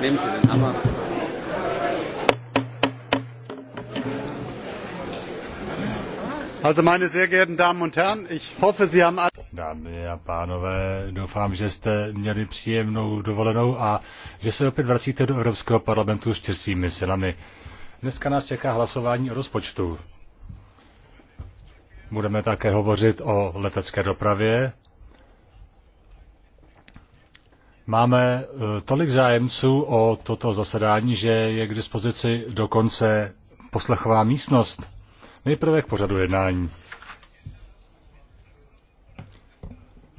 Nehmen Sie den Hammer. Also meine sehr geehrten Damen und Herren, ich hoffe, Sie haben alle... Dámy a pánové, doufám, že jste měli příjemnou dovolenou a že se opět vracíte do Evropského parlamentu s čerstvými silami. Dneska nás čeká hlasování o rozpočtu. Budeme také hovořit o letecké dopravě, Máme eh, tolik zájemců o toto zasedání, že je k dispozici dokonce poslechová místnost. Nejprve k pořadu jednání.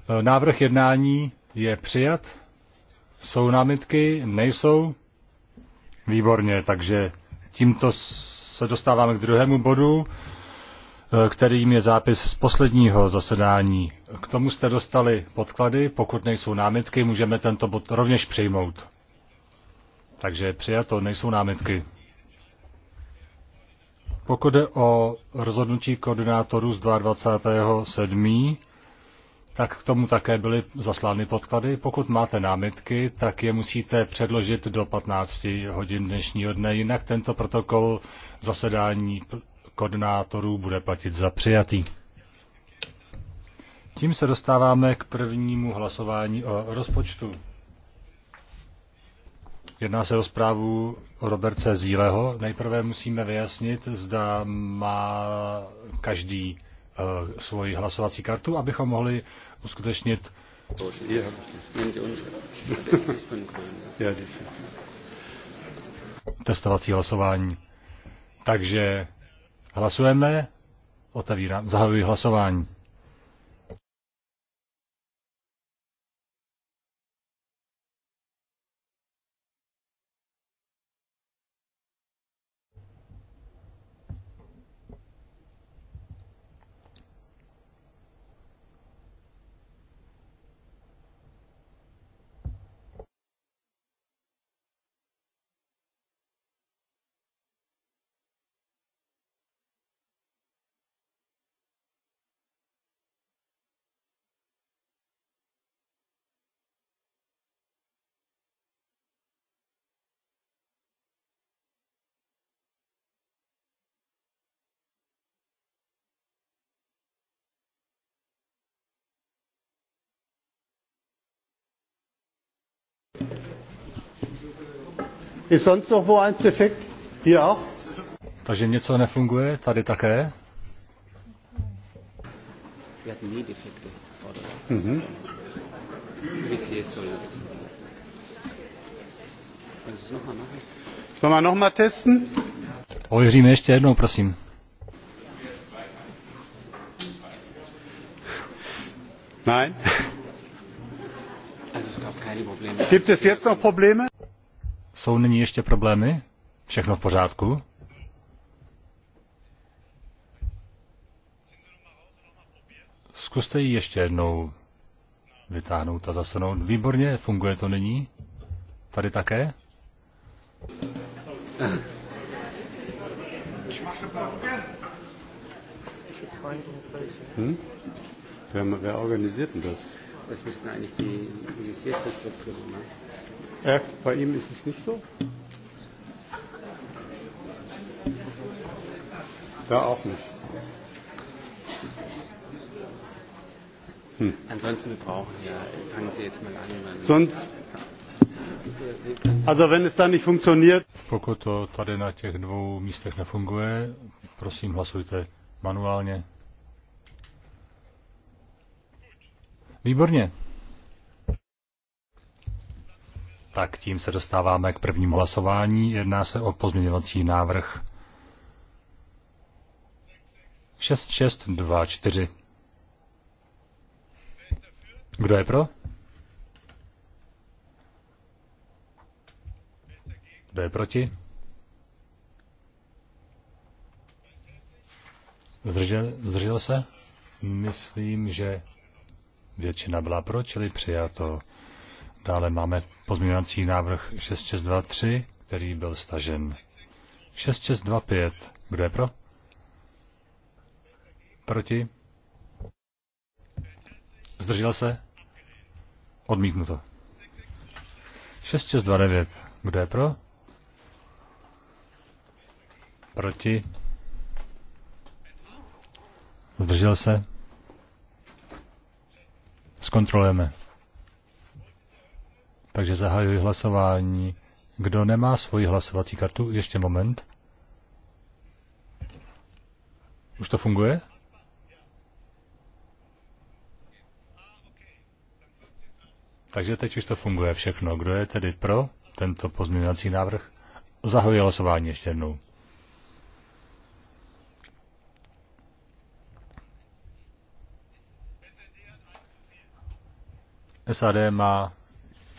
Eh, návrh jednání je přijat. Jsou námitky? Nejsou? Výborně, takže tímto se dostáváme k druhému bodu. Eh, kterým je zápis z posledního zasedání. K tomu jste dostali podklady, pokud nejsou námitky, můžeme tento bod rovněž přijmout. Takže přijato, nejsou námitky. Pokud jde o rozhodnutí koordinátorů z 22.7., tak k tomu také byly zaslány podklady. Pokud máte námitky, tak je musíte předložit do 15 hodin dnešního dne, jinak tento protokol zasedání koordinátorů bude platit za přijatý. Tím se dostáváme k prvnímu hlasování o rozpočtu. Jedná se o zprávu Roberce Zíleho. Nejprve musíme vyjasnit, zda má každý uh, svoji hlasovací kartu, abychom mohli uskutečnit. Testovací hlasování. Takže Hlasujeme. Otevírám. Zahajuji hlasování. Ist sonst noch wo eins defekt? Hier auch? Takže něco nefunguje? Tady také? Wir hatten nie defekte Forderungen. Mhm. Bis jetzt soll das. Kannst du es nochmal machen? Können wir nochmal testen? Ověříme ještě jednou, prosím. Nein? Also es gab keine Probleme. Gibt es jetzt noch Probleme? Jsou nyní ještě problémy? Všechno v pořádku? Zkuste ji ještě jednou vytáhnout a zasunout. Výborně, funguje to nyní? Tady také? Hm? Wer, wer organisiert denn das? Das müssten eigentlich die Universitätsvertreter machen. Ja, bei ihm ist es nicht so? Da auch nicht. Hm. Ansonsten wir brauchen ja, fangen Sie jetzt mal an. Sonst, also wenn es da nicht funktioniert. Pokud to tady na těch dvou místech nefunguje, prosím hlasujte manuálně. Výborně. Tak tím se dostáváme k prvnímu hlasování. Jedná se o pozměňovací návrh 6624. Kdo je pro? Kdo je proti? Zdržel, zdržel se? Myslím, že většina byla pro, čili přijato. Dále máme pozměňovací návrh 6623, který byl stažen. 6625. Kdo je pro? Proti? Zdržel se? Odmítnuto. 6629. Kdo je pro? Proti? Zdržel se? Zkontrolujeme. Takže zahajuji hlasování. Kdo nemá svoji hlasovací kartu, ještě moment. Už to funguje? Takže teď už to funguje všechno. Kdo je tedy pro tento pozměňovací návrh? Zahajuji hlasování ještě jednou. SAD má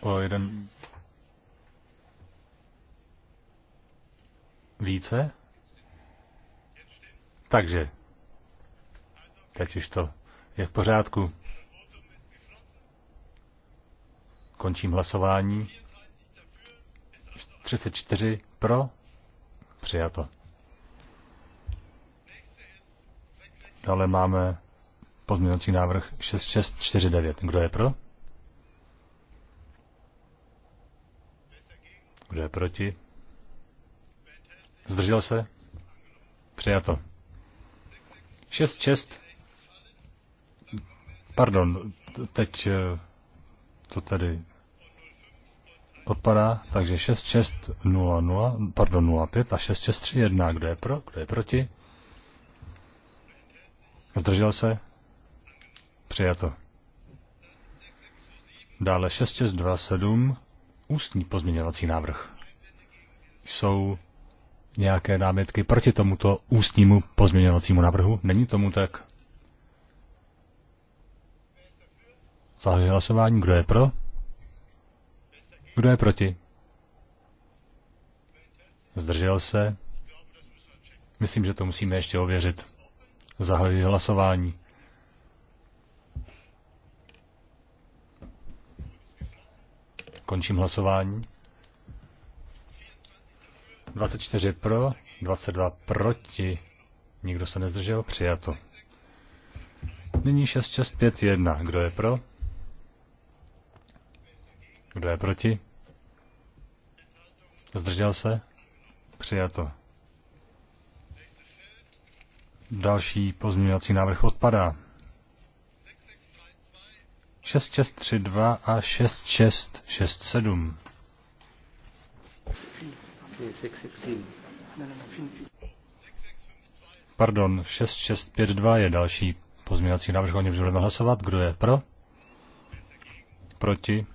o jeden více. Takže, teď už to je v pořádku. Končím hlasování. 34 pro, přijato. Dále máme pozměňovací návrh 6649. Kdo je pro? Kdo je proti? Zdržel se? Přijato. 6, 6. Pardon, teď eh, to tady odpadá, takže 0, pardon 5 a 1. kdo je pro, kdo je proti? Zdržel se? Přijato. Dále 7 ústní pozměňovací návrh. Jsou nějaké námětky proti tomuto ústnímu pozměňovacímu návrhu? Není tomu tak? Zahajuji hlasování. Kdo je pro? Kdo je proti? Zdržel se? Myslím, že to musíme ještě ověřit. Zahajuji hlasování. Končím hlasování. 24 pro, 22 proti. Nikdo se nezdržel, přijato. Nyní 6651. Kdo je pro? Kdo je proti? Zdržel se? Přijato. Další pozměňovací návrh odpadá. 6632 a 6667. Pardon, 6652 je další pozměňovací návrh, o něm budeme hlasovat. Kdo je pro? Proti?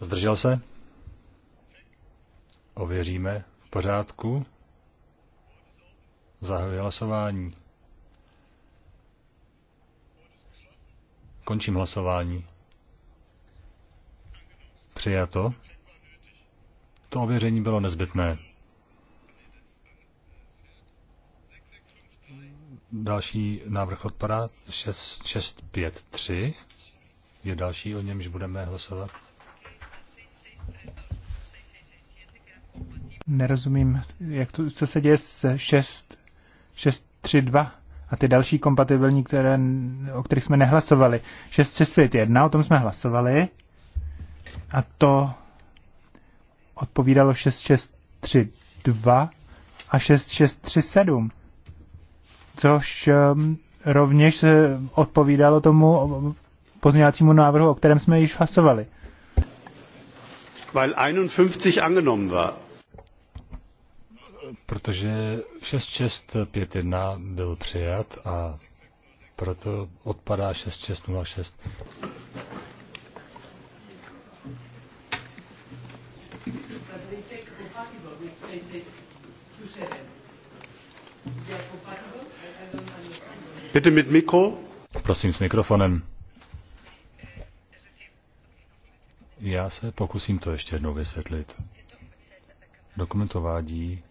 Zdržel se? Ověříme. V pořádku. Zahajuji hlasování. Končím hlasování. Přijato. To ověření bylo nezbytné. Další návrh odpadá 6653. Je další, o němž budeme hlasovat. Nerozumím, jak to, co se děje se 6, 2 a ty další kompatibilní, které, o kterých jsme nehlasovali. 1, o tom jsme hlasovali a to odpovídalo 2 a 7. což um, rovněž eh, odpovídalo tomu um, pozměňovacímu návrhu, o kterém jsme již hlasovali. Weil 51 angenommen war protože 6651 byl přijat a proto odpadá 6606. Bitte mit Mikro. Prosím s mikrofonem. Já se pokusím to ještě jednou vysvětlit. Dokument uvádí,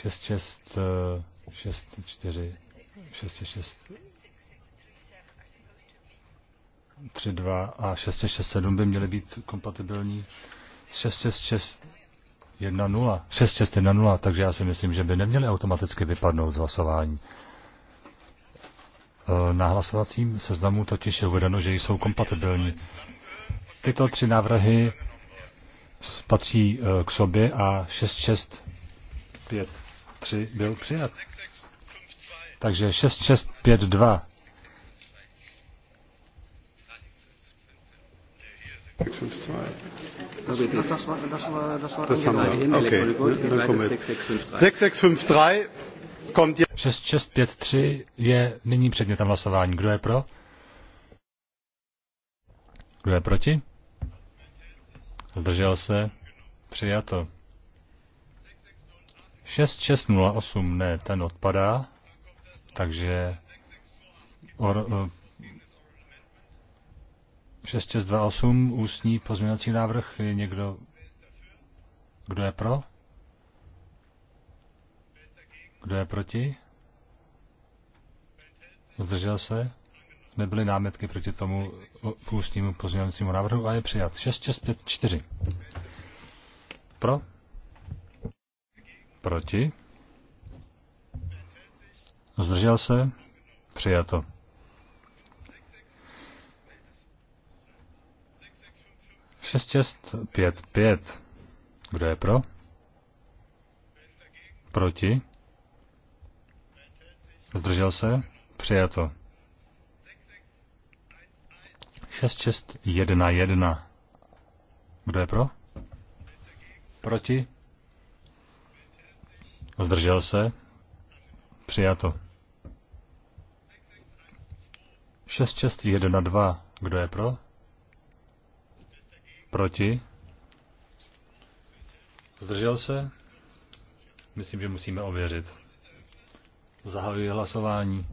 6, 6, 6, 4, 6, 6, 3, 2 a 6, 6, 7 by měly být kompatibilní s 6, 6, 6, 1, 0, 6, 6, 1, 0, takže já si myslím, že by neměly automaticky vypadnout z hlasování. E, na hlasovacím seznamu totiž je uvedeno, že jsou kompatibilní. Tyto tři návrhy patří e, k sobě a 665 3 byl přijat. Takže 6652. Das war, das war, das war das Okay. 6653 je nyní předmětem hlasování. Kdo je pro? Kdo je proti? Zdržel se? Přijato. 6608, ne, ten odpadá, takže or, 6628, eh, ústní pozměňovací návrh, je někdo, kdo je pro? Kdo je proti? Zdržel se? Nebyly námitky proti tomu eh, ústnímu pozměňovacímu návrhu a je přijat. 6654. Pro? Proti? Zdržel se? Přijato. šest šest pět Kdo je pro? Proti? Zdržel se? Přijato. šest šest jedna Kdo je pro? Proti? Zdržel se? Přijato. 2. Kdo je pro? Proti? Zdržel se? Myslím, že musíme ověřit. Zahajuji hlasování.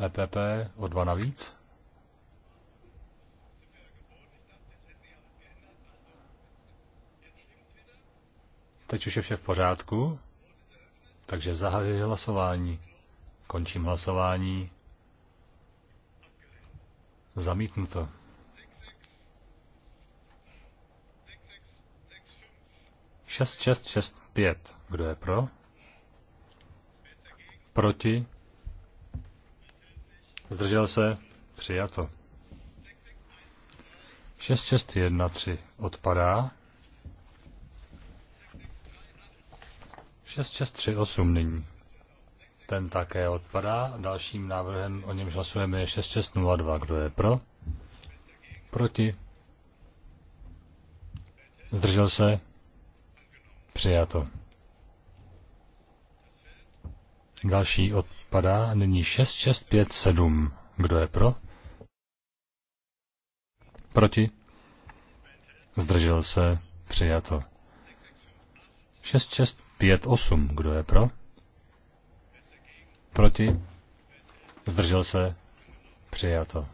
EPP o dva navíc. Teď už je vše v pořádku, takže zahajuji hlasování. Končím hlasování. Zamítnuto. Šest, šest, šest, pět. Kdo je pro? Proti? Zdržel se? Přijato. Šest, šest jedna tři. odpadá. 6638 nyní. Ten také odpadá. Dalším návrhem, o němž hlasujeme, je 6602. Kdo je pro? Proti? Zdržel se? Přijato. Další odpadá. Nyní 6657. Kdo je pro? Proti? Zdržel se? Přijato. 6, 6, osm, Kdo je pro? Proti? Zdržel se? Přijato.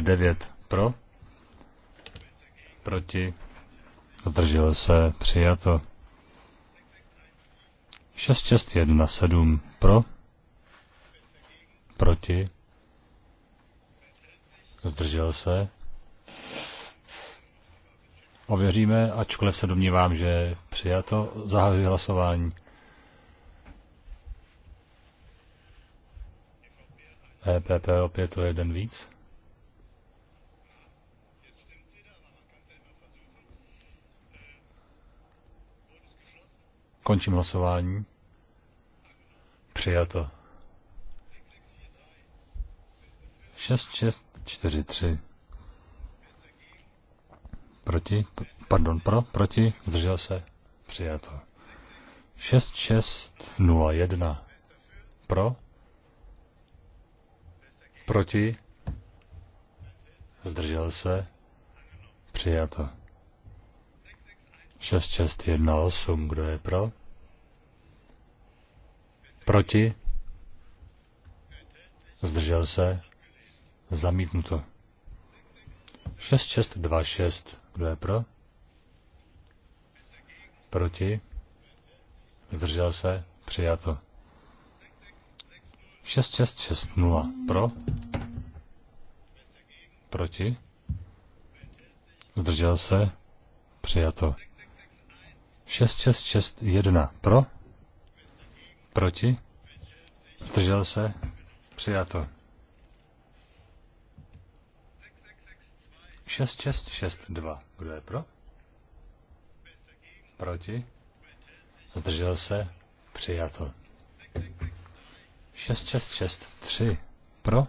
devět, pro? Proti? Zdržel se? Přijato. sedm, pro? Proti? Zdržel se? ověříme, ačkoliv se domnívám, že je přijato, zahajuji hlasování. EPP opět o jeden víc. Končím hlasování. Přijato. 6, 6, 4, 3 proti, pardon, pro, proti, zdržel se, přijato. 6601 pro, proti, zdržel se, přijato. 6618, kdo je pro? Proti? Zdržel se? Zamítnuto. 6626 kdo je pro? Proti? Zdržel se? Přijato. 6660. Pro? Proti? Zdržel se? Přijato. 6661. Pro? Proti? Zdržel se? Přijato. 6662. Kdo je pro? Proti? Zdržel se? Přijato. 6663. Pro?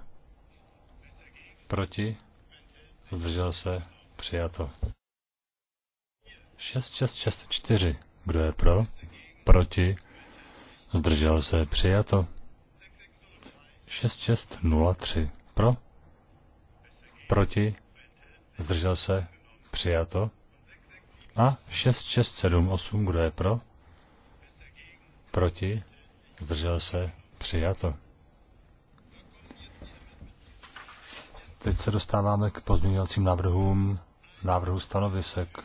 Proti? Zdržel se? Přijato. 6664. Kdo je pro? Proti? Zdržel se? Přijato. 6603. Pro? Proti? zdržel se, přijato. A 6, 6, 7, 8, kdo je pro? Proti, zdržel se, přijato. Teď se dostáváme k pozměňovacím návrhům návrhu stanovisek.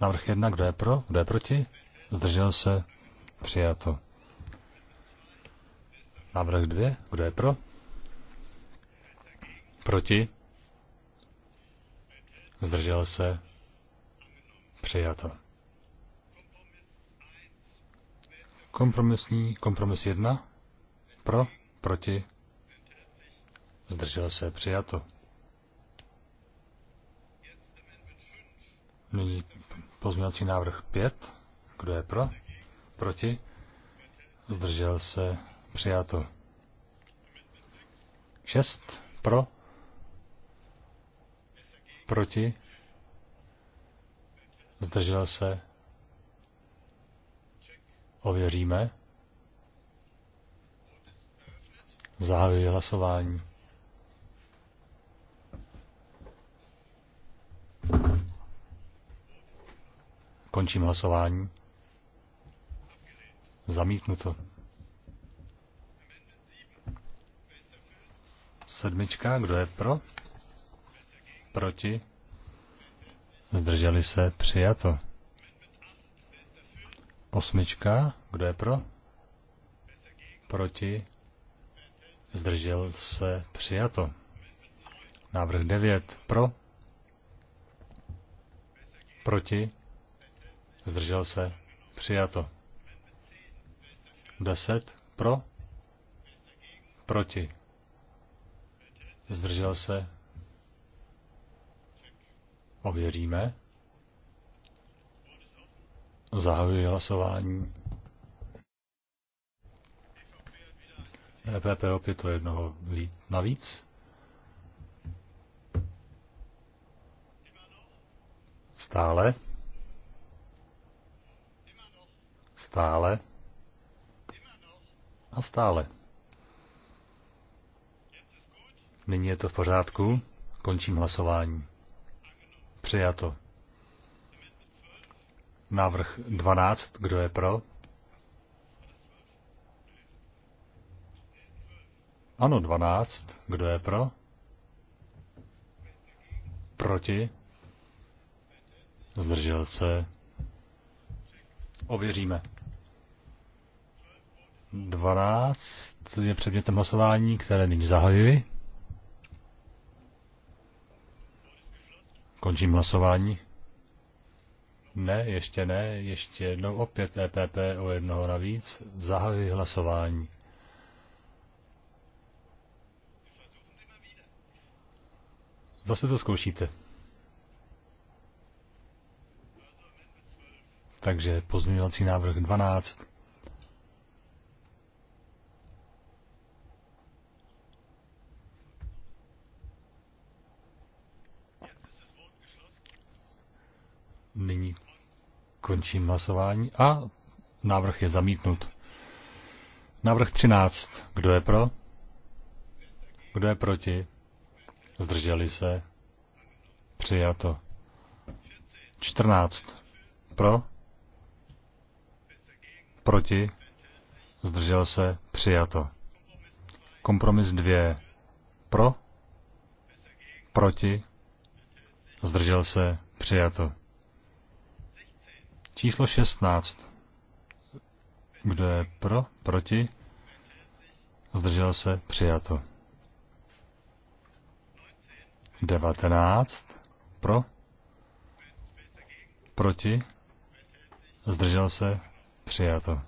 Návrh 1, kdo je pro, kdo je proti? Zdržel se, přijato. Návrh 2, kdo je pro? Proti? Zdržel se? Přijato. Kompromisní, kompromis jedna. Pro, proti, zdržel se, přijato. Nyní pozměňovací návrh 5. Kdo je pro? Proti? Zdržel se, přijato. 6. Pro? Proti? Zdržel se? Ověříme. Zahajuji hlasování. Končím hlasování. Zamítnuto. Sedmička, kdo je pro? Proti? Zdrželi se? Přijato. Osmička. Kdo je pro? Proti? Zdržel se? Přijato. Návrh 9. Pro? Proti? Zdržel se? Přijato. 10. Pro? Proti? Zdržel se? Ověříme. Zahajuji hlasování. EPP opět o jednoho navíc. Stále. Stále. A stále. Nyní je to v pořádku. Končím hlasování. Přijato. Návrh 12. Kdo je pro? Ano, 12. Kdo je pro? Proti? Zdržel se? Ověříme. 12 je předmětem hlasování, které nyní zahajuji. Končím hlasování. Ne, ještě ne, ještě jednou opět EPP o jednoho navíc. Zahajuji hlasování. Zase to zkoušíte. Takže pozměňovací návrh 12. Nyní končím hlasování a návrh je zamítnut. Návrh 13. Kdo je pro? Kdo je proti? Zdrželi se? Přijato. 14. Pro? Proti? Zdržel se? Přijato. Kompromis 2. Pro? Proti? Zdržel se? Přijato. Číslo 16. Kdo je pro, proti? Zdržel se, přijato. 19. Pro? Proti? Zdržel se, přijato.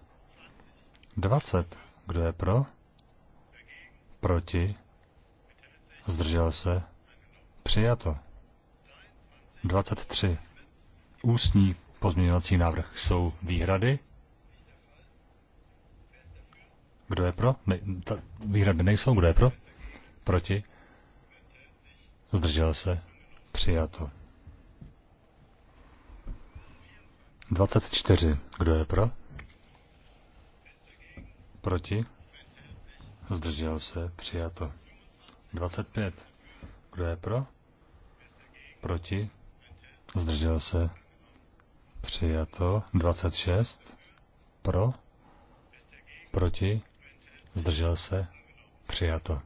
20. Kdo je pro? Proti? Zdržel se, přijato. 23. Ústní pozměňovací návrh. Jsou výhrady? Kdo je pro? Ne, ta, výhrady nejsou. Kdo je pro? Proti? Zdržel se? Přijato. 24. Kdo je pro? Proti? Zdržel se? Přijato. 25. Kdo je pro? Proti? Zdržel se? Přijato. 26. Pro. Proti. Zdržel se. Přijato.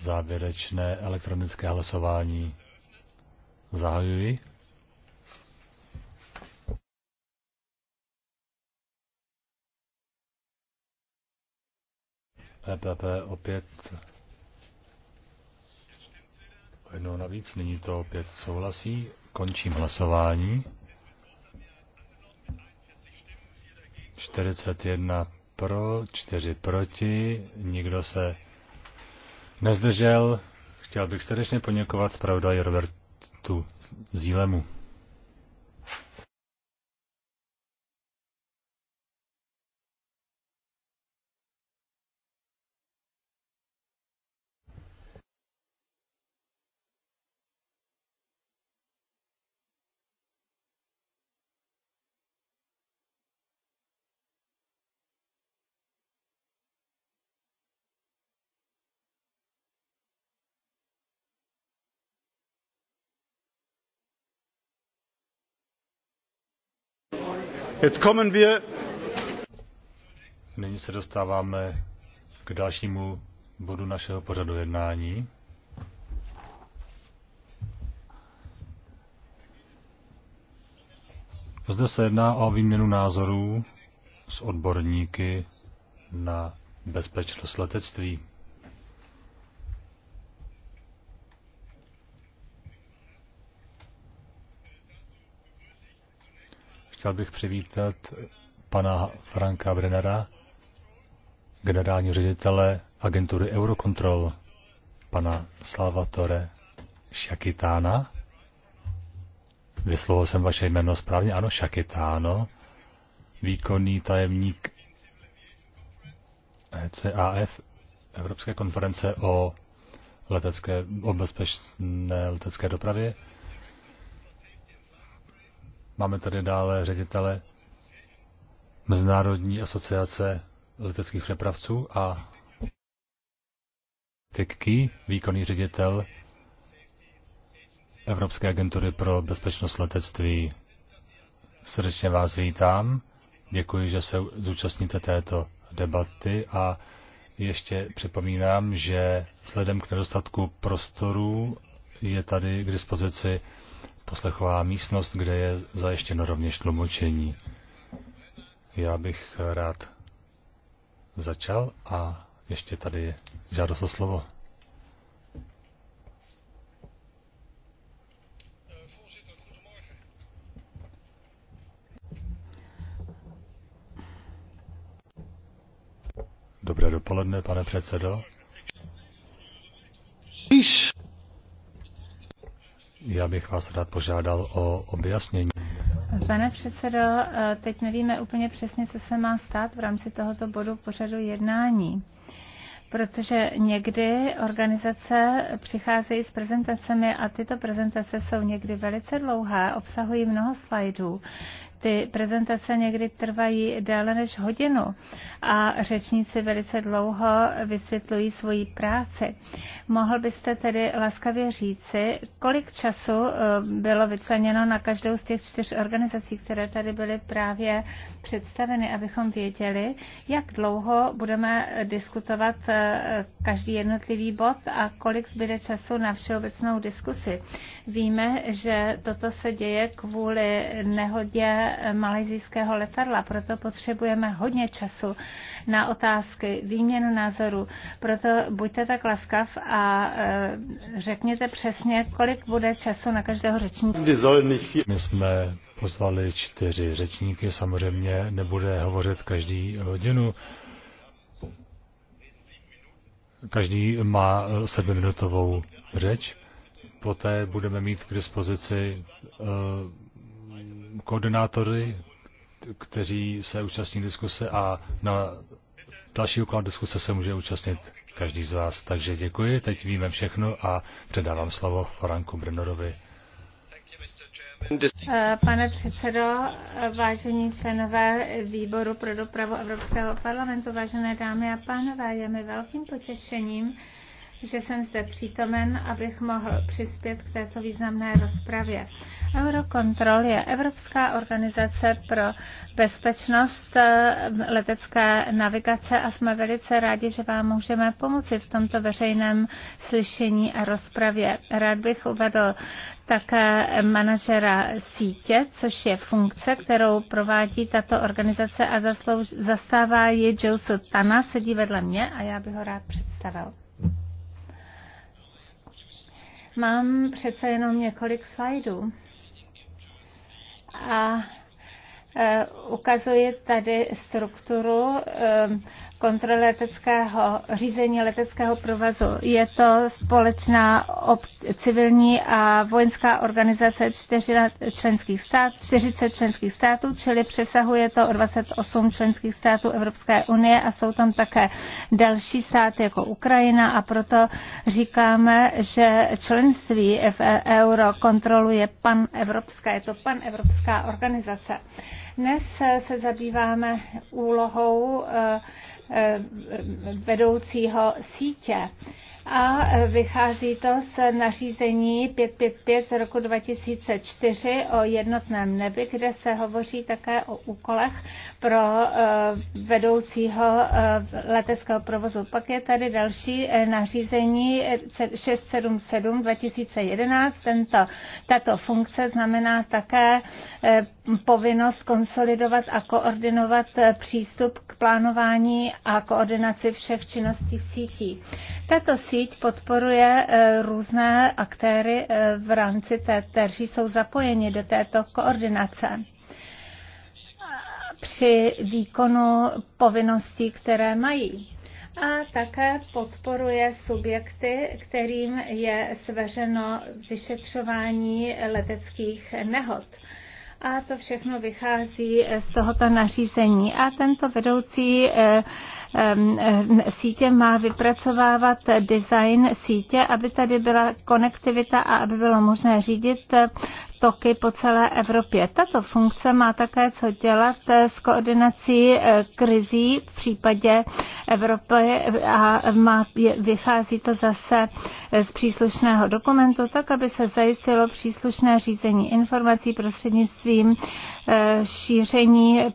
Závěrečné elektronické hlasování. Zahajuji. EPP opět jednou navíc, nyní to opět souhlasí. Končím hlasování. 41 pro, 4 proti, nikdo se nezdržel. Chtěl bych srdečně poděkovat zpravodaji Robertu Zílemu. Jetzt kommen wir Nyní se dostáváme k dalšímu bodu našeho pořadu jednání. Zde se jedná o výměnu názorů s odborníky na bezpečnost letectví. Chtěl bych přivítat pana Franka Brennera, generální ředitele agentury Eurocontrol, pana Salvatore Šakitána. Vyslovil jsem vaše jméno správně, ano, Šakitáno, výkonný tajemník ECAF, Evropské konference o letecké, o bezpečné letecké dopravě, Máme tady dále ředitele Mezinárodní asociace leteckých přepravců a Tykky, výkonný ředitel Evropské agentury pro bezpečnost letectví. Srdečně vás vítám. Děkuji, že se zúčastníte této debaty a ještě připomínám, že vzhledem k nedostatku prostorů je tady k dispozici poslechová místnost, kde je zajištěno rovněž tlumočení. Já bych rád začal a ještě tady je žádost o slovo. Dobré dopoledne, pane předsedo. Když já bych vás rád požádal o objasnění. Pane předsedo, eh, teď nevíme úplně přesně, co se má stát v rámci tohoto bodu pořadu jednání protože někdy organizace přicházejí s prezentacemi a tyto prezentace jsou někdy velice dlouhé, obsahují mnoho slajdů, ty prezentace někdy trvají déle než hodinu a řečníci velice dlouho vysvětlují svoji práci. Mohl byste tedy laskavě říci, kolik času eh, bylo vyčleněno na každou z těch čtyř organizací, které tady byly právě představeny, abychom věděli, jak dlouho budeme diskutovat eh, každý jednotlivý bod a kolik zbyde času na všeobecnou diskusi. Víme, že toto se děje kvůli nehodě malajzijského letadla, proto potřebujeme hodně času na otázky, výměnu názorů. Proto buďte tak laskav a eh, řekněte přesně, kolik bude času na každého řečníka. My jsme pozvali čtyři řečníky, samozřejmě nebude hovořit každý hodinu. Každý má eh, sedmiminutovou řeč. Poté budeme mít k dispozici eh, koordinátory, kteří se účastní diskuse a na další úklad diskuse se může účastnit každý z vás. Takže děkuji, teď víme všechno a předávám slovo Franku Brennorovi. Pane předsedo, vážení členové výboru pro dopravu Evropského parlamentu, vážené dámy a pánové, je mi velkým potěšením, že jsem zde přítomen, abych mohl přispět k této významné rozpravě. Eurocontrol je Evropská organizace pro bezpečnost eh, letecké navigace a jsme velice rádi, že vám můžeme pomoci v tomto veřejném slyšení a rozpravě. Rád bych uvedl také manažera sítě, což je funkce, kterou provádí tato organizace a zastává ji Joseph Tana, sedí vedle mě a já bych ho rád představil. Mám přece jenom několik slajdů. A e, ukazuje tady strukturu e, kontroly leteckého řízení leteckého provazu. Je to společná civilní a vojenská organizace členských stát, 40 členských států, čili přesahuje to o 28 členských států Evropské unie a jsou tam také další státy jako Ukrajina a proto říkáme, že členství v e-, euro kontroluje pan evropská, je to pan evropská organizace. Dnes eh, se zabýváme úlohou eh, eh, vedoucího sítě a e, vychází to z nařízení 555 z roku 2004 o jednotném nebi, kde se hovoří také o úkolech pro e, vedoucího e, leteckého provozu. Pak je tady další nařízení 677 2011. Tento, tato funkce znamená také povinnost konsolidovat a koordinovat přístup k plánování a koordinaci všech činností v sítích. Tato síť podporuje e, různé aktéry e, v rámci té, kteří jsou zapojeni do této koordinace při výkonu povinností, které mají. A také podporuje subjekty, kterým je svěřeno vyšetřování leteckých nehod. A to všechno vychází z tohoto nařízení. A tento vedoucí e, Eh, sítě má vypracovávat design sítě, aby tady byla konektivita a aby bylo možné řídit eh, toky po celé Evropě. Tato funkce má také co dělat eh, s koordinací krizí v případě Evropy a má, vychází to zase z příslušného dokumentu, tak aby se zajistilo příslušné řízení informací prostřednictvím šíření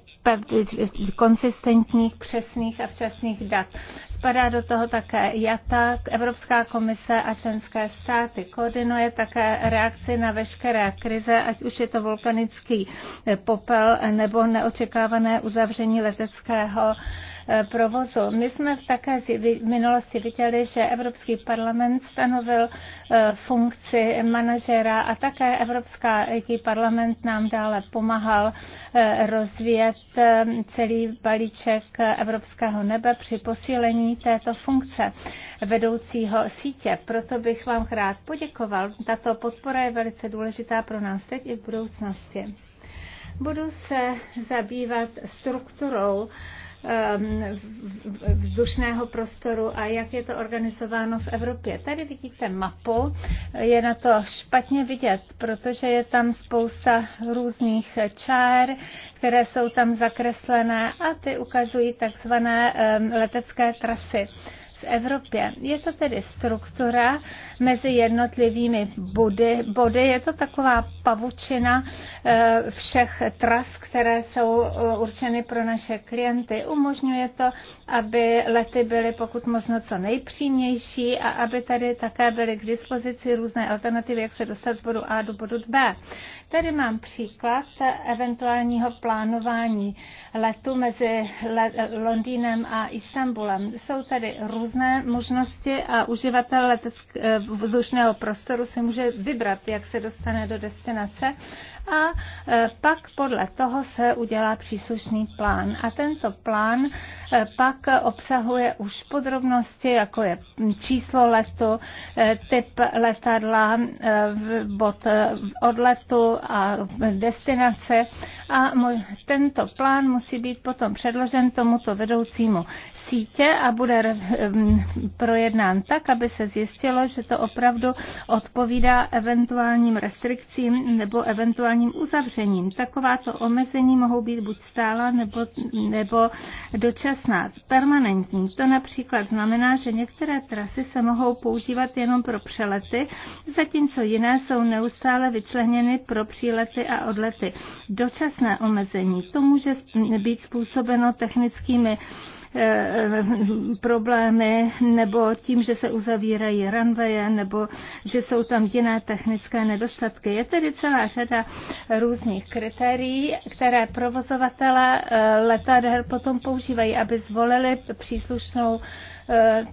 konsistentních, přesných a včasných dat. Spadá do toho také JATA, Evropská komise a členské státy. Koordinuje také reakci na veškeré krize, ať už je to vulkanický popel nebo neočekávané uzavření leteckého Eh, provozu. My jsme také v minulosti viděli, že Evropský parlament stanovil eh, funkci manažera a také Evropská eh, parlament nám dále pomáhal rozvíjet celý balíček Evropského nebe při posílení této funkce vedoucího sítě. Proto bych vám rád poděkoval. Tato podpora je velice důležitá pro nás teď i v budoucnosti budu se zabývat strukturou Um, vzdušného prostoru a jak je to organizováno v Evropě. Tady vidíte mapu, je na to špatně vidět, protože je tam spousta různých čár, které jsou tam zakreslené a ty ukazují takzvané um, letecké trasy v Evropě. Je to tedy struktura mezi jednotlivými body, body. je to taková pavučina eh, všech tras, které jsou eh, určeny pro naše klienty. Umožňuje to, aby lety byly pokud možno co nejpřímější a aby tady také byly k dispozici různé alternativy, jak se dostat z bodu A do bodu B. Tady mám příklad eventuálního plánování letu mezi Londýnem a Istanbulem. Jsou tady různé různé možnosti a uživatel letecké eh, vzdušného prostoru si může vybrat, jak se dostane do destinace a eh, pak podle toho se udělá příslušný plán. A tento plán eh, pak obsahuje už podrobnosti, jako je číslo letu, typ letadla, bod odletu a destinace. A tento plán musí být potom předložen tomuto vedoucímu sítě a bude Mm, projednán tak, aby se zjistilo, že to opravdu odpovídá eventuálním restrikcím nebo eventuálním uzavřením. Takováto omezení mohou být buď stála nebo, nebo dočasná, permanentní. To například znamená, že některé trasy se mohou používat jenom pro přelety, zatímco jiné jsou neustále vyčleněny pro přílety a odlety. Dočasné omezení. To může být způsobeno technickými Eh, eh, problémy nebo tím, že se uzavírají ranveje nebo že jsou tam jiné technické nedostatky. Je tedy celá řada různých kritérií, které provozovatele eh, letadel potom používají, aby zvolili příslušnou Eh,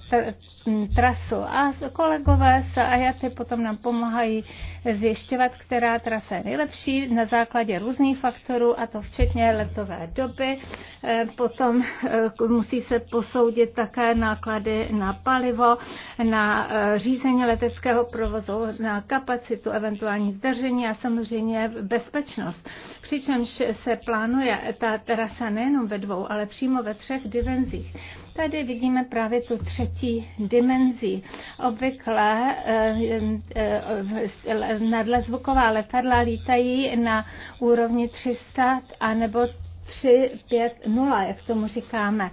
trasu. A kolegové z Ajaty potom nám pomáhají zjišťovat, která trasa je nejlepší na základě různých faktorů, a to včetně letové doby. Eh, potom eh, musí se posoudit také náklady na palivo, na řízení leteckého provozu, na kapacitu, eventuální zdržení a samozřejmě bezpečnost. Přičemž se plánuje ta trasa nejenom ve dvou, ale přímo ve třech dimenzích tady vidíme právě tu třetí dimenzi. Obvykle eh, eh, eh, nadlezvuková letadla lítají na úrovni 300 a nebo 350, jak tomu říkáme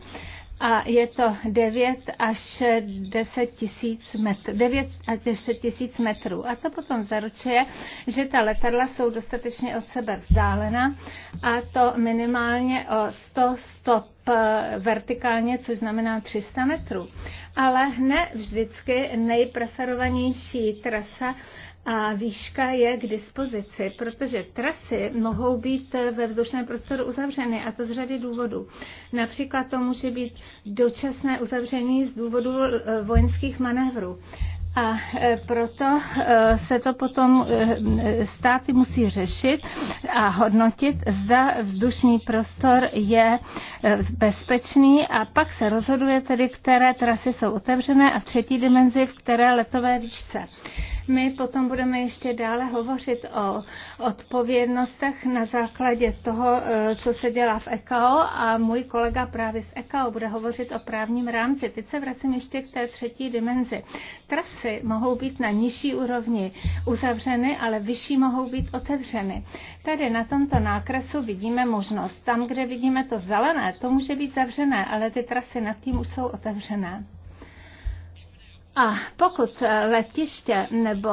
a je to 9 až 10 tisíc metrů, 9 až 10 tisíc metrů. A to potom zaručuje, že ta letadla jsou dostatečně od sebe vzdálena a to minimálně o 100 stop Eh, vertikálně, což znamená 300 metrů. Ale ne vždycky nejpreferovanější trasa a výška je k dispozici, protože trasy mohou být ve vzdušném prostoru uzavřeny a to z řady důvodů. Například to může být dočasné uzavření z důvodu eh, vojenských manévrů. A e, proto e, se to potom e, státy musí řešit a hodnotit, zda vzdušný prostor je bezpečný a pak se rozhoduje tedy, které trasy jsou otevřené a v třetí dimenzi, v které letové výšce. My potom budeme ještě dále hovořit o odpovědnostech na základě toho, eh, co se dělá v EKO a můj kolega právě z EKO bude hovořit o právním rámci. Teď se vracím ještě k té třetí dimenzi. Trasy mohou být na nižší úrovni uzavřeny, ale vyšší mohou být otevřeny. Tady na tomto nákresu vidíme možnost. Tam, kde vidíme to zelené, to může být zavřené, ale ty trasy nad tím už jsou otevřené. A pokud letiště nebo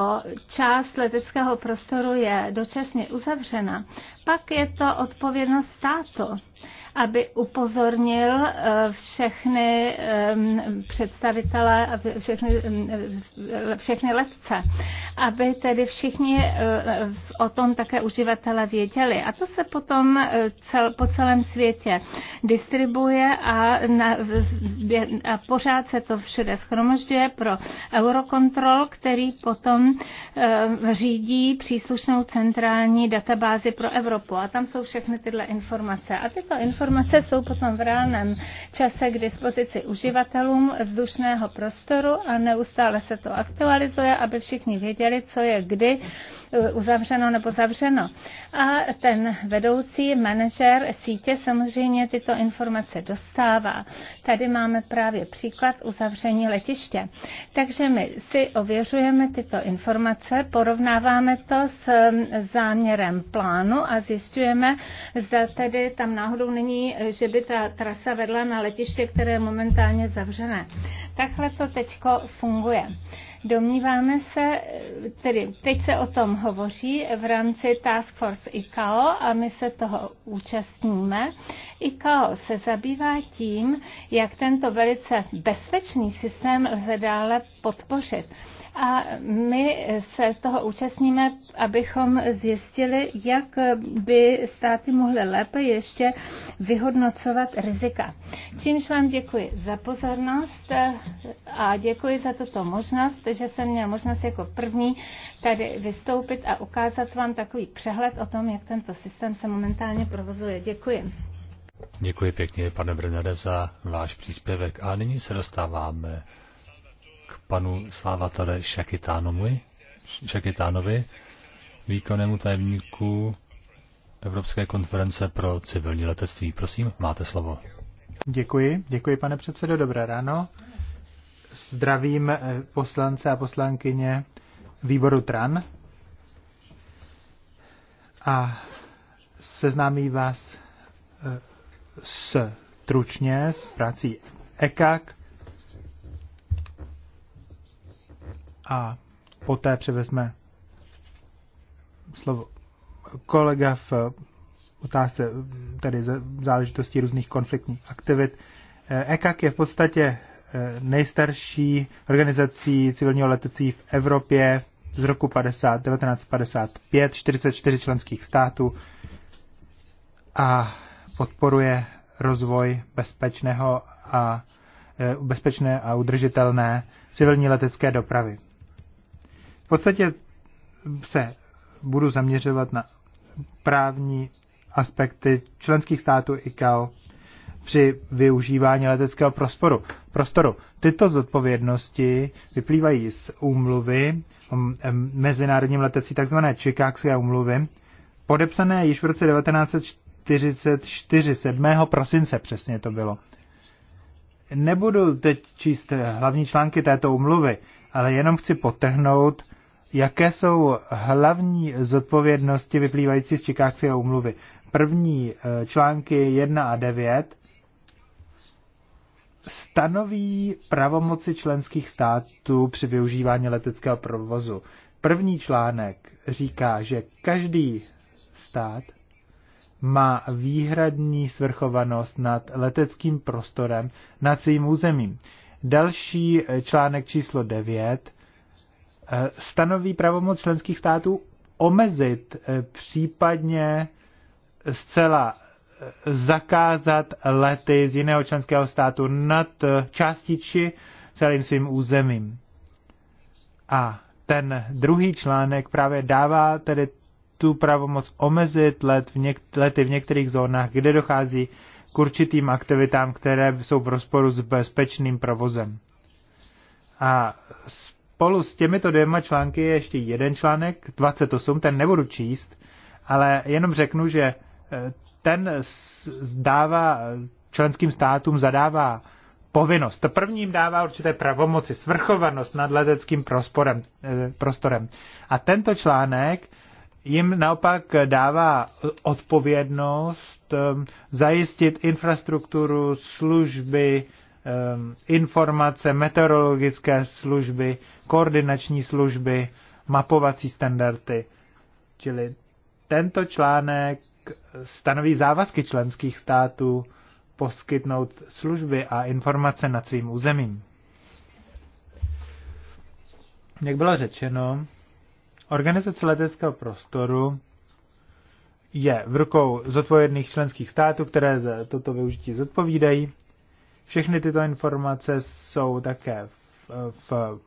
část leteckého prostoru je dočasně uzavřena, pak je to odpovědnost státu, aby upozornil eh, všechny představitele, všechny, všechny letce, aby tedy všichni eh, o tom také uživatelé věděli. A to se potom eh, cel, po celém světě distribuje a, na, a pořád se to všude schromažďuje pro Eurocontrol, který potom řídí příslušnou centrální databázi pro Evropu Evropu a tam jsou všechny tyhle informace. A tyto informace jsou potom v reálném čase k dispozici uživatelům vzdušného prostoru a neustále se to aktualizuje, aby všichni věděli, co je kdy Eh, uzavřeno nebo zavřeno. A ten vedoucí manažer sítě samozřejmě tyto informace dostává. Tady máme právě příklad uzavření letiště. Takže my si ověřujeme tyto informace, porovnáváme to s eh, záměrem plánu a zjišťujeme, zda tedy tam náhodou není, eh, že by ta trasa vedla na letiště, které je momentálně zavřené. Takhle to teď funguje. Domníváme se, tedy teď se o tom hovoří v rámci Task Force ICAO a my se toho účastníme. ICAO se zabývá tím, jak tento velice bezpečný systém lze dále podpořit. A my se toho účastníme, abychom zjistili, jak by státy mohly lépe ještě vyhodnocovat rizika. Čímž vám děkuji za pozornost a děkuji za tuto možnost, že jsem měl možnost jako první tady vystoupit a ukázat vám takový přehled o tom, jak tento systém se momentálně provozuje. Děkuji. Děkuji pěkně, pane Brnade, za váš příspěvek. A nyní se dostáváme k panu Slávatore Šakitánovi, výkonnému tajemníku Evropské konference pro civilní letectví. Prosím, máte slovo. Děkuji, děkuji pane předsedo, dobré ráno. Zdravím eh, poslance a poslankyně výboru TRAN a seznámí vás eh, s tručně s prací EKAK a poté převezme slovo kolega v otázce tedy záležitosti různých konfliktních aktivit. EKAK je v podstatě e, nejstarší organizací civilního letecí v Evropě z roku 50, 1955, 44 členských států a podporuje rozvoj bezpečného a e, bezpečné a udržitelné civilní letecké dopravy podstatě se budu zaměřovat na právní aspekty členských států ICAO při využívání leteckého prostoru. prostoru. Tyto zodpovědnosti vyplývají z úmluvy o mezinárodním letecí, takzvané Chicagské úmluvy, podepsané již v roce 1944, 7. prosince přesně to bylo. Nebudu teď číst hlavní články této úmluvy, ale jenom chci potrhnout Jaké jsou hlavní zodpovědnosti vyplývající z Čikákské umluvy? První eh, články 1 a 9 stanoví pravomoci členských států při využívání leteckého provozu. První článek říká, že každý stát má výhradní svrchovanost nad leteckým prostorem nad svým územím. Další eh, článek číslo 9 Eh, stanoví pravomoc členských států omezit, eh, případně zcela eh, zakázat lety z jiného členského státu nad částí či celým svým územím. A ten druhý článek právě dává tedy tu pravomoc omezit let v něk- lety v některých zónách, kde dochází k určitým aktivitám, které jsou v rozporu s bezpečným provozem. A spolu s těmito dvěma články je ještě jeden článek, 28, ten nebudu číst, ale jenom řeknu, že eh, ten zdává členským státům zadává povinnost. To prvním dává určité pravomoci, svrchovanost nad leteckým prosporem, eh, prostorem. A tento článek jim naopak dává eh, odpovědnost zajistit infrastrukturu, služby, Ehm, informace, meteorologické služby, koordinační služby, mapovací standardy. Čili tento článek stanoví závazky členských států poskytnout služby a informace nad svým územím. Jak bylo řečeno, organizace leteckého prostoru je v rukou zodpovědných členských států, které za toto využití zodpovídají. Všechny tyto informace jsou také v, v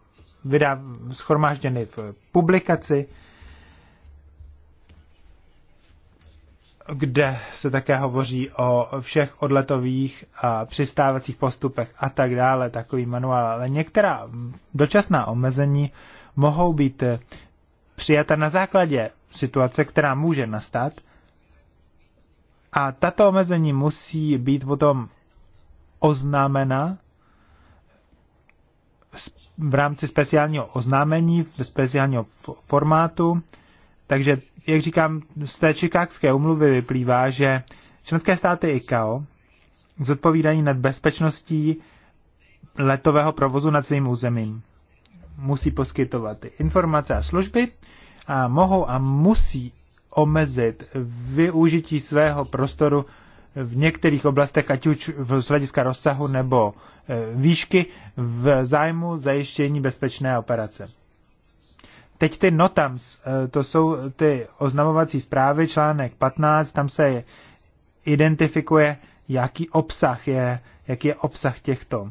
v schromážděny v publikaci, kde se také hovoří o všech odletových a přistávacích postupech a tak dále, takový manuál. Ale některá dočasná omezení mohou být přijata na základě situace, která může nastat. A tato omezení musí být potom oznámena v rámci speciálního oznámení, speciálního formátu. Takže, jak říkám, z té čikákské umluvy vyplývá, že členské státy ICAO zodpovídají nad bezpečností letového provozu nad svým územím. Musí poskytovat informace a služby a mohou a musí omezit využití svého prostoru v některých oblastech, ať už v hlediska rozsahu nebo e, výšky, v zájmu zajištění bezpečné operace. Teď ty notams, e, to jsou ty oznamovací zprávy, článek 15, tam se identifikuje, jaký obsah je, jaký je obsah těchto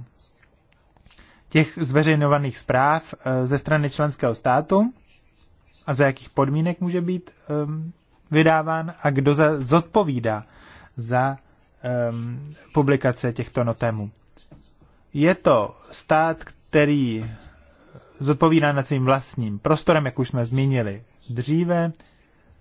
těch zveřejňovaných zpráv e, ze strany členského státu a za jakých podmínek může být vydáván a kdo za, zodpovídá za um, publikace těchto notémů. Je to stát, který zodpovídá nad svým vlastním prostorem, jak už jsme zmínili dříve,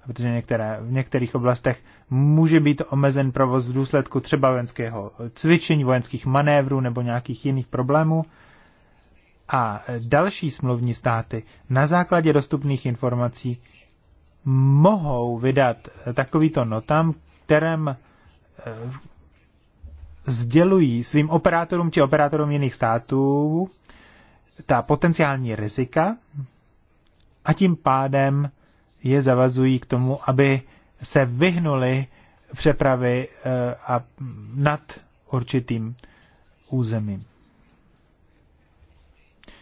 protože některé, v některých oblastech může být omezen provoz v důsledku třeba vojenského cvičení, vojenských manévrů nebo nějakých jiných problémů. A další smluvní státy na základě dostupných informací mohou vydat takovýto notam, kterém sdělují svým operátorům či operátorům jiných států ta potenciální rizika a tím pádem je zavazují k tomu, aby se vyhnuli přepravy eh, a nad určitým územím.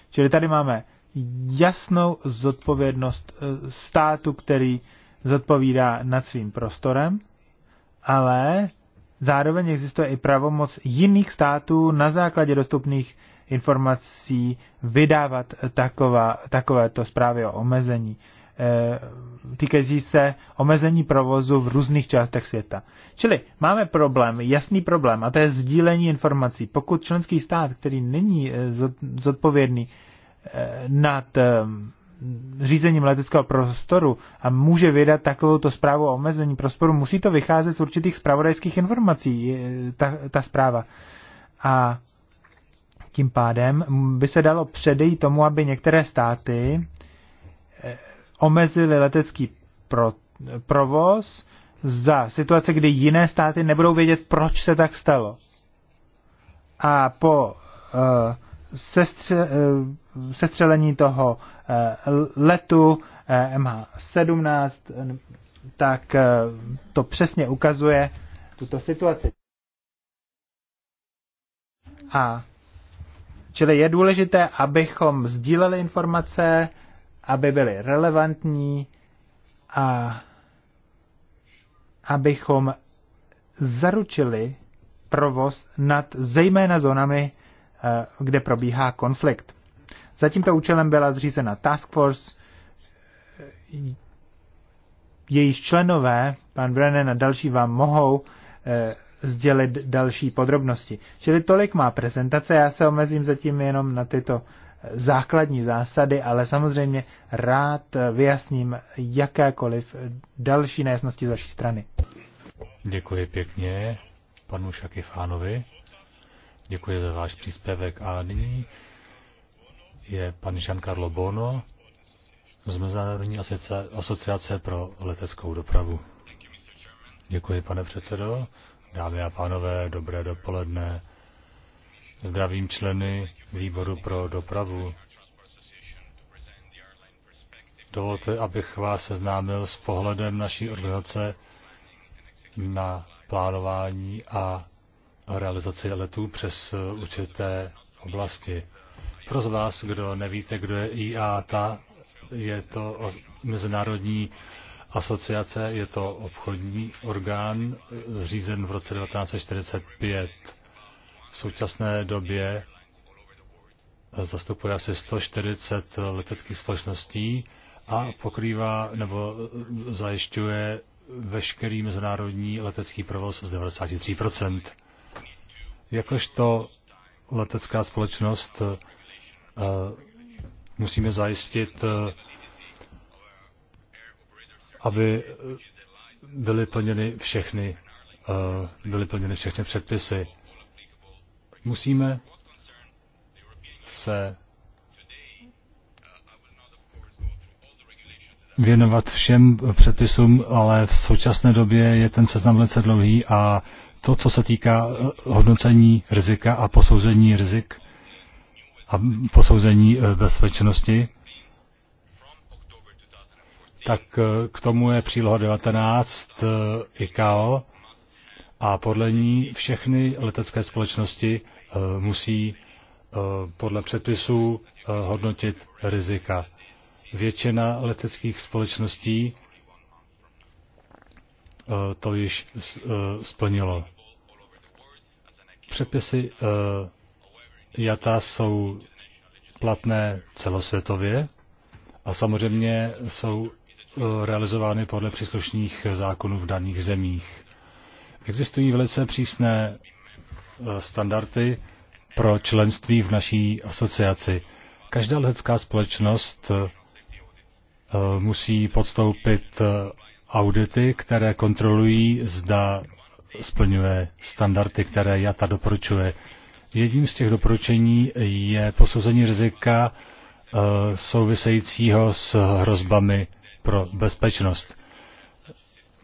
Čili tady máme jasnou zodpovědnost eh, státu, který zodpovídá nad svým prostorem, ale Zároveň existuje i pravomoc jiných států na základě dostupných informací vydávat taková, takovéto zprávy o omezení eh, týkající se omezení provozu v různých částech světa. Čili máme problém, jasný problém, a to je sdílení informací. Pokud členský stát, který není eh, zodpovědný eh, nad řízením leteckého prostoru a může vydat takovouto zprávu o omezení prostoru, musí to vycházet z určitých zpravodajských informací, ta, ta zpráva. A tím pádem by se dalo předejít tomu, aby některé státy eh, omezily letecký pro, provoz za situace, kdy jiné státy nebudou vědět, proč se tak stalo. A po uh, sestře, eh, sestřelení toho eh, letu eh, MH17, tak to přesně ukazuje tuto situaci. A čili je důležité, abychom sdíleli informace, aby byly relevantní a abychom zaručili provoz nad zejména zónami Eh, kde probíhá konflikt. Za tímto účelem byla zřízena Task Force, jejíž členové, pan Brennan a další, vám mohou e, sdělit další podrobnosti. Čili tolik má prezentace, já se omezím zatím jenom na tyto eh, základní zásady, ale samozřejmě rád vyjasním jakékoliv další nejasnosti z vaší strany. Děkuji pěkně panu Šakifánovi. Děkuji za váš příspěvek. A nyní je pan Giancarlo Bono z Mezinárodní asociace pro leteckou dopravu. Děkuji, pane předsedo. Dámy a pánové, dobré dopoledne. Zdravím členy výboru pro dopravu. Dovolte, abych vás seznámil s pohledem naší organizace na plánování a realizaci letů přes eh, určité oblasti. Pro z vás, kdo nevíte, kdo je IATA, je to mezinárodní asociace, je to obchodní orgán eh, zřízen v roce 1945. V současné době eh, zastupuje asi 140 leteckých společností a pokrývá nebo zajišťuje veškerý mezinárodní letecký provoz z 93 Jakožto letecká společnost eh, musíme zajistit, eh, aby byly plněny všechny, eh, byly plněny všechny předpisy. Musíme se věnovat všem předpisům, ale v současné době je ten seznam velice dlouhý a to, co se týká eh, hodnocení rizika a posouzení rizik a posouzení eh, bezpečnosti, tak eh, k tomu je příloha 19 ICAO a podle ní všechny letecké společnosti musí podle předpisů hodnotit rizika. Většina leteckých společností Eh, to již eh, splnilo. Předpisy eh, JATA jsou platné celosvětově a samozřejmě jsou realizovány podle příslušných zákonů v daných zemích. Existují velice přísné standardy pro členství v naší asociaci. Každá letecká společnost musí podstoupit audity, které kontrolují, zda splňuje standardy, které JATA doporučuje. Jedním z těch doporučení je posouzení rizika eh, souvisejícího s hrozbami pro bezpečnost.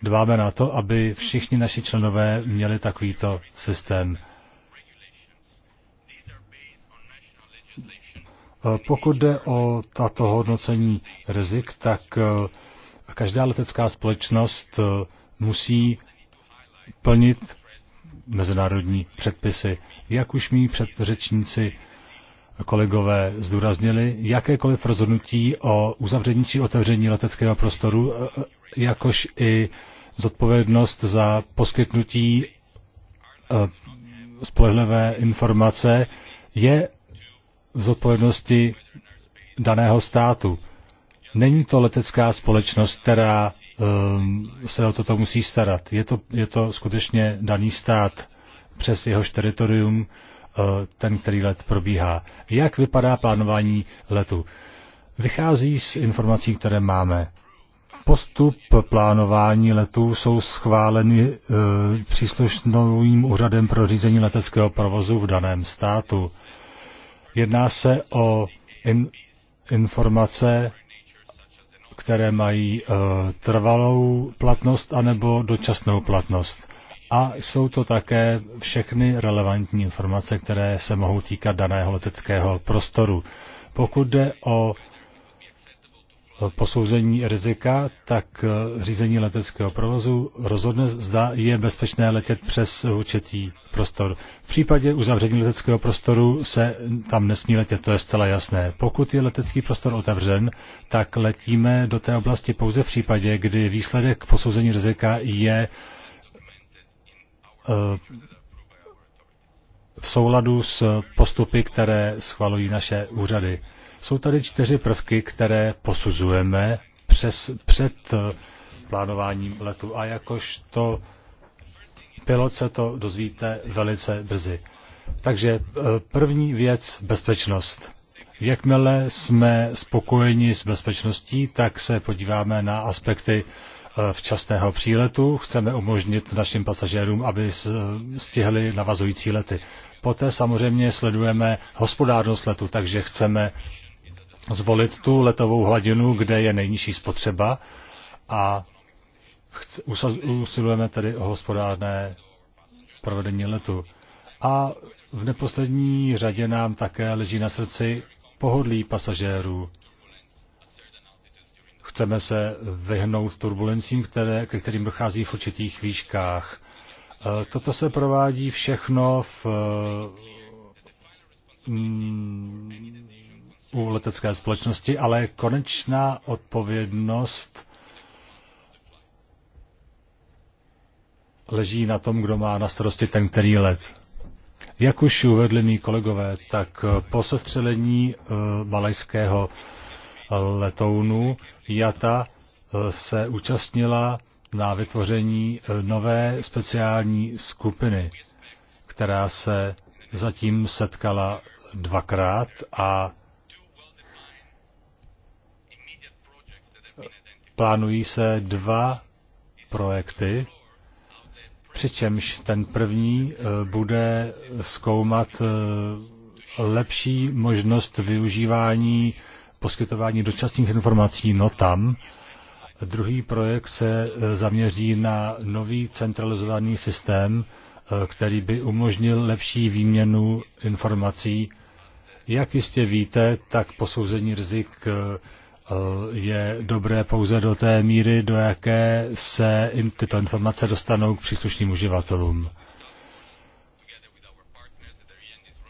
Dváme na to, aby všichni naši členové měli takovýto systém. Eh, pokud jde o tato hodnocení rizik, tak eh, a každá letecká společnost eh, musí plnit mezinárodní předpisy. Jak už mý předřečníci kolegové zdůraznili, jakékoliv rozhodnutí o uzavření či otevření leteckého prostoru, eh, eh, jakož i zodpovědnost za poskytnutí spolehlivé informace je v zodpovědnosti daného státu. Není to letecká společnost, která um, se o toto musí starat. Je to, je to skutečně daný stát přes jehož teritorium uh, ten, který let probíhá. Jak vypadá plánování letu? Vychází z informací, které máme. Postup plánování letů jsou schváleny e, příslušným úřadem pro řízení leteckého provozu v daném státu. Jedná se o in, informace které mají eh, trvalou platnost anebo dočasnou platnost. A jsou to také všechny relevantní informace, které se mohou týkat daného leteckého prostoru. Pokud jde o posouzení rizika, tak eh, řízení leteckého provozu rozhodne, zda je bezpečné letět přes určitý prostor. V případě uzavření leteckého prostoru se tam nesmí letět, to je zcela jasné. Pokud je letecký prostor otevřen, tak letíme do té oblasti pouze v případě, kdy výsledek posouzení rizika je eh, v souladu s postupy, které schvalují naše úřady. Jsou tady čtyři prvky, které posuzujeme přes, před eh, plánováním letu a jakožto pilot se to dozvíte velice brzy. Takže eh, první věc, bezpečnost. Jakmile jsme spokojeni s bezpečností, tak se podíváme na aspekty eh, včasného příletu. Chceme umožnit našim pasažérům, aby stihli navazující lety. Poté samozřejmě sledujeme hospodárnost letu, takže chceme zvolit tu letovou hladinu, kde je nejnižší spotřeba a usilujeme tedy o hospodárné provedení letu. A v neposlední řadě nám také leží na srdci pohodlí pasažérů. Chceme se vyhnout turbulencím, které, ke kterým dochází v určitých výškách. E, toto se provádí všechno v mm, u letecké společnosti, ale konečná odpovědnost leží na tom, kdo má na starosti ten který let. Jak už uvedli mý kolegové, tak po sestřelení eh, malajského eh, letounu IATA eh, se účastnila na vytvoření nové speciální skupiny, která se zatím setkala dvakrát a plánují se dva projekty, přičemž ten první eh, bude zkoumat eh, lepší možnost využívání poskytování dočasných informací no tam. Druhý projekt se eh, zaměří na nový centralizovaný systém, který by umožnil lepší výměnu informací. Jak jistě víte, tak posouzení rizik Eh, je dobré pouze do té míry, do jaké se tyto informace dostanou k příslušným uživatelům.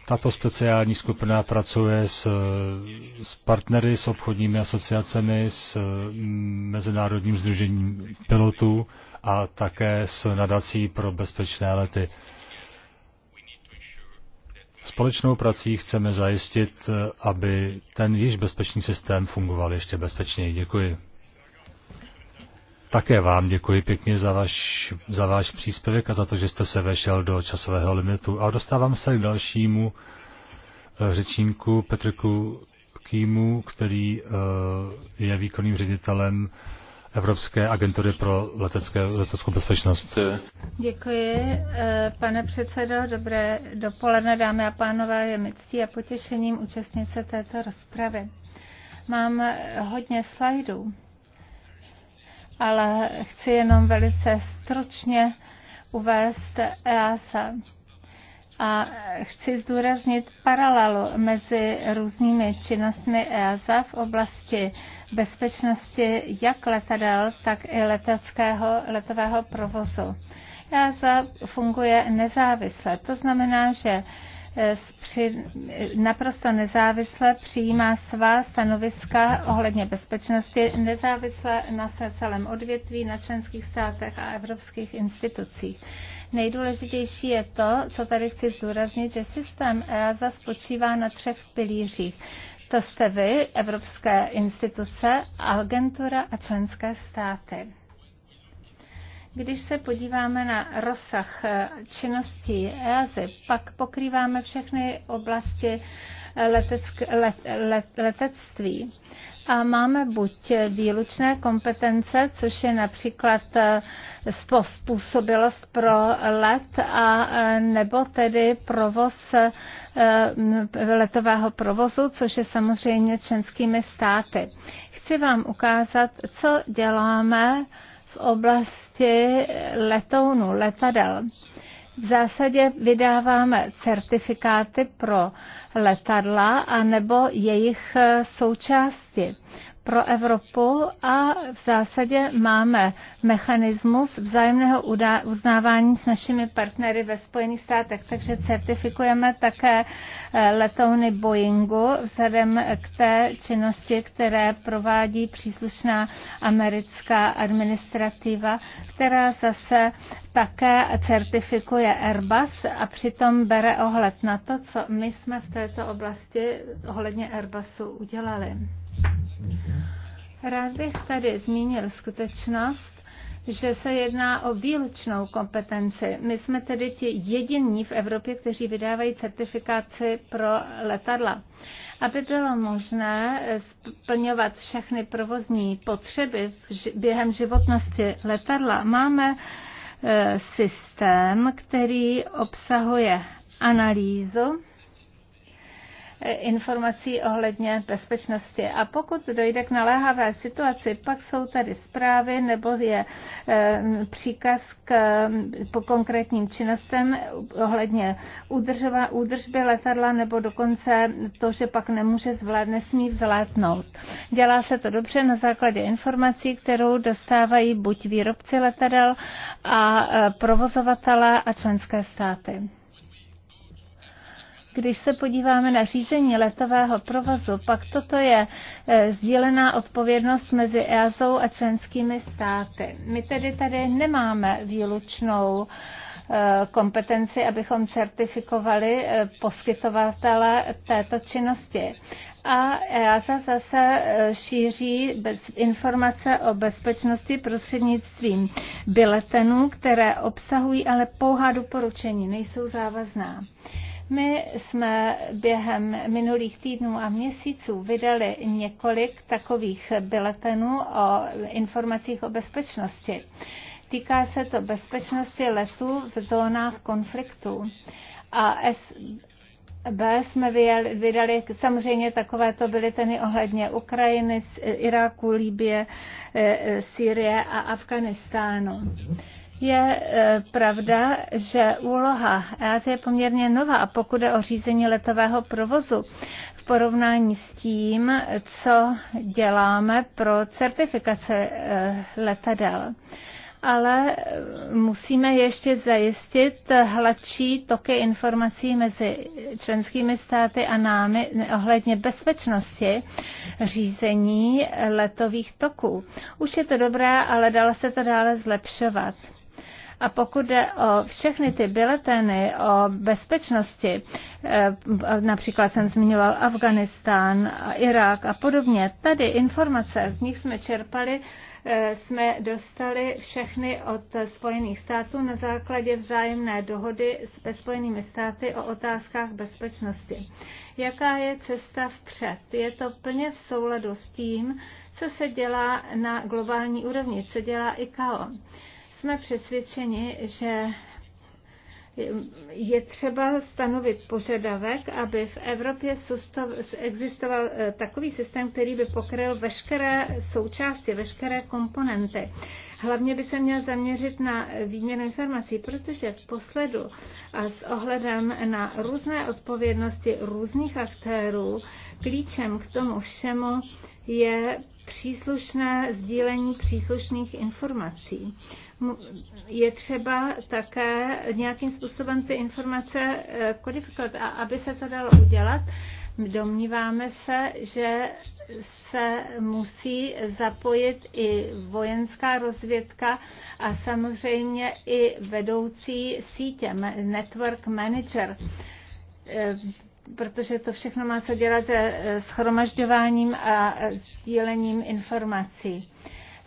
Tato speciální skupina pracuje s, s partnery, s obchodními asociacemi, s mm, Mezinárodním združením pilotů a také s nadací pro bezpečné lety. Společnou prací chceme zajistit, aby ten již bezpečný systém fungoval ještě bezpečněji. Děkuji. Také vám děkuji pěkně za, vaš, za váš příspěvek a za to, že jste se vešel do časového limitu. A dostávám se k dalšímu eh, řečníku Petrku Kýmu, který eh, je výkonným ředitelem Evropské agentury pro letecké, leteckou bezpečnost. Děkuji, eh, pane předsedo. Dobré dopoledne, dámy a pánové. Je mi ctí a potěšením účastnit se této rozpravy. Mám hodně slajdů, ale chci jenom velice stručně uvést EASA. A chci zdůraznit paralelu mezi různými činnostmi EASA v oblasti bezpečnosti jak letadel, tak i leteckého letového provozu. EASA funguje nezávisle. To znamená, že e, při, naprosto nezávisle přijímá svá stanoviska ohledně bezpečnosti, nezávisle na celém odvětví, na členských státech a evropských institucích. Nejdůležitější je to, co tady chci zdůraznit, že systém EASA spočívá na třech pilířích. To jste vy, evropské instituce, agentura a členské státy. Když se podíváme na rozsah eh, činností EASY, pak pokrýváme všechny oblasti letecky, let, let, letectví a máme buď výlučné kompetence, což je například eh, způsobilost pro let a eh, nebo tedy provoz eh, letového provozu, což je samozřejmě členskými státy. Chci vám ukázat, co děláme v oblasti letounu, letadel. V zásadě vydáváme certifikáty pro letadla a nebo jejich součásti pro Evropu a v zásadě máme mechanismus vzájemného uznávání s našimi partnery ve Spojených státech, takže certifikujeme také eh, letouny Boeingu vzhledem k té činnosti, které provádí příslušná americká administrativa, která zase také certifikuje Airbus a přitom bere ohled na to, co my jsme v této oblasti ohledně Airbusu udělali. Rád bych tady zmínil skutečnost, že se jedná o výlučnou kompetenci. My jsme tedy ti jediní v Evropě, kteří vydávají certifikaci pro letadla. Aby bylo možné splňovat všechny provozní potřeby během životnosti letadla, máme e, systém, který obsahuje analýzu informací ohledně bezpečnosti. A pokud dojde k naléhavé situaci, pak jsou tady zprávy nebo je eh, příkaz k po konkrétním činnostem ohledně údržba, údržby letadla nebo dokonce to, že pak nemůže zvládnout, nesmí vzlétnout. Dělá se to dobře na základě informací, kterou dostávají buď výrobci letadel a eh, provozovatele a členské státy. Když se podíváme na řízení letového provozu, pak toto je e, sdílená odpovědnost mezi EASou a členskými státy. My tedy tady nemáme výlučnou e, kompetenci, abychom certifikovali e, poskytovatele této činnosti a EASA zase šíří bez informace o bezpečnosti prostřednictvím biletenů, které obsahují ale pouhá doporučení, nejsou závazná. My jsme během minulých týdnů a měsíců vydali několik takových biletenů o informacích o bezpečnosti. Týká se to bezpečnosti letů v zónách konfliktů. A S B jsme vydali samozřejmě takovéto bulletiny ohledně Ukrajiny, Iráku, Líbie, e, e, Sýrie a Afganistánu. Je e, pravda, že úloha EAS je poměrně nová, a pokud je o řízení letového provozu v porovnání s tím, co děláme pro certifikace e, letadel ale e, musíme ještě zajistit hladší toky informací mezi členskými státy a námi ohledně bezpečnosti řízení letových toků. Už je to dobré, ale dalo se to dále zlepšovat. A pokud jde o všechny ty bileteny o bezpečnosti, eh, například jsem zmiňoval Afganistán, Irák a podobně, tady informace, z nich jsme čerpali, eh, jsme dostali všechny od Spojených států na základě vzájemné dohody s Spojenými státy o otázkách bezpečnosti. Jaká je cesta vpřed? Je to plně v souladu s tím, co se dělá na globální úrovni, co dělá ICAO jsme přesvědčeni, že je třeba stanovit požadavek, aby v Evropě existoval eh, takový systém, který by pokryl veškeré součásti, veškeré komponenty. Hlavně by se měl zaměřit na výměnu informací, protože v posledu a s ohledem na různé odpovědnosti různých aktérů klíčem k tomu všemu je příslušné sdílení příslušných informací. Je třeba také nějakým způsobem ty informace eh, kodifikovat a aby se to dalo udělat, domníváme se, že se musí zapojit i vojenská rozvědka a samozřejmě i vedoucí sítě, network manager eh, protože to všechno má se dělat se eh, schromažďováním a eh, sdílením informací.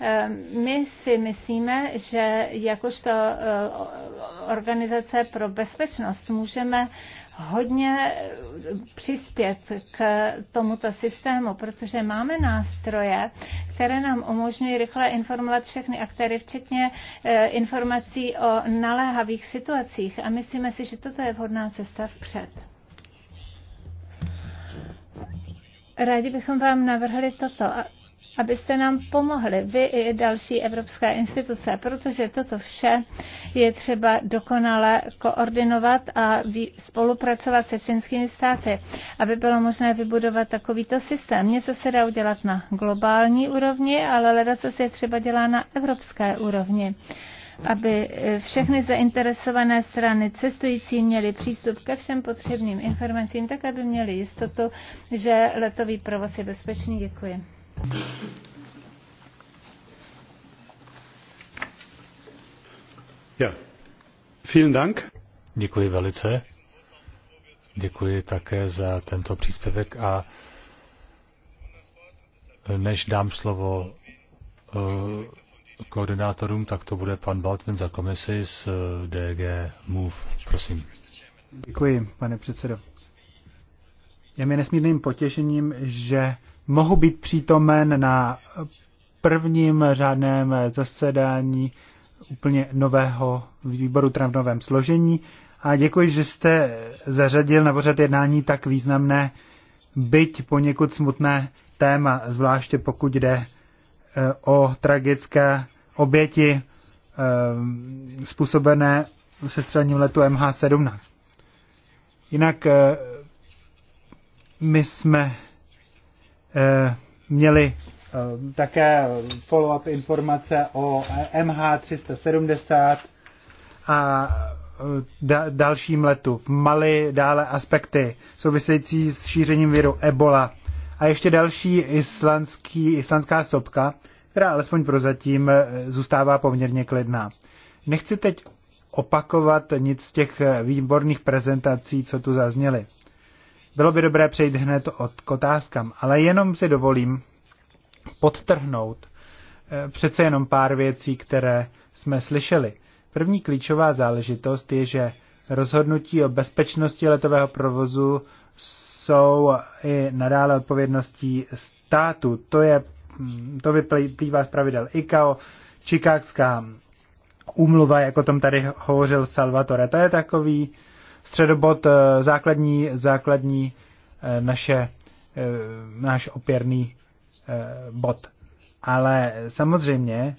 Eh, my si myslíme, že jakožto organizace pro bezpečnost můžeme hodně přispět k tomuto systému, protože máme nástroje, které nám umožňují rychle informovat všechny aktéry, včetně informací o naléhavých situacích a myslíme si, že toto je vhodná cesta vpřed. Rádi bychom vám navrhli toto, abyste nám pomohli, vy i další evropské instituce, protože toto vše je třeba dokonale koordinovat a spolupracovat se členskými státy, aby bylo možné vybudovat takovýto systém. Něco se dá udělat na globální úrovni, ale leda, co se třeba dělá na evropské úrovni aby eh, všechny zainteresované strany cestující měli přístup ke všem potřebným informacím, tak aby měli jistotu, že letový provoz je bezpečný. Děkuji. Ja. Vielen Dank. Děkuji velice. Děkuji také za tento příspěvek a než dám slovo eh, koordinátorům, tak to bude pan Baltman za komisi z eh, DG MOVE. Prosím. Děkuji, pane předsedo. Je mi nesmírným potěšením, že mohu být přítomen na prvním řádném zasedání úplně nového výboru v novém složení. A děkuji, že jste zařadil na pořad jednání tak významné, byť poněkud smutné téma, zvláště pokud jde Eh, o tragické oběti eh, způsobené sestřelením letu MH17. Jinak eh, my jsme měli také follow-up informace o MH370 a dalším letu v Mali, dále aspekty související s šířením viru Ebola a ještě další islandský, islandská sopka, která alespoň prozatím eh, zůstává poměrně klidná. Nechci teď opakovat nic z těch eh, výborných prezentací, co tu zazněly. Bylo by dobré přejít hned od k otázkám, ale jenom si dovolím podtrhnout eh, přece jenom pár věcí, které jsme slyšeli. První klíčová záležitost je, že rozhodnutí o bezpečnosti letového provozu jsou i nadále odpovědností státu. To, je, to vyplývá z pravidel ICAO, Čikákská úmluva, jako tom tady hovořil Salvatore. To je takový středobod eh, základní, základní eh, naše, eh, náš opěrný bod. Ale samozřejmě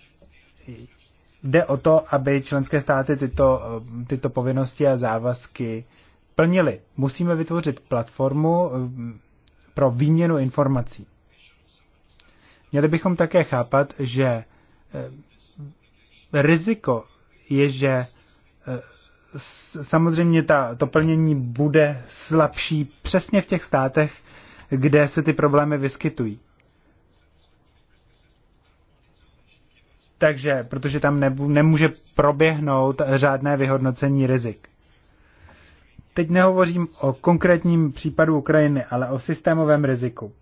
jde o to, aby členské státy tyto, tyto povinnosti a závazky plnili. Musíme vytvořit platformu eh, pro výměnu informací. Měli bychom také chápat, že eh, riziko je, že eh, samozřejmě ta, to plnění bude slabší přesně v těch státech, kde se ty problémy vyskytují. Takže, protože tam nemůže proběhnout řádné vyhodnocení rizik. Teď nehovořím o konkrétním případu Ukrajiny, ale o systémovém riziku.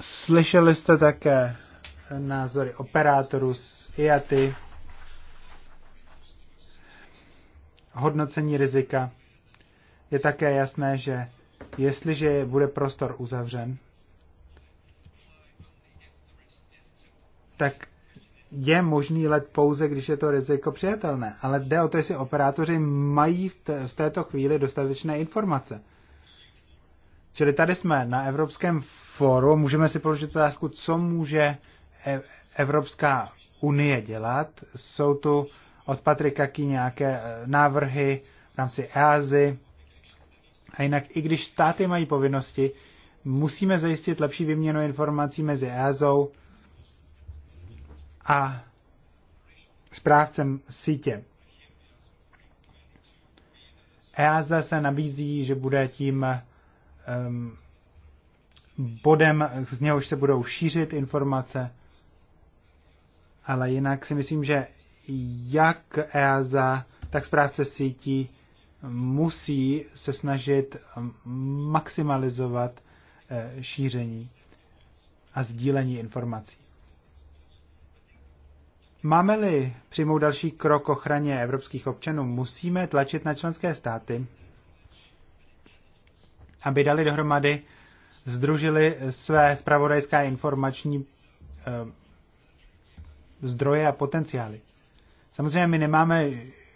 Slyšeli jste také názory operátorů z IATY, hodnocení rizika. Je také jasné, že jestliže bude prostor uzavřen, tak je možný let pouze, když je to riziko přijatelné. Ale jde o to, jestli operátoři mají v, t- v této chvíli dostatečné informace. Čili tady jsme na Evropském fóru, můžeme si položit otázku, co může e, Evropská unie dělat. Jsou tu od Patrika Ký nějaké e, návrhy v rámci EASY. A jinak, i když státy mají povinnosti, musíme zajistit lepší výměnu informací mezi EASou, a správcem sítě. EASA se nabízí, že bude tím um, bodem, z něhož se budou šířit informace, ale jinak si myslím, že jak EASA, tak správce sítí musí se snažit maximalizovat e, šíření a sdílení informací. Máme-li přijmout další krok ochraně evropských občanů, musíme tlačit na členské státy, aby dali dohromady, združili své spravodajské informační eh, zdroje a potenciály. Samozřejmě my nemáme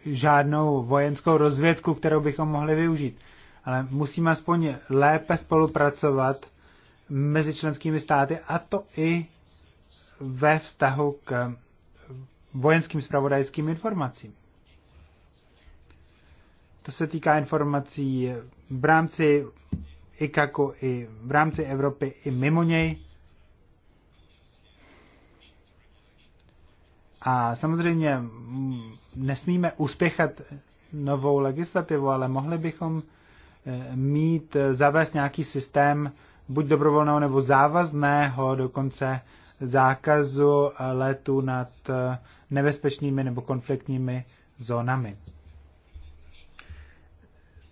žádnou vojenskou rozvědku, kterou bychom mohli využít, ale musíme aspoň lépe spolupracovat mezi členskými státy a to i ve vztahu k vojenským spravodajským informacím. To se týká informací v rámci IKAKu i v rámci Evropy i mimo něj. A samozřejmě nesmíme uspěchat novou legislativu, ale mohli bychom eh, mít, eh, zavést nějaký systém buď dobrovolného nebo závazného, dokonce zákazu eh, letu nad eh, nebezpečnými nebo konfliktními zónami.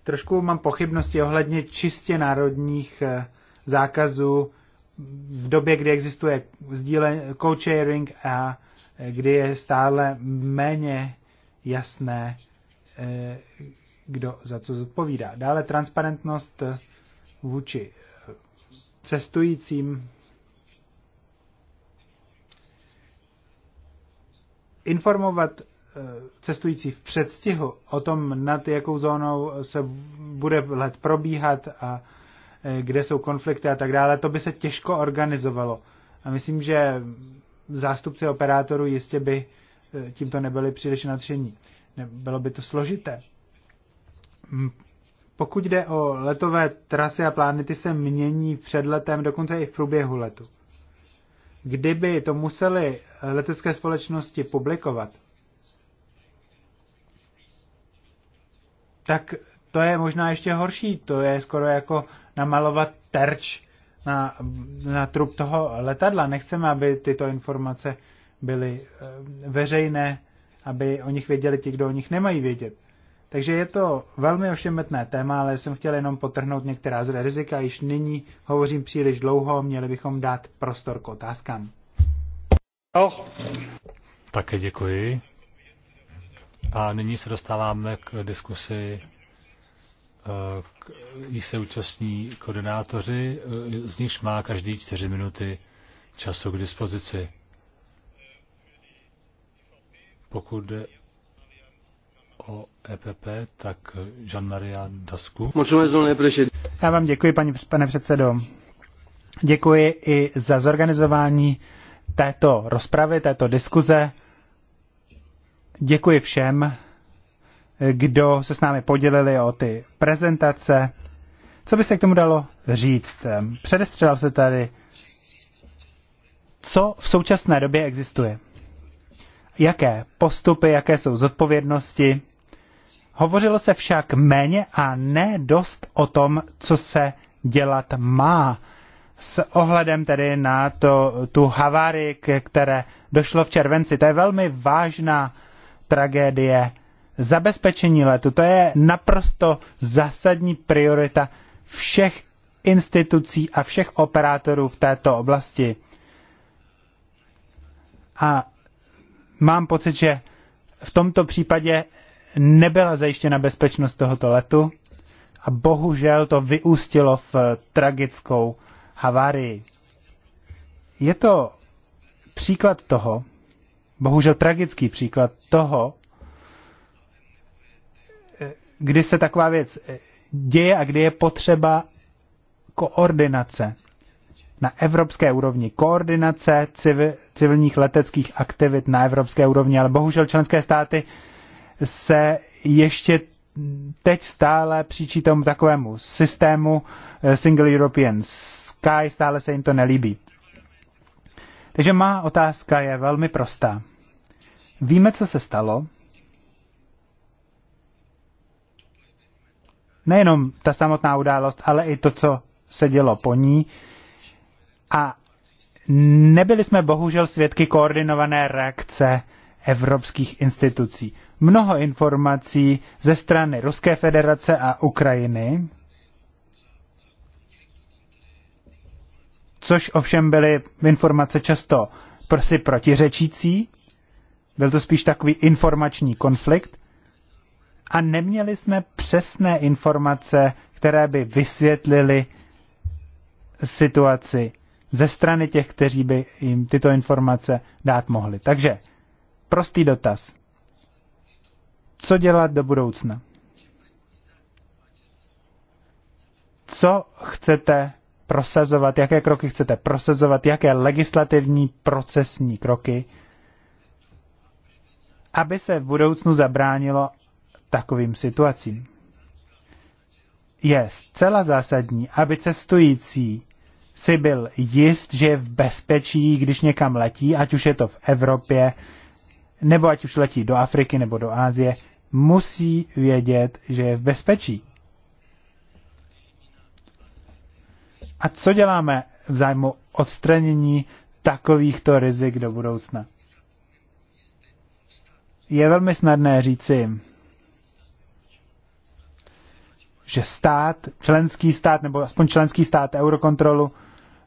Trošku mám pochybnosti ohledně čistě národních eh, zákazů v době, kdy existuje co-sharing a kdy je stále méně jasné, kdo za co zodpovídá. Dále transparentnost vůči cestujícím informovat eh, cestující v předstihu o tom, nad jakou zónou se bude let probíhat a eh, kde jsou konflikty a tak dále, to by se těžko organizovalo. A myslím, že zástupci operátorů jistě by eh, tímto nebyli příliš nadšení. Bylo by to složité. Pokud jde o letové trasy a plány, ty se mění před letem, dokonce i v průběhu letu kdyby to museli letecké společnosti publikovat, tak to je možná ještě horší. To je skoro jako namalovat terč na, na trup toho letadla. Nechceme, aby tyto informace byly eh, veřejné, aby o nich věděli ti, kdo o nich nemají vědět. Takže je to velmi ošemetné téma, ale jsem chtěl jenom potrhnout některá z rizika. Již nyní hovořím příliš dlouho, měli bychom dát prostor k otázkám. Oh. Také děkuji. A nyní se dostáváme k diskusi, eh, k, se účastní koordinátoři, eh, z nichž má každý čtyři minuty času k dispozici. Pokud jde o EPP, tak Jean-Maria Dasku. Já vám děkuji, paní, pane předsedo. Děkuji i za zorganizování této rozpravy, této diskuze. Děkuji všem, kdo se s námi podělili o ty prezentace. Co by se k tomu dalo říct? Předestřelal se tady, co v současné době existuje. Jaké postupy, jaké jsou zodpovědnosti, Hovořilo se však méně a ne dost o tom, co se dělat má. S ohledem tedy na to, tu havárii, které došlo v červenci, to je velmi vážná tragédie. Zabezpečení letu, to je naprosto zásadní priorita všech institucí a všech operátorů v této oblasti. A mám pocit, že v tomto případě nebyla zajištěna bezpečnost tohoto letu a bohužel to vyústilo v tragickou havárii. Je to příklad toho, bohužel tragický příklad toho, kdy se taková věc děje a kdy je potřeba koordinace na evropské úrovni, koordinace civilních leteckých aktivit na evropské úrovni, ale bohužel členské státy se ještě teď stále příčí tomu takovému systému eh, Single European Sky, stále se jim to nelíbí. Takže má otázka je velmi prostá. Víme, co se stalo? Nejenom ta samotná událost, ale i to, co se dělo po ní. A nebyli jsme bohužel svědky koordinované reakce evropských institucí. Mnoho informací ze strany Ruské federace a Ukrajiny, což ovšem byly informace často si protiřečící, byl to spíš takový informační konflikt a neměli jsme přesné informace, které by vysvětlili situaci ze strany těch, kteří by jim tyto informace dát mohli. Takže Prostý dotaz. Co dělat do budoucna? Co chcete prosazovat, jaké kroky chcete prosazovat, jaké legislativní procesní kroky, aby se v budoucnu zabránilo takovým situacím. Je zcela zásadní, aby cestující si byl jist, že je v bezpečí, když někam letí, ať už je to v Evropě nebo ať už letí do Afriky nebo do Ázie, musí vědět, že je v bezpečí. A co děláme v zájmu odstranění takovýchto rizik do budoucna? Je velmi snadné říci, že stát, členský stát, nebo aspoň členský stát Eurokontrolu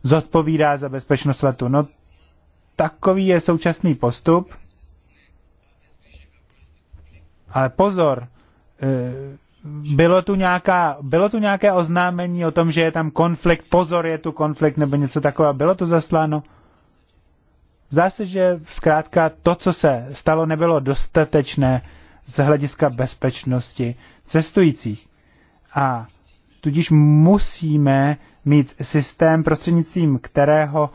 zodpovídá za bezpečnost letu. No, takový je současný postup ale pozor, e, bylo tu, nějaká, bylo tu nějaké oznámení o tom, že je tam konflikt, pozor, je tu konflikt nebo něco takového, bylo to zasláno? Zdá se, že zkrátka to, co se stalo, nebylo dostatečné z hlediska bezpečnosti cestujících. A tudíž musíme mít systém, prostřednictvím kterého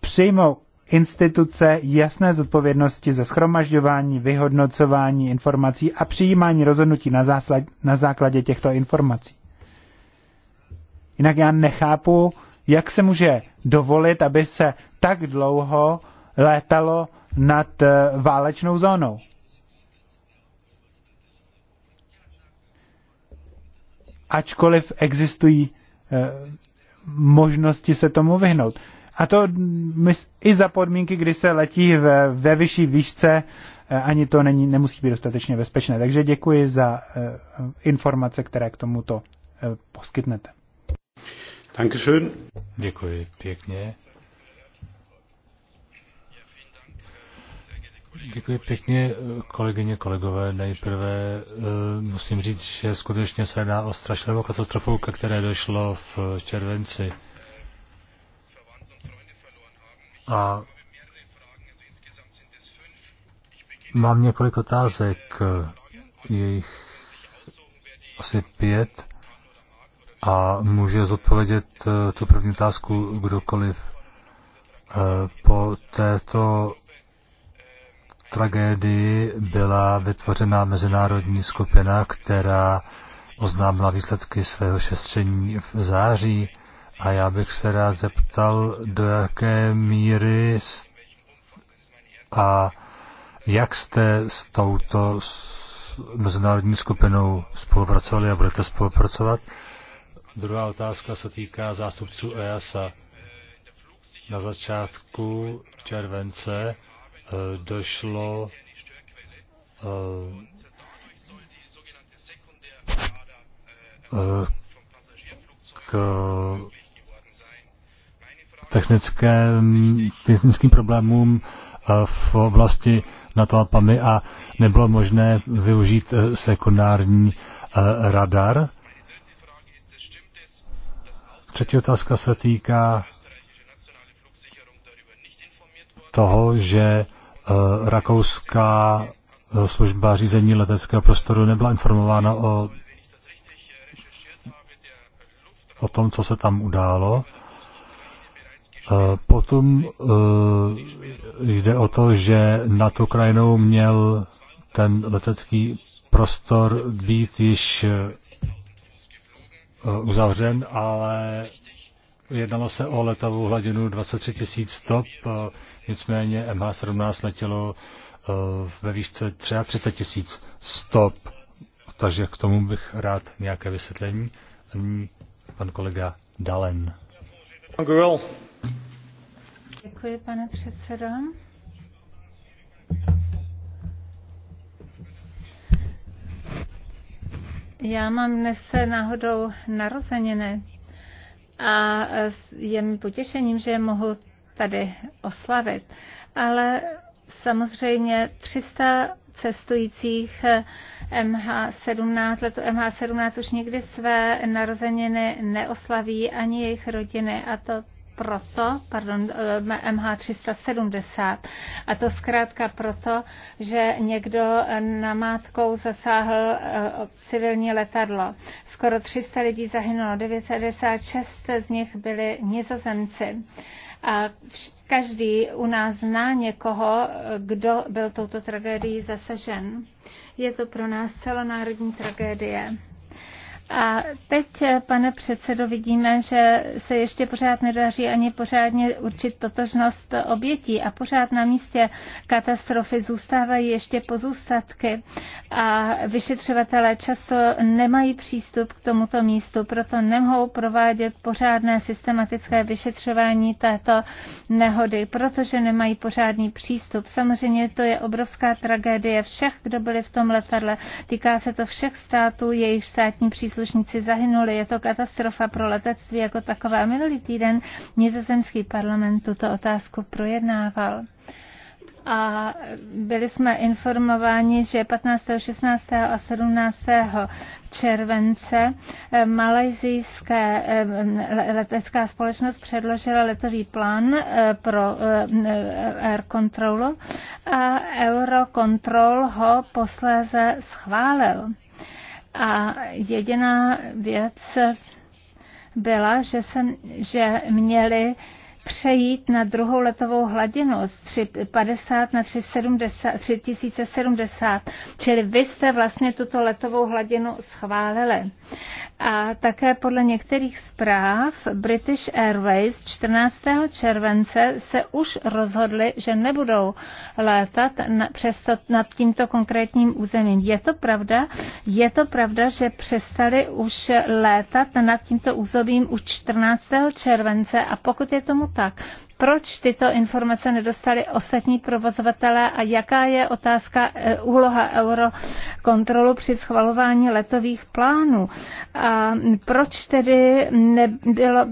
přijmou instituce jasné zodpovědnosti za schromažďování, vyhodnocování informací a přijímání rozhodnutí na, záslad, na základě těchto informací. Jinak já nechápu, jak se může dovolit, aby se tak dlouho létalo nad eh, válečnou zónou. Ačkoliv existují eh, možnosti se tomu vyhnout. A to i za podmínky, kdy se letí ve, ve vyšší výšce, eh, ani to není, nemusí být dostatečně bezpečné. Takže děkuji za eh, informace, které k tomuto eh, poskytnete. Dankeschön. Děkuji pěkně. Děkuji pěkně, kolegyně, kolegové. Nejprve musím říct, že skutečně se jedná o strašlivou katastrofu, ke které došlo v červenci. A mám několik otázek, jejich asi pět, a může zodpovědět eh, tu první otázku kdokoliv. Eh, po této tragédii byla vytvořena mezinárodní skupina, která oznámila výsledky svého šestření v září. A já bych se rád zeptal, do jaké míry a jak jste s touto mezinárodní skupinou spolupracovali a budete spolupracovat? Druhá otázka se týká zástupců EASA. Na začátku července e, došlo e, e, technické, technickým problémům eh, v oblasti Natalpami a nebylo možné využít eh, sekundární eh, radar. Třetí otázka se týká toho, že rakouská služba řízení leteckého prostoru nebyla informována o, o tom, co se tam událo. Eh, potom eh, jde o to, že nad Ukrajinou měl ten letecký prostor být již eh, uzavřen, ale jednalo se o letovou hladinu 23 000 stop, nicméně MH17 letělo ve výšce 33 000 stop, takže k tomu bych rád nějaké vysvětlení. Pan kolega Dalen. Děkuji. Děkuji, pane předsedo. Já mám dnes náhodou narozeniny a je mi potěšením, že je mohu tady oslavit. Ale samozřejmě 300 cestujících MH17, letu MH17 už nikdy své narozeniny neoslaví ani jejich rodiny a to proto, pardon, eh, MH370. A to zkrátka proto, že někdo na mátkou zasáhl eh, civilní letadlo. Skoro 300 lidí zahynulo, 96 z nich byli nizozemci. A každý u nás zná někoho, eh, kdo byl touto tragédií zasažen. Je to pro nás celonárodní tragédie. A teď, pane předsedo, vidíme, že se ještě pořád nedaří ani pořádně určit totožnost obětí a pořád na místě katastrofy zůstávají ještě pozůstatky a vyšetřovatelé často nemají přístup k tomuto místu, proto nemohou provádět pořádné systematické vyšetřování této nehody, protože nemají pořádný přístup. Samozřejmě to je obrovská tragédie všech, kdo byli v tom letadle. Týká se to všech států, jejich státní přístup příslušníci zahynuli. Je to katastrofa pro letectví jako takové. Minulý týden nizozemský parlament tuto otázku projednával a byli jsme informováni, že 15., 16. a 17. července eh, malajzijské eh, letecká společnost předložila letový plán eh, pro air controlu a Eurocontrol ho posléze schválil. A jediná věc byla, že, jsem, že měli přejít na druhou letovou hladinu z 350 na 370, 3070, čili vy jste vlastně tuto letovou hladinu schválili. A také podle některých zpráv British Airways 14. července se už rozhodli, že nebudou létat na, přesto nad tímto konkrétním územím. Je to pravda? Je to pravda, že přestali už létat nad tímto územím už 14. července a pokud je tomu tak proč tyto informace nedostali ostatní provozovatelé a jaká je otázka e, úloha eurokontrolu při schvalování letových plánů. A proč tedy nebylo,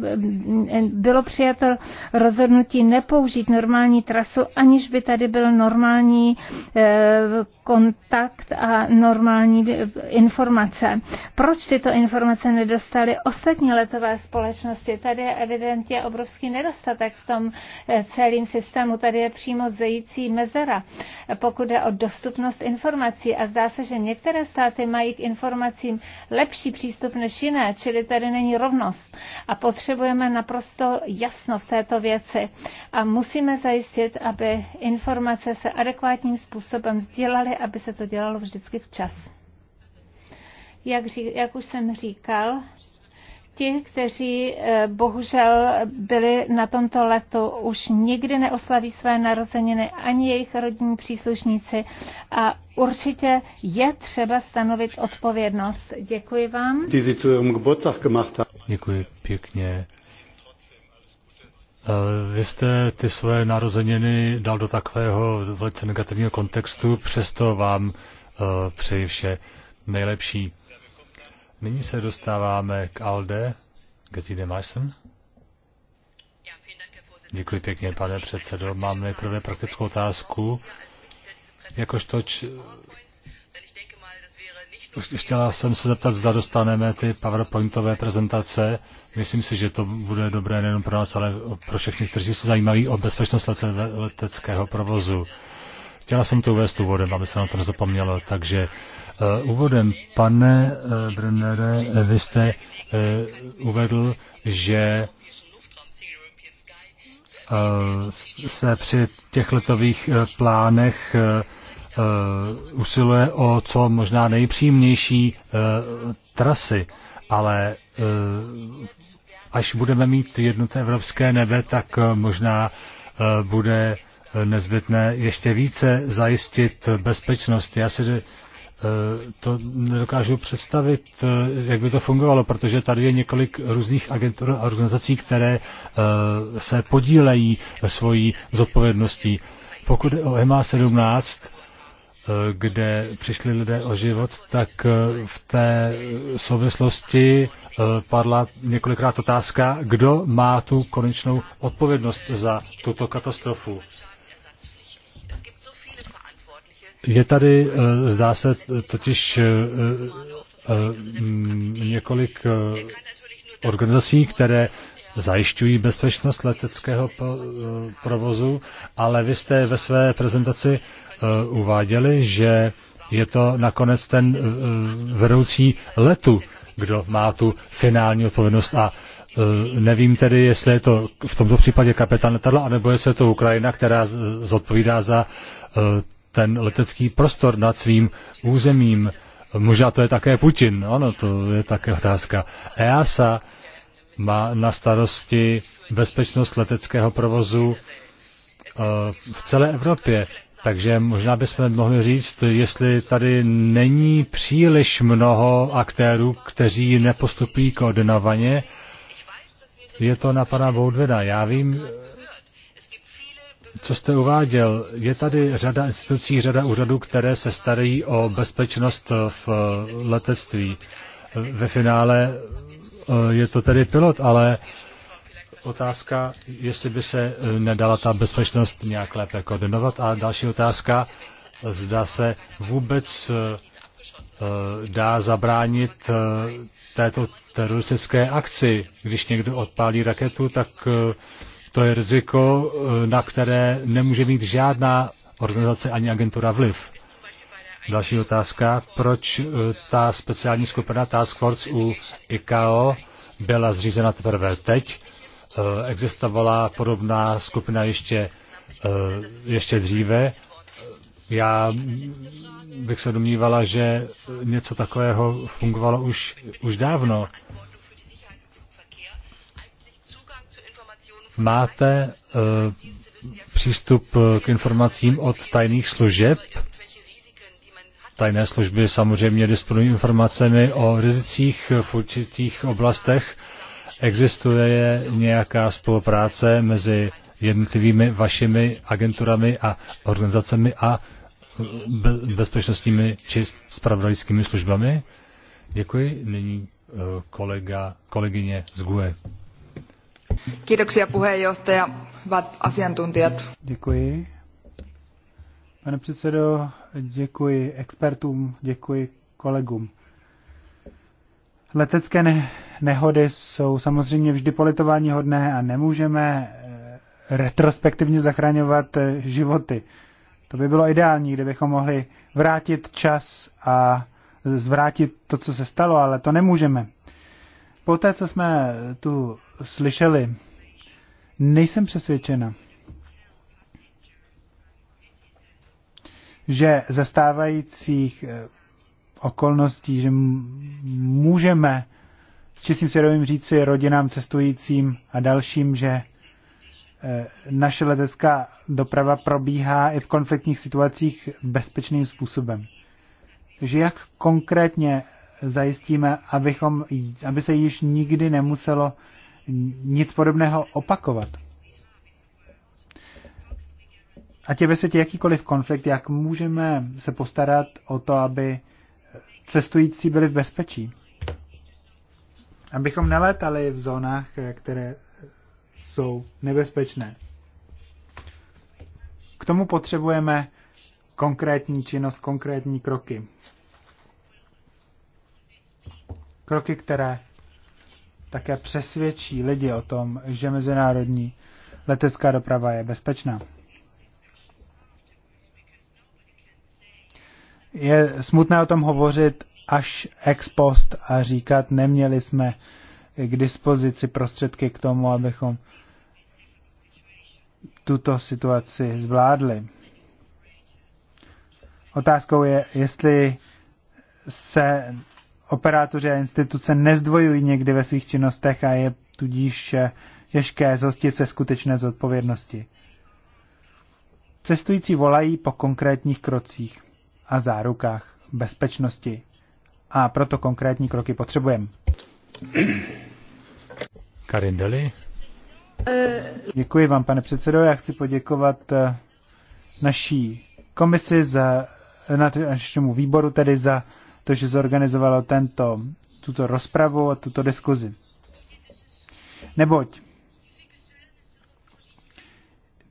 bylo přijato rozhodnutí nepoužít normální trasu, aniž by tady byl normální e, kontakt a normální e, informace. Proč tyto informace nedostali ostatní letové společnosti? Tady je evidentně obrovský nedostatek v tom Eh, celým celém systému. Tady je přímo zející mezera, pokud je o dostupnost informací. A zdá se, že některé státy mají k informacím lepší přístup než jiné, čili tady není rovnost. A potřebujeme naprosto jasno v této věci. A musíme zajistit, aby informace se adekvátním způsobem sdílely, aby se to dělalo vždycky včas. Jak, řík, jak už jsem říkal, ti, kteří eh, bohužel byli na tomto letu, už nikdy neoslaví své narozeniny ani jejich rodinní příslušníci a určitě je třeba stanovit odpovědnost. Děkuji vám. Děkuji pěkně. Eh, vy jste ty své narozeniny dal do takového velice negativního kontextu, přesto vám eh, přeji vše nejlepší. Nyní se dostáváme k Alde. Gesine Meissen. Děkuji pěkně, pane předsedo. Mám nejprve praktickou otázku. Jakožto č... Chtěla jsem se zeptat, zda dostaneme ty PowerPointové prezentace. Myslím si, že to bude dobré nejen pro nás, ale pro všechny, kteří se zajímají o bezpečnost leteckého provozu. Chtěla jsem to uvést úvodem, aby se na to nezapomnělo. Takže uh, úvodem, pane uh, Brennere, eh, vy jste uh, uvedl, že uh, se při těch letových uh, plánech uh, uh, usiluje o co možná nejpříjemnější uh, trasy, ale uh, až budeme mít jednotné evropské nebe, tak uh, možná uh, bude uh, nezbytné ještě více zajistit bezpečnost. Já si eh, to nedokážu představit, eh, jak by to fungovalo, protože tady je několik různých agentur a organizací, které eh, se podílejí svojí zodpovědností. Pokud o MA17, kde přišli lidé o život, tak v té souvislosti padla několikrát otázka, kdo má tu konečnou odpovědnost za tuto katastrofu. Je tady, eh, zdá se, totiž eh, eh, mm, několik organizací, které zajišťují bezpečnost leteckého provozu, ale vy jste ve své prezentaci uváděli, že je to nakonec ten vedoucí letu, kdo má tu finální odpovědnost a Nevím tedy, jestli je to v tomto případě kapitán letadla, anebo jestli je to Ukrajina, která zodpovídá za ten letecký prostor nad svým územím. Možná to je také Putin, ano, to je také otázka. EASA má na starosti bezpečnost leteckého provozu eh, v celé Evropě. Takže možná bychom mohli říct, jestli tady není příliš mnoho aktérů, kteří nepostupují koordinovaně, je to na pana Boudveda. Já vím, co jste uváděl, je tady řada institucí, řada úřadů, které se starají o bezpečnost v letectví. Ve finále eh, je to tedy pilot, ale otázka, jestli by se eh, nedala ta bezpečnost nějak lépe koordinovat. A další otázka, zda se vůbec eh, dá zabránit této teroristické akci. Když někdo odpálí raketu, tak to je riziko, eh, na které nemůže mít žádná organizace ani agentura vliv. Další otázka, proč eh, ta speciální skupina Task Force u ICAO byla zřízena teprve teď? Eh, existovala podobná skupina ještě, ještě dříve. Já bych se domnívala, že něco takového fungovalo už, už dávno. máte eh, přístup k informacím od tajných služeb. Tajné služby samozřejmě disponují informacemi o rizicích v určitých oblastech. Existuje nějaká spolupráce mezi jednotlivými vašimi agenturami a organizacemi a eh, bezpečnostními či spravodajskými službami? Děkuji. Nyní eh, kolega, kolegyně z GUE. Kiitoksia puheenjohtaja, hyvät asiantuntijat. Děkuji. Pane předsedo, děkuji expertům, děkuji kolegům. Letecké ne- nehody jsou samozřejmě vždy politování hodné a nemůžeme eh, retrospektivně zachraňovat eh, životy. To by bylo ideální, kdybychom mohli vrátit čas a zvrátit to, co se stalo, ale to nemůžeme. Poté, co jsme tu slyšeli. Nejsem přesvědčena, že stávajících eh, okolností, že můžeme s čistým svědomím říci rodinám cestujícím a dalším, že eh, naše letecká doprava probíhá i v konfliktních situacích bezpečným způsobem. Takže jak konkrétně zajistíme, abychom, aby se již nikdy nemuselo nic podobného opakovat. Ať je ve světě jakýkoliv konflikt, jak můžeme se postarat o to, aby cestující byli v bezpečí. Abychom nelétali v zónách, které jsou nebezpečné. K tomu potřebujeme konkrétní činnost, konkrétní kroky. Kroky, které také přesvědčí lidi o tom, že mezinárodní letecká doprava je bezpečná. Je smutné o tom hovořit až ex post a říkat, neměli jsme k dispozici prostředky k tomu, abychom tuto situaci zvládli. Otázkou je, jestli se Operátoři a instituce nezdvojují někdy ve svých činnostech a je tudíž eh, těžké zhostit se skutečné zodpovědnosti. Cestující volají po konkrétních krocích a zárukách bezpečnosti a proto konkrétní kroky potřebujeme. Karin Deli. Děkuji vám, pane předsedo. Já chci poděkovat eh, naší komisi za našemu výboru tedy za to, že zorganizovalo tento, tuto rozpravu a tuto diskuzi. Neboť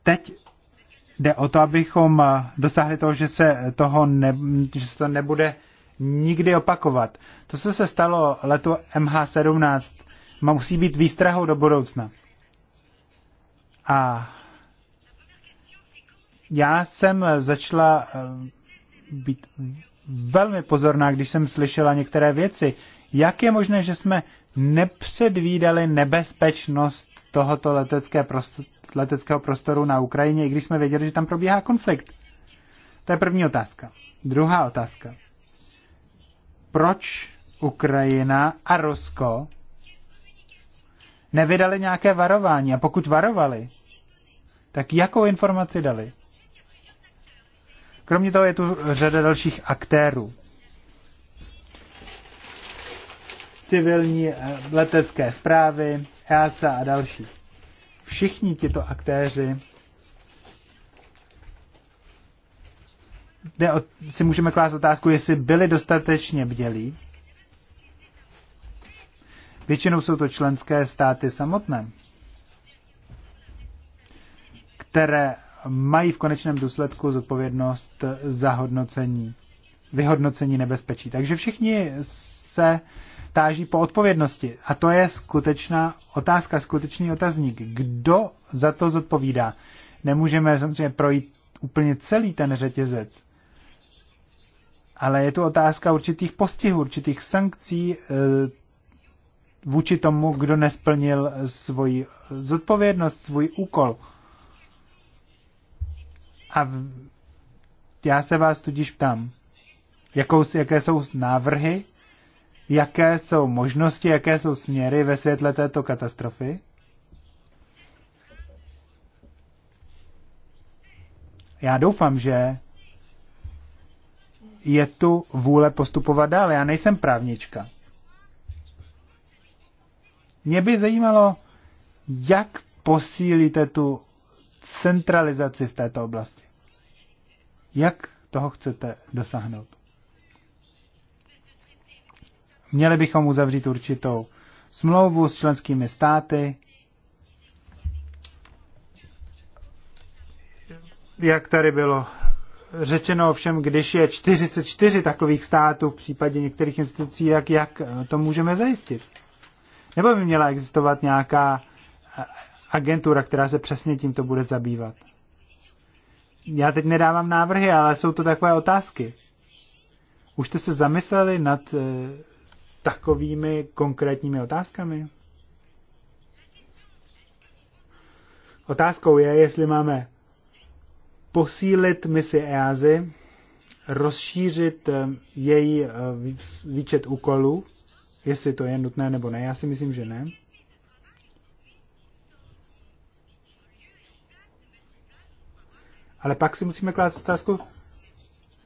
teď jde o to, abychom dosáhli toho, že se, toho ne, že se to nebude nikdy opakovat. To, co se stalo letu MH17, musí být výstrahou do budoucna. A já jsem začala eh, být velmi pozorná, když jsem slyšela některé věci. Jak je možné, že jsme nepředvídali nebezpečnost tohoto letecké prostor, leteckého prostoru na Ukrajině, i když jsme věděli, že tam probíhá konflikt? To je první otázka. Druhá otázka. Proč Ukrajina a Rusko nevydali nějaké varování? A pokud varovali, tak jakou informaci dali? Kromě toho je tu řada dalších aktérů. Civilní eh, letecké zprávy, EASA a další. Všichni tyto aktéři si můžeme klást otázku, jestli byli dostatečně bdělí. Většinou jsou to členské státy samotné, které mají v konečném důsledku zodpovědnost za hodnocení, vyhodnocení nebezpečí. Takže všichni se táží po odpovědnosti. A to je skutečná otázka, skutečný otazník. Kdo za to zodpovídá? Nemůžeme samozřejmě projít úplně celý ten řetězec. Ale je tu otázka určitých postihů, určitých sankcí eh, vůči tomu, kdo nesplnil svoji zodpovědnost, svůj úkol. A já se vás tudíž ptám, jakou, jaké jsou návrhy, jaké jsou možnosti, jaké jsou směry ve světle této katastrofy? Já doufám, že je tu vůle postupovat dál. Já nejsem právnička. Mě by zajímalo, jak posílíte tu centralizaci v této oblasti. Jak toho chcete dosáhnout? Měli bychom uzavřít určitou smlouvu s členskými státy, jak tady bylo řečeno ovšem, když je 44 takových států v případě některých institucí, jak, jak to můžeme zajistit? Nebo by měla existovat nějaká agentura, která se přesně tímto bude zabývat. Já teď nedávám návrhy, ale jsou to takové otázky. Už jste se zamysleli nad e, takovými konkrétními otázkami? Otázkou je, jestli máme posílit misi EASY, rozšířit eh, její eh, výčet úkolů, jestli to je nutné nebo ne. Já si myslím, že ne. Ale pak si musíme klást otázku,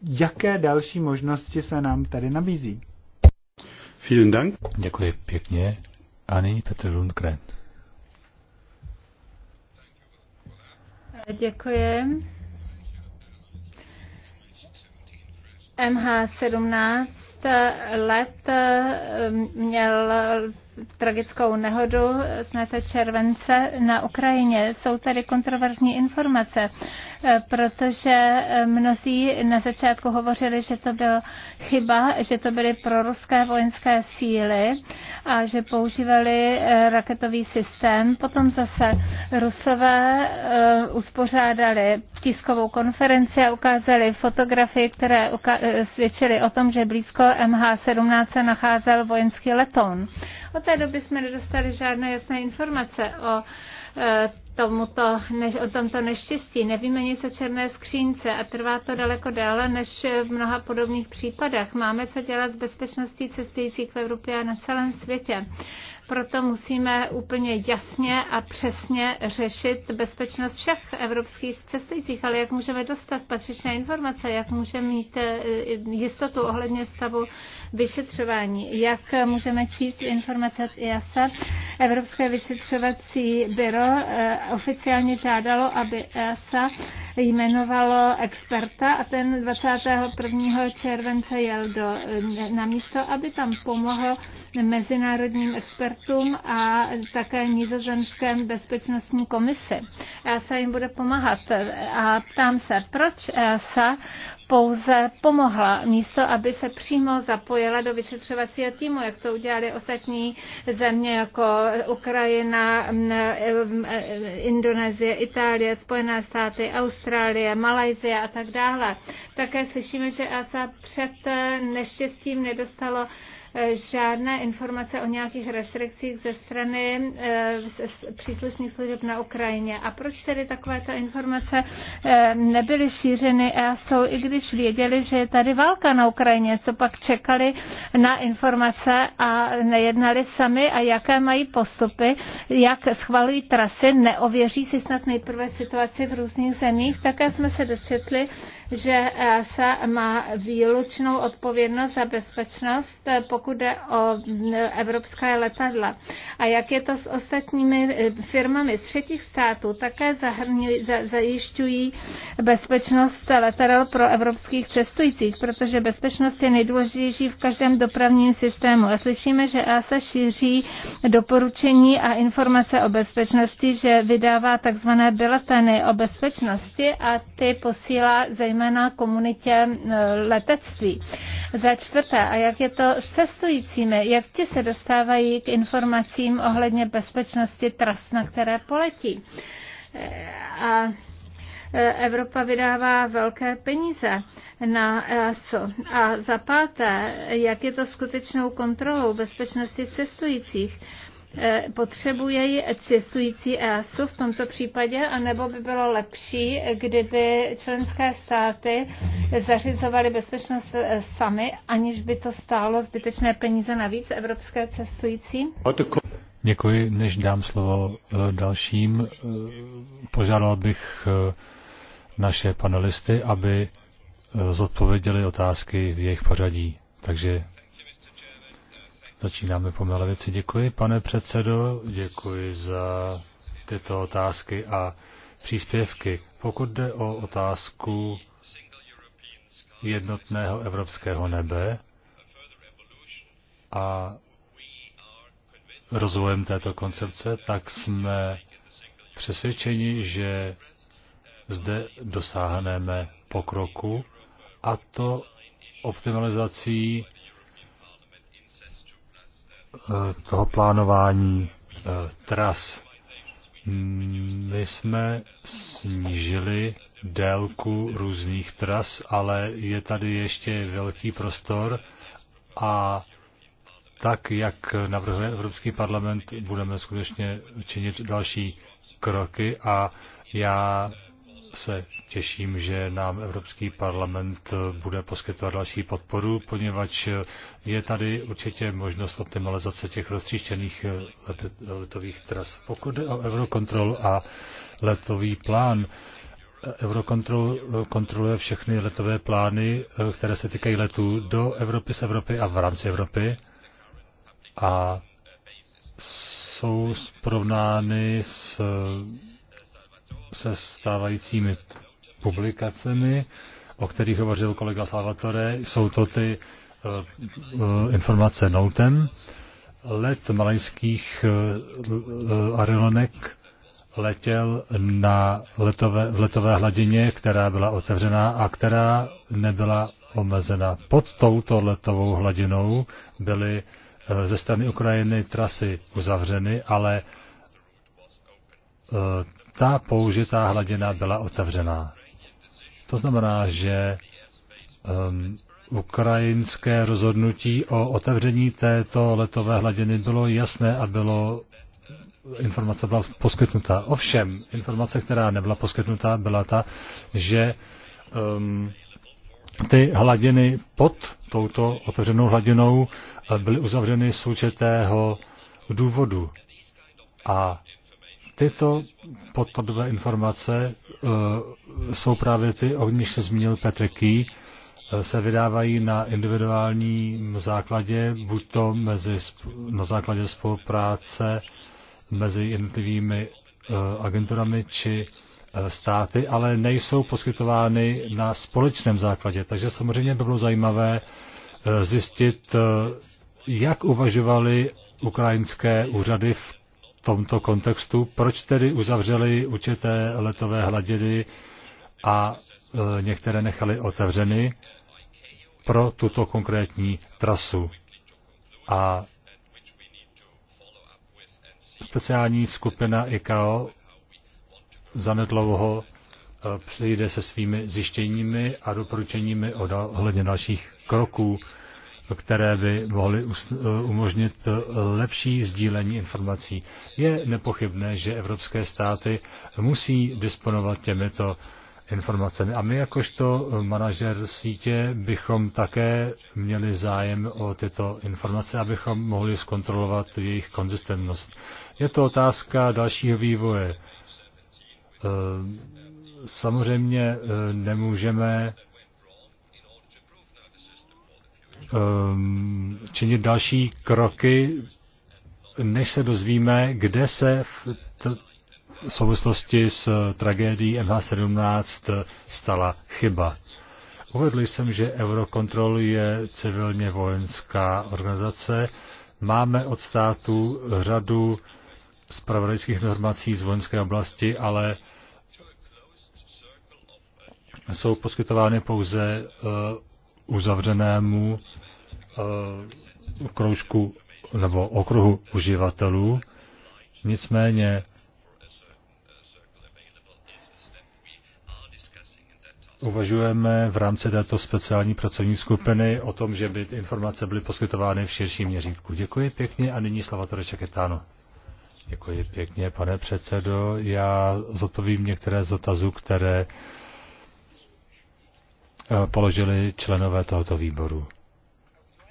jaké další možnosti se nám tady nabízí. Vielen Dank. Děkuji pěkně. A nyní Petr Lundgren. Děkuji. MH17 let um, měl tragickou nehodu z července na Ukrajině. Jsou tady kontroverzní informace Eh, protože eh, mnozí na začátku hovořili, že to byla chyba, že to byly proruské vojenské síly a že používali eh, raketový systém. Potom zase Rusové uspořádali tiskovou konferenci a ukázali fotografii, které svědčily o tom, že blízko MH17 se nacházel vojenský letoun. Od té doby jsme nedostali žádné jasné informace o tomuto, ne, o tomto neštěstí. Nevíme nic o černé skřínce a trvá to daleko déle než v mnoha podobných případech. Máme co dělat s bezpečností cestujících v Evropě a na celém světě. Proto musíme úplně jasně a přesně řešit bezpečnost všech evropských cestujících, ale jak můžeme dostat patřičné informace, jak můžeme mít eh, jistotu ohledně stavu vyšetřování, jak můžeme číst informace EASA. Evropské vyšetřovací byro eh, oficiálně žádalo, aby EASA jmenovalo experta a ten 21. července jel do, na místo, aby tam pomohl mezinárodním expertům a také nizozemském bezpečnostní komisi. ESA jim bude pomáhat a ptám se, proč ESA pouze pomohla místo, aby se přímo zapojila do vyšetřovacího týmu, jak to udělali ostatní země jako Ukrajina, Indonésie, Itálie, Spojené státy, Austrálie, Austrálie, Malajzie a tak dále. Také slyšíme, že ASA před neštěstím nedostalo žádné informace o nějakých restrikcích ze strany eh, příslušných služeb na Ukrajině. A proč tedy takovéto informace eh, nebyly šířeny A jsou i když věděli, že je tady válka na Ukrajině, co pak čekali na informace a nejednali sami a jaké mají postupy, jak schvalují trasy, neověří si snad nejprve situaci v různých zemích. Také jsme se dočetli, že eh, se má výlučnou odpovědnost za bezpečnost, eh, pokud jde o eh, evropské letadla. A jak je to s ostatními firmami z třetích států, také zahrňují, zajišťují bezpečnost letadel pro evropských cestujících, protože bezpečnost je nejdůležitější v každém dopravním systému. A slyšíme, že ASA e šíří doporučení a informace o bezpečnosti, že vydává takzvané bileteny o bezpečnosti a ty posílá zejména zejména komunitě e, letectví. Za čtvrté, a jak je to s cestujícími, jak ti se dostávají k informacím ohledně bezpečnosti tras, na které poletí. E, a e, Evropa vydává velké peníze na ESO. A za páté, jak je to skutečnou kontrolou bezpečnosti cestujících? Eh, Potřebuje ji cestující ESU v tomto případě, anebo by bylo lepší, kdyby členské státy zařizovaly bezpečnost eh, sami, aniž by to stálo zbytečné peníze navíc evropské cestující? Děkuji. Než dám slovo eh, dalším, požádal bych naše panelisty, aby zodpověděli otázky v jejich pořadí. Takže Začínáme po mé levici. Děkuji, pane předsedo, děkuji za tyto otázky a příspěvky. Pokud jde o otázku jednotného evropského nebe a rozvojem této koncepce, tak jsme přesvědčeni, že zde dosáhneme pokroku a to optimalizací Eh, toho plánování eh, tras. My jsme snížili délku různých tras, ale je tady ještě velký prostor a tak, jak navrhuje Evropský parlament, budeme skutečně činit další kroky a já se těším, že nám Evropský parlament bude poskytovat další podporu, poněvadž je tady určitě možnost optimalizace těch roztříštěných eh, let, letových tras. Pokud jde o Eurocontrol a letový plán, eh, Eurocontrol eh, kontroluje všechny letové plány, které se týkají letů do Evropy, z Evropy a v rámci Evropy a jsou porovnány s se stávajícími publikacemi, o kterých hovořil kolega Salvatore. Jsou to ty eh, eh, informace Noutem, let malajských eh, aerolinek letěl na letové, v letové hladině, která byla otevřená a která nebyla omezena. Pod touto letovou hladinou byly ze strany Ukrajiny trasy uzavřeny, ale ta použitá hladina byla otevřená. To znamená, že um, ukrajinské rozhodnutí o otevření této letové hladiny bylo jasné a bylo informace byla poskytnuta. Ovšem, informace, která nebyla poskytnutá, byla ta, že um, ty hladiny pod touto otevřenou hladinou uh, byly uzavřeny z určitého důvodu. A Tyto podpadové informace eh, jsou právě ty, o nich se zmínil Petr Key, eh, se vydávají na individuálním základě, buď to mezi, na základě spolupráce mezi jednotlivými eh, agenturami či státy, ale nejsou poskytovány na společném základě. Takže samozřejmě by bylo zajímavé zjistit, jak uvažovali ukrajinské úřady v tomto kontextu, proč tedy uzavřeli určité letové hladiny a e, některé nechali otevřeny pro tuto konkrétní trasu. A speciální skupina ICAO zanedlouho e, přijde se svými zjištěními a doporučeními ohledně dalších kroků které by mohly eh, umožnit eh, lepší sdílení informací. Je nepochybné, že evropské státy musí disponovat těmito informacemi. A my jakožto eh, manažer sítě bychom také měli zájem o tyto informace, abychom mohli zkontrolovat jejich konzistentnost. Je to otázka dalšího vývoje. Samozřejmě nemůžeme um, činit další kroky, než se dozvíme, kde se v souvislosti s tragédií MH17 stala chyba. Uvedl jsem, že Eurocontrol je civilně vojenská organizace. Máme od státu řadu zpravodajských informací z vojenské oblasti, ale jsou poskytovány pouze eh, uzavřenému eh, kroužku nebo okruhu uživatelů. Nicméně uvažujeme v rámci této speciální pracovní skupiny o tom, že by ty informace byly poskytovány v širším měřítku. Děkuji pěkně a nyní Slava Čeketánu. Děkuji pěkně, pane předsedo. Já zodpovím některé z dotazů, které Eh, položili členové tohoto výboru.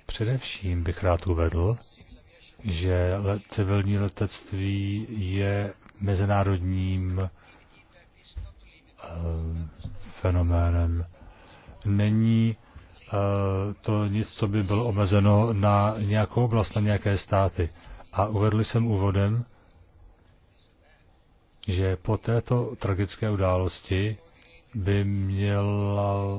Především bych rád uvedl, že civilní letectví je mezinárodním eh, fenoménem. Není eh, to nic, co by bylo omezeno na nějakou oblast, na nějaké státy. A uvedl jsem úvodem, že po této tragické události by měla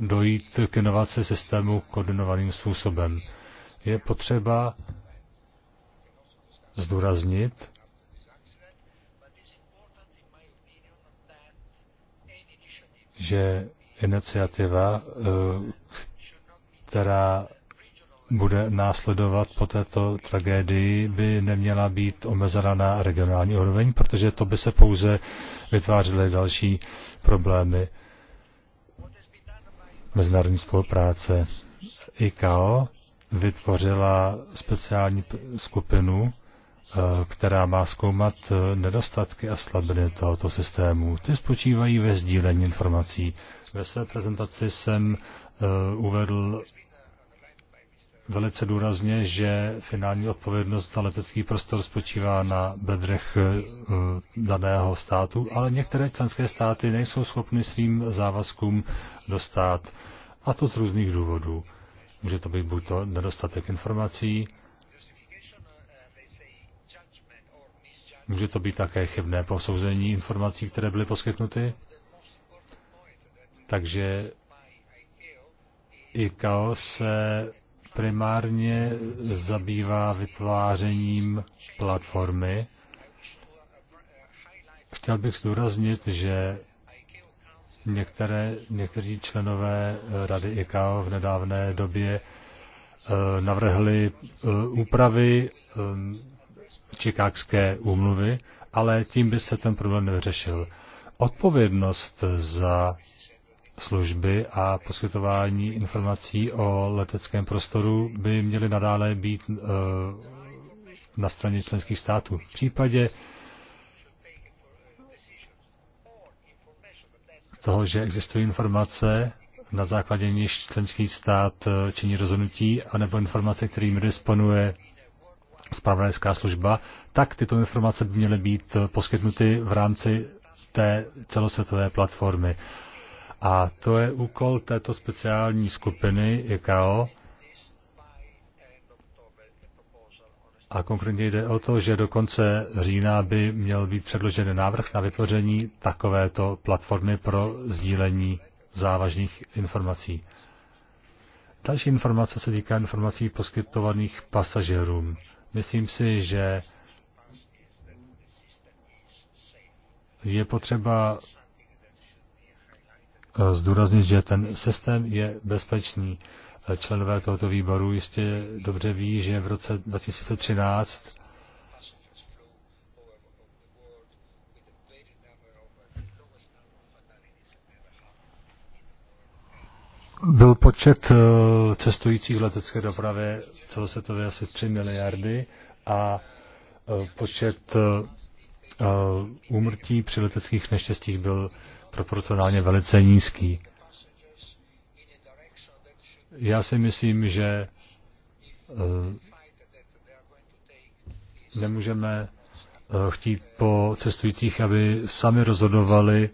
dojít k inovaci systému koordinovaným způsobem. Je potřeba zdůraznit, že iniciativa, eh, která bude následovat po této tragédii, by neměla být omezena na regionální úroveň, protože to by se pouze vytvářely další problémy mezinárodní spolupráce ICAO vytvořila speciální skupinu, eh, která má zkoumat eh, nedostatky a slabiny tohoto systému. Ty spočívají ve sdílení informací. Ve své prezentaci jsem eh, uvedl velice důrazně, že finální odpovědnost za letecký prostor spočívá na bedrech eh, daného státu, ale některé členské státy nejsou schopny svým závazkům dostat, a to z různých důvodů. Může to být buď to nedostatek informací, může to být také chybné posouzení informací, které byly poskytnuty. Takže ICAO se primárně zabývá vytvářením platformy. Chtěl bych zdůraznit, že některé, někteří členové Rady ICAO v nedávné době eh, navrhli eh, úpravy eh, čikákské úmluvy, ale tím by se ten problém nevyřešil. Odpovědnost za služby a poskytování informací o leteckém prostoru by měly nadále být eh, na straně členských států. V případě toho, že existují informace, na základě níž členský stát eh, činí rozhodnutí, anebo informace, kterými disponuje spravodajská služba, tak tyto informace by měly být eh, poskytnuty v rámci té celosvětové platformy. A to je úkol této speciální skupiny ICAO. A konkrétně jde o to, že do konce října by měl být předložen návrh na vytvoření takovéto platformy pro sdílení závažných informací. Další informace se týká informací poskytovaných pasažerům. Myslím si, že je potřeba Eh, zdůraznit, že ten systém je bezpečný. Eh, členové tohoto výboru jistě dobře ví, že v roce 2013 byl počet eh, cestujících v letecké dopravě celosvětově asi 3 miliardy a počet úmrtí při leteckých neštěstích byl proporcionálně velice nízký. Já si myslím, že eh, nemůžeme eh, chtít po cestujících, aby sami rozhodovali,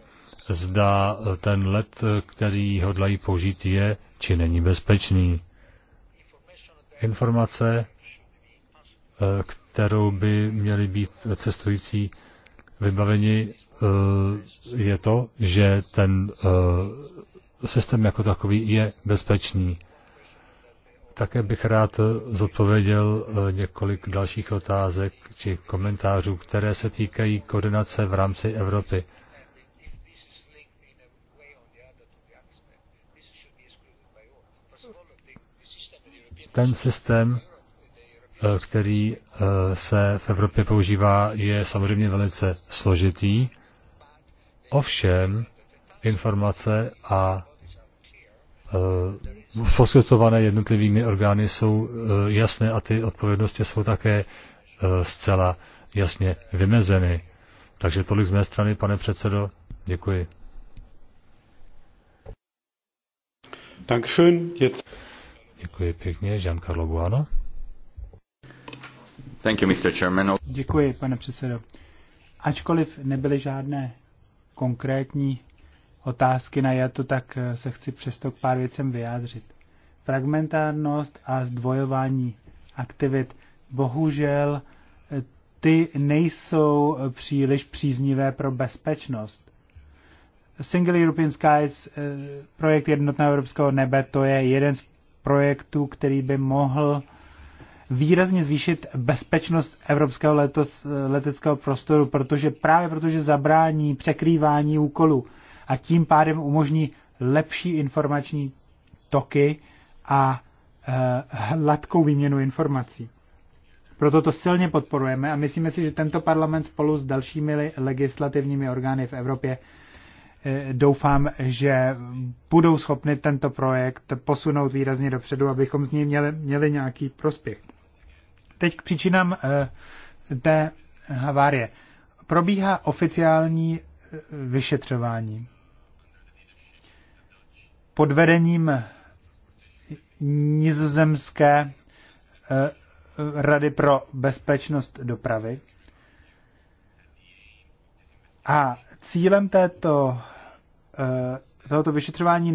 zda eh, ten let, který hodlají použít, je či není bezpečný. Informace, kterou by měli být cestující vybaveni, Eh, je to, že ten eh, systém jako takový je bezpečný. Také bych rád eh, zodpověděl několik dalších otázek či komentářů, které se týkají koordinace v rámci Evropy. Ten systém, který se v Evropě používá, je samozřejmě velice složitý. Ovšem, informace a e, poskytované jednotlivými orgány jsou e, jasné a ty odpovědnosti jsou také e, zcela jasně vymezeny. Takže tolik z mé strany, pane předsedo. Děkuji. Dankeschön. Jetzt. Děkuji pěkně. Jean-Carlo Buano. Thank you, Mr. Chairman. Děkuji, pane předsedo. Ačkoliv nebyly žádné konkrétní otázky na jato, tak eh, se chci přesto k pár věcem vyjádřit. Fragmentárnost a zdvojování aktivit. Bohužel eh, ty nejsou eh, příliš příznivé pro bezpečnost. Single European Skies, projekt jednotného evropského nebe, to je jeden z projektů, který by mohl výrazně zvýšit bezpečnost evropského letos, leteckého prostoru, protože právě protože zabrání překrývání úkolů a tím pádem umožní lepší informační toky a eh, hladkou výměnu informací. Proto to silně podporujeme a myslíme si, že tento parlament spolu s dalšími legislativními orgány v Evropě eh, doufám, že budou schopni tento projekt posunout výrazně dopředu, abychom z něj měli, měli nějaký prospěch. Teď k příčinám eh, té havárie. Probíhá oficiální eh, vyšetřování pod vedením nizozemské eh, rady pro bezpečnost dopravy. A cílem této, tohoto vyšetřování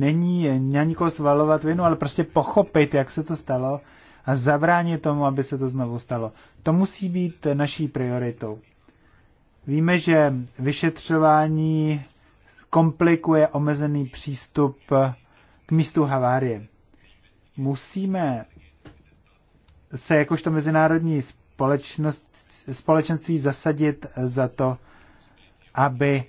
není na nikoho svalovat vinu, ale prostě pochopit, jak se to stalo a zabránit tomu, aby se to znovu stalo. To musí být naší prioritou. Víme, že vyšetřování komplikuje omezený přístup k místu havárie. Musíme se jakožto mezinárodní společenství zasadit za to, aby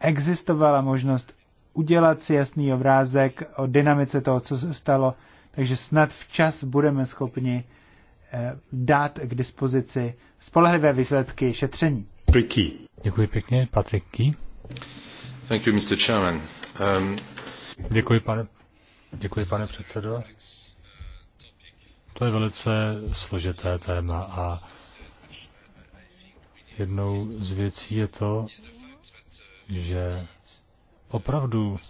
existovala možnost udělat si jasný obrázek o dynamice toho, co se stalo, takže snad včas budeme schopni eh, dát k dispozici spolehlivé výsledky šetření. Key. Děkuji pěkně, Patrik Key. Thank you, Mr. Chairman. Um... Děkuji, pane, děkuji, pane předsedo. To je velice složité téma a jednou z věcí je to, že opravdu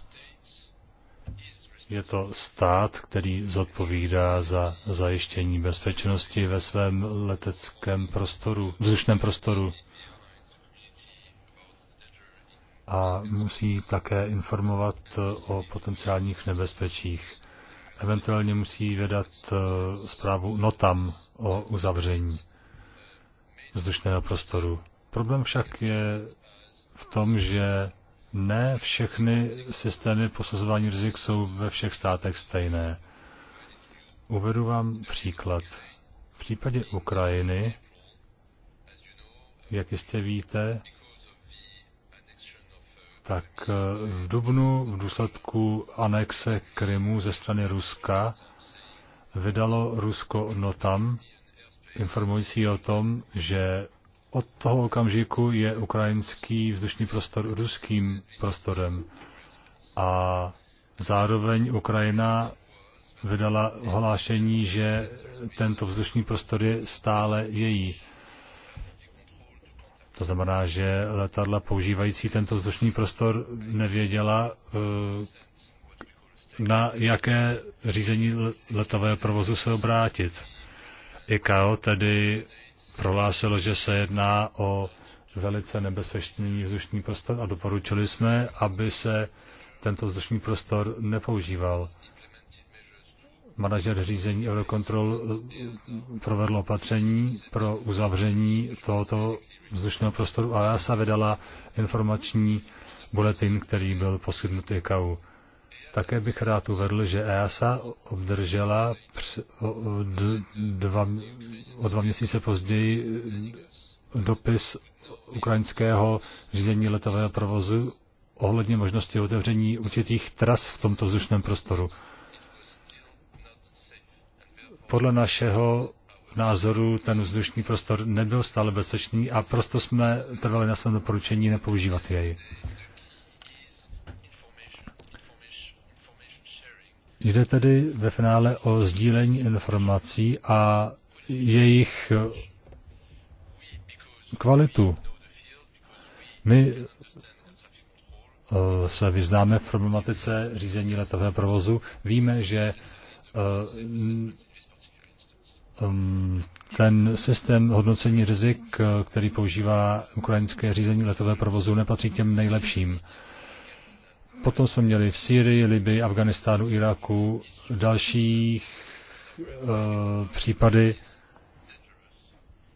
je to stát, který zodpovídá za zajištění bezpečnosti ve svém leteckém prostoru, vzdušném prostoru. A musí také informovat o potenciálních nebezpečích. Eventuálně musí vydat eh, zprávu notam o uzavření vzdušného prostoru. Problém však je v tom, že ne všechny systémy posuzování rizik jsou ve všech státech stejné. Uvedu vám příklad. V případě Ukrajiny, jak jistě víte, tak eh, v Dubnu v důsledku anexe Krymu ze strany Ruska vydalo Rusko notam informující o tom, že od toho okamžiku je ukrajinský vzdušný prostor ruským prostorem a zároveň Ukrajina vydala hlášení, že tento vzdušný prostor je stále její. To znamená, že letadla používající tento vzdušný prostor nevěděla, eh, na jaké řízení letového provozu se obrátit. ICAO tedy prohlásilo, že se jedná o velice nebezpečný vzdušný prostor a doporučili jsme, aby se tento vzdušný prostor nepoužíval. Manažer řízení Eurocontrol provedl opatření pro uzavření tohoto vzdušného prostoru a já se vydala informační buletin, který byl poskytnut IKU. Také bych rád uvedl, že EASA obdržela o dva, o dva měsíce později e, dopis ukrajinského řízení letového provozu ohledně možnosti otevření určitých tras v tomto vzdušném prostoru. Podle našeho názoru ten vzdušný prostor nebyl stále bezpečný a prosto jsme trvali na svém doporučení nepoužívat jej. Jde tedy ve finále o sdílení informací a jejich kvalitu. My eh, se vyznáme v problematice řízení letového provozu. Víme, že eh, mm, ten systém hodnocení rizik, eh, který používá ukrajinské řízení letového provozu, nepatří těm nejlepším. Potom jsme měli v Syrii, Libii, Afganistánu, Iráku dalších uh, případy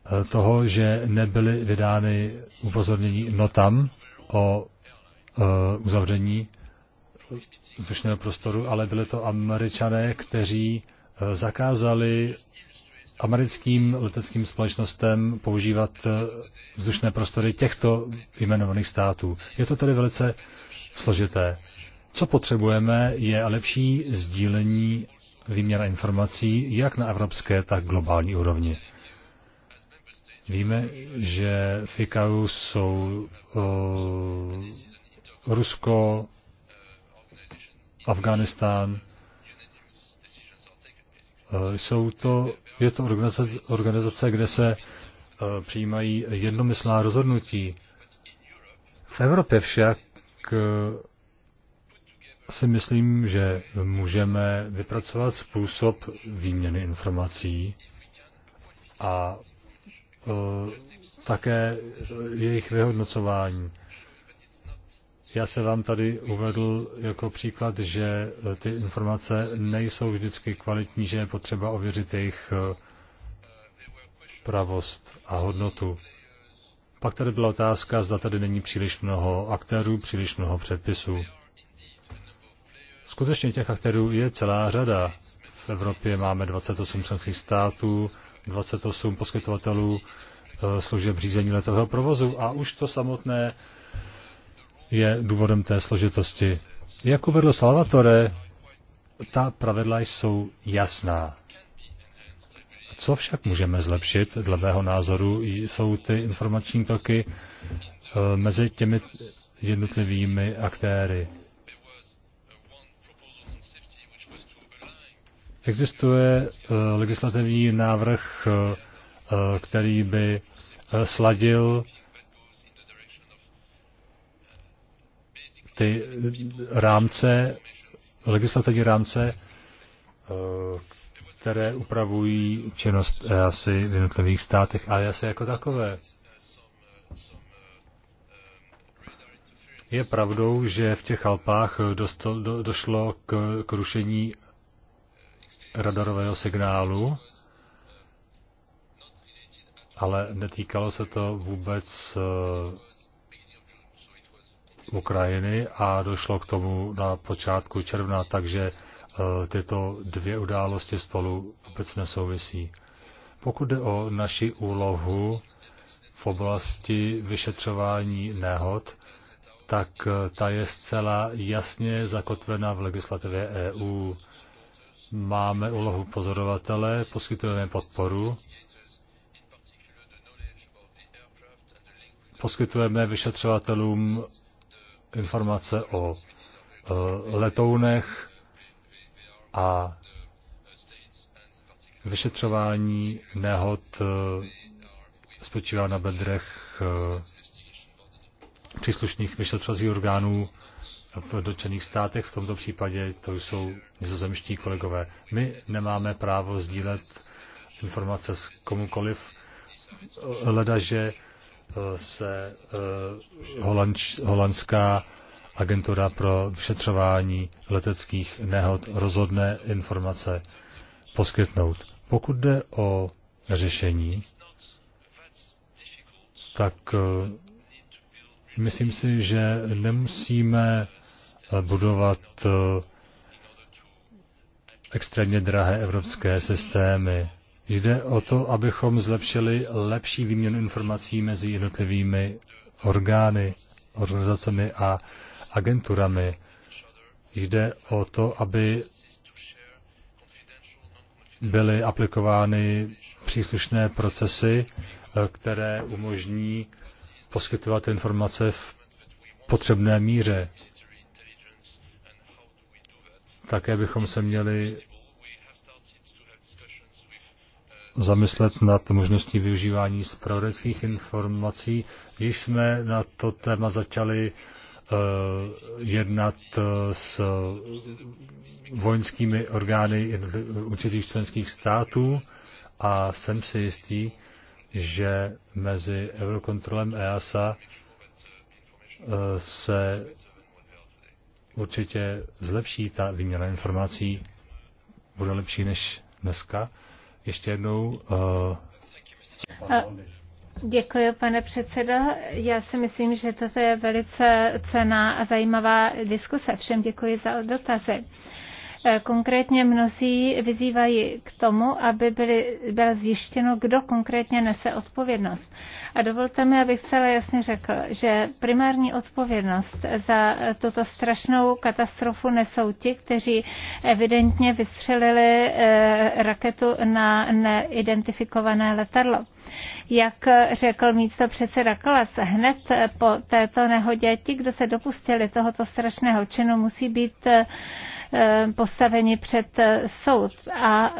eh, toho, že nebyly vydány upozornění NOTAM o uh, uzavření vzdušného prostoru, ale byly to američané, kteří zakázali americkým leteckým společnostem používat vzdušné prostory těchto jmenovaných států. Je to tedy velice složité. Co potřebujeme, je lepší sdílení výměna informací jak na evropské, tak globální úrovni. Víme, že FICAU jsou uh, Rusko, Afganistán. jsou to, je to organizace, organizace kde se uh, přijímají jednomyslná rozhodnutí. V Evropě však Eh, si myslím, že můžeme vypracovat způsob výměny informací a eh, také jejich vyhodnocování. Já se vám tady uvedl jako příklad, že eh, ty informace nejsou vždycky kvalitní, že je potřeba ověřit jejich pravost a hodnotu. Pak tady byla otázka, zda tady není příliš mnoho aktérů, příliš mnoho předpisů. Skutečně těch aktérů je celá řada. V Evropě máme 28 členských států, 28 poskytovatelů eh, služeb řízení letového provozu a už to samotné je důvodem té složitosti. Jak uvedl Salvatore, ta pravidla jsou jasná. Co však můžeme zlepšit, dle mého názoru, jsou ty informační toky eh, mezi těmi jednotlivými aktéry. Existuje eh, legislativní návrh, eh, který by sladil ty rámce, legislativní rámce, které upravují činnost EASY v jednotlivých státech a EASY jako takové. Je pravdou, že v těch Alpách dostal, do, došlo k, k rušení radarového signálu, ale netýkalo se to vůbec uh, Ukrajiny a došlo k tomu na počátku června, takže Eh, tyto dvě události spolu vůbec nesouvisí. Pokud jde o naši úlohu v oblasti vyšetřování nehod, tak eh, ta je zcela jasně zakotvena v legislativě EU. Máme úlohu pozorovatele, poskytujeme podporu, poskytujeme vyšetřovatelům informace o eh, letounech, a vyšetřování nehod eh, spočívá na bedrech eh, příslušných vyšetřovacích orgánů v dočených státech, v tomto případě to jsou nizozemští kolegové. My nemáme právo sdílet informace s komukoliv, eh, leda, že se holandská agentura pro vyšetřování leteckých nehod rozhodné informace poskytnout. Pokud jde o řešení, tak eh, myslím si, že nemusíme eh, budovat eh, extrémně drahé evropské systémy. Jde o to, abychom zlepšili lepší výměnu informací mezi jednotlivými orgány, organizacemi a agenturami. Jde o to, aby byly aplikovány příslušné procesy, eh, které umožní poskytovat informace v potřebné míře. Také bychom se měli zamyslet nad možností využívání spravodajských informací. Již jsme na to téma začali Eh, jednat eh, s vojenskými orgány určitých členských států a jsem si jistý, že mezi Eurokontrolem e a EASA eh, se určitě zlepší ta výměna informací, bude lepší než dneska. Ještě jednou. Uh... Děkuji, pane předsedo. Já si myslím, že toto je velice cená a zajímavá diskuse. Všem děkuji za dotazy. Eh, konkrétně mnozí vyzývají k tomu, aby byly, bylo zjištěno, kdo konkrétně nese odpovědnost. A dovolte mi, abych celé jasně řekl, že primární odpovědnost za tuto strašnou katastrofu nesou ti, kteří evidentně vystřelili eh, raketu na neidentifikované letadlo. Jak řekl místo předseda Kalas, hned po této nehodě ti, kdo se dopustili tohoto strašného činu, musí být eh, Eh, postaveni před eh, soud. A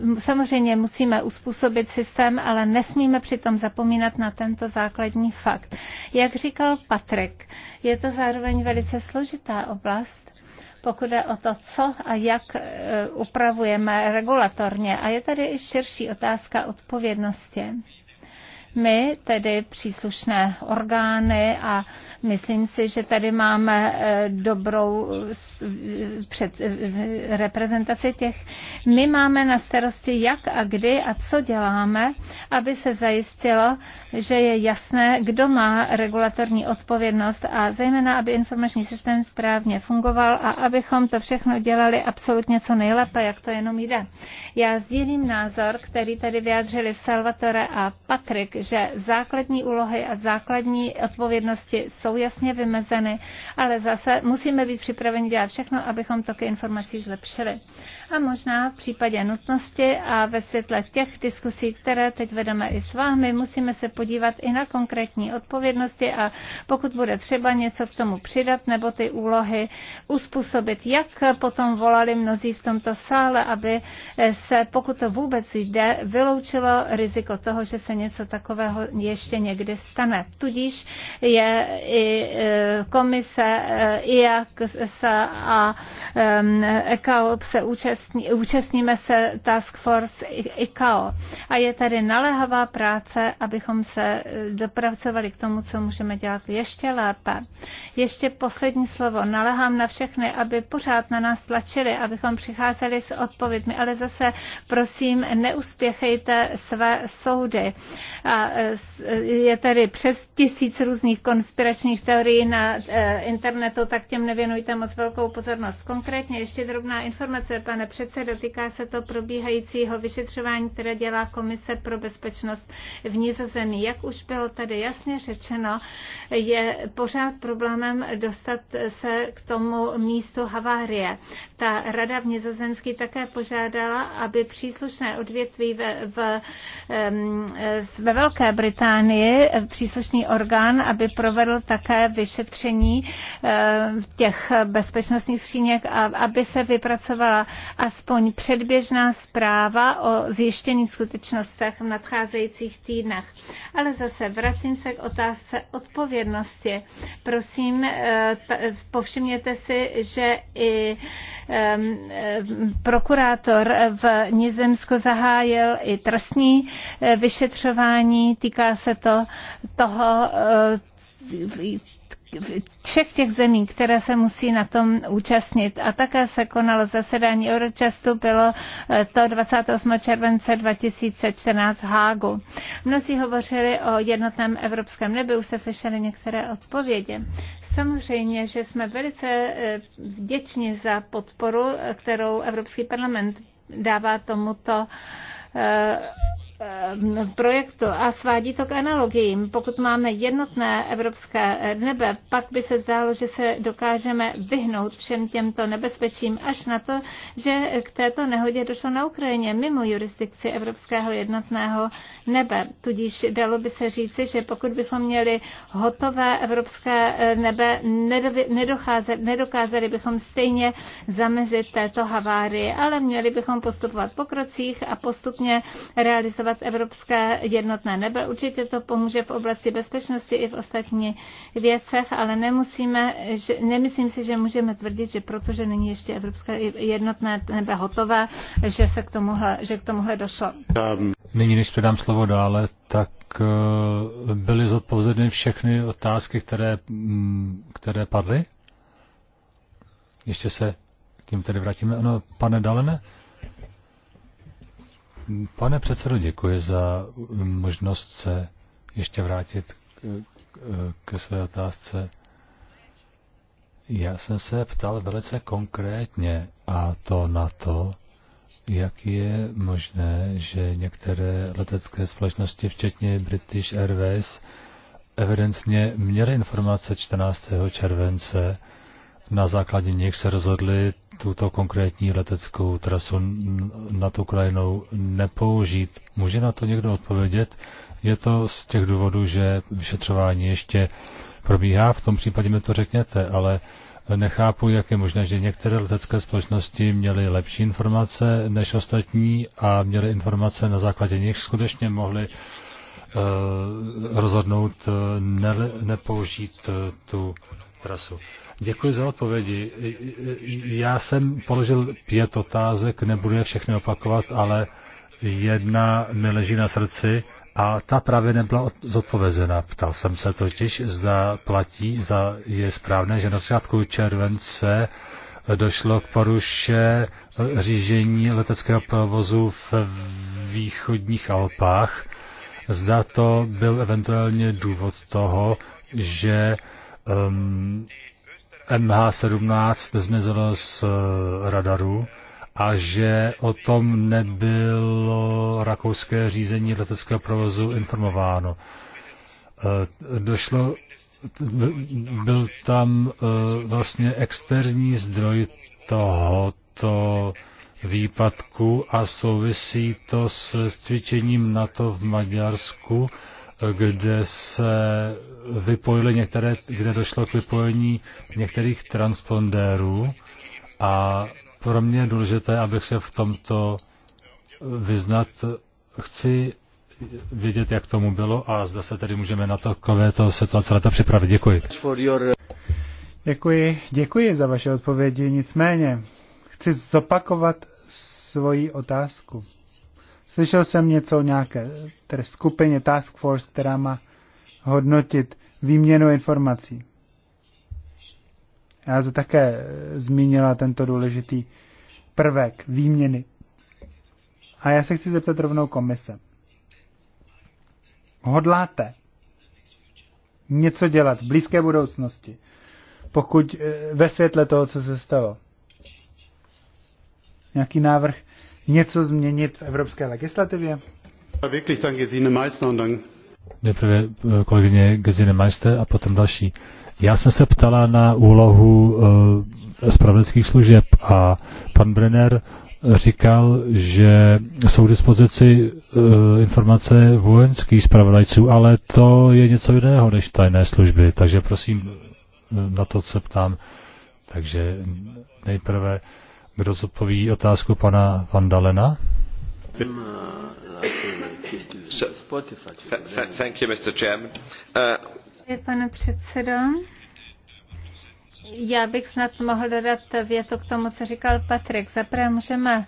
mm, samozřejmě musíme uspůsobit systém, ale nesmíme přitom zapomínat na tento základní fakt. Jak říkal Patrik, je to zároveň velice složitá oblast, pokud je o to, co a jak eh, upravujeme regulatorně. A je tady i širší otázka odpovědnosti my, tedy příslušné orgány a myslím si, že tady máme eh, dobrou před, eh, reprezentaci těch. My máme na starosti, jak a kdy a co děláme, aby se zajistilo, že je jasné, kdo má regulatorní odpovědnost a zejména, aby informační systém správně fungoval a abychom to všechno dělali absolutně co nejlépe, jak to jenom jde. Já sdílím názor, který tady vyjádřili Salvatore a Patrik, že základní úlohy a základní odpovědnosti jsou jasně vymezeny, ale zase musíme být připraveni dělat všechno, abychom toky informací zlepšili a možná v případě nutnosti a ve světle těch diskusí, které teď vedeme i s vámi, musíme se podívat i na konkrétní odpovědnosti a pokud bude třeba něco k tomu přidat nebo ty úlohy uspůsobit, jak potom volali mnozí v tomto sále, aby se, pokud to vůbec jde, vyloučilo riziko toho, že se něco takového ještě někdy stane. Tudíž je i e, komise, e, i jak a EKO se účastní účastní, účastníme se Task Force ICAO. A je tady naléhavá práce, abychom se eh, dopracovali k tomu, co můžeme dělat ještě lépe. Ještě poslední slovo. Naléhám na všechny, aby pořád na nás tlačili, abychom přicházeli s odpovědmi, ale zase prosím, neuspěchejte své soudy. A eh, je tady přes tisíc různých konspiračních teorií na eh, internetu, tak těm nevěnujte moc velkou pozornost. Konkrétně ještě drobná informace, pane pane předsedo. Týká se to probíhajícího vyšetřování, které dělá Komise pro bezpečnost v Nizozemí. Jak už bylo tady jasně řečeno, je pořád problémem dostat se k tomu místu havárie. Ta rada v Nizozemský také požádala, aby příslušné odvětví ve, v, ve Velké Británii, příslušný orgán, aby provedl také vyšetření eh, těch bezpečnostních skříněk a aby se vypracovala aspoň předběžná zpráva o zjištěných skutečnostech v nadcházejících týdnech. Ale zase vracím se k otázce odpovědnosti. Prosím, eh, povšimněte si, že i eh, prokurátor v Nizemsku zahájil i trestní eh, vyšetřování. Týká se to toho, třech těch zemí, které se musí na tom účastnit. A také se konalo zasedání Eurochastu, bylo eh, to 28. července 2014 v Hágu. Mnozí hovořili o jednotném evropském nebi, už se slyšeli některé odpovědi. Samozřejmě, že jsme velice eh, vděční za podporu, eh, kterou Evropský parlament dává tomuto Eh, projektu a svádí to k analogiím. Pokud máme jednotné evropské nebe, pak by se zdálo, že se dokážeme vyhnout všem těmto nebezpečím až na to, že k této nehodě došlo na Ukrajině mimo jurisdikci evropského jednotného nebe. Tudíž dalo by se říci, že pokud bychom měli hotové evropské eh, nebe, nedokázali bychom stejně zamezit této havárii, ale měli bychom postupovat po krocích a postupně realizovat pracovat evropské jednotné nebe. Určitě to pomůže v oblasti bezpečnosti i v ostatních věcech, ale nemusíme, že, nemyslím si, že můžeme tvrdit, že protože není ještě evropské jednotné nebe hotové, že se k tomuhle, že k tomuhle došlo. Nyní, než předám slovo dále, tak eh, byly zodpovězeny všechny otázky, které, mm, které padly? Ještě se k tím tedy vrátíme. Ano, pane Dalene? Pane předsedo, děkuji za možnost se ještě vrátit ke své otázce. Já jsem se ptal velice konkrétně a to na to, jak je možné, že některé letecké společnosti, včetně British Airways, evidentně měly informace 14. července na základě nich se rozhodli tuto konkrétní leteckou trasu nad Ukrajinou nepoužít. Může na to někdo odpovědět? Je to z těch důvodů, že vyšetřování ještě probíhá, v tom případě mi to řekněte, ale nechápu, jak je možné, že některé letecké společnosti měly lepší informace než ostatní a měly informace, na základě nich skutečně mohly eh, rozhodnout eh, ne, nepoužít eh, tu trasu. Děkuji za odpovědi. Já jsem položil pět otázek, nebudu je všechny opakovat, ale jedna mi leží na srdci a ta právě nebyla zodpovězena. Ptal jsem se totiž, zda platí, zda je správné, že na začátku července došlo k poruše řížení leteckého provozu v východních Alpách. Zda to byl eventuálně důvod toho, že um, MH17 zmizelo z eh, radaru a že o tom nebylo rakouské řízení leteckého provozu informováno. Eh, došlo, byl tam eh, vlastně externí zdroj tohoto výpadku a souvisí to s cvičením NATO v Maďarsku, kde se vypojili některé, kde došlo k vypojení některých transpondérů a pro mě je důležité, abych se v tomto vyznat. Chci vědět, jak tomu bylo a zda se tedy můžeme na to situace leta připravit. Děkuji. Děkuji, děkuji za vaše odpovědi, nicméně chci zopakovat svoji otázku. Slyšel jsem něco o nějaké tedy skupině Task Force, která má hodnotit výměnu informací. Já se také zmínila tento důležitý prvek výměny. A já se chci zeptat rovnou komise. Hodláte něco dělat v blízké budoucnosti, pokud eh, ve světle toho, co se stalo? Nějaký návrh něco změnit v evropské legislativě? Nejprve eh, kolegyně Gesine Meister a potom další. Já jsem se ptala na úlohu uh, eh, spravedlických služeb a pan Brenner říkal, že jsou k dispozici uh, informace vojenských spravodajců, ale to je něco jiného než tajné služby, takže prosím, na to se ptám. Takže nejprve kdo zodpoví otázku pana Vandalena? Uh, eh, pane předsedo, já bych snad mohl dodat větu k tomu, co říkal Patrik. Zaprvé můžeme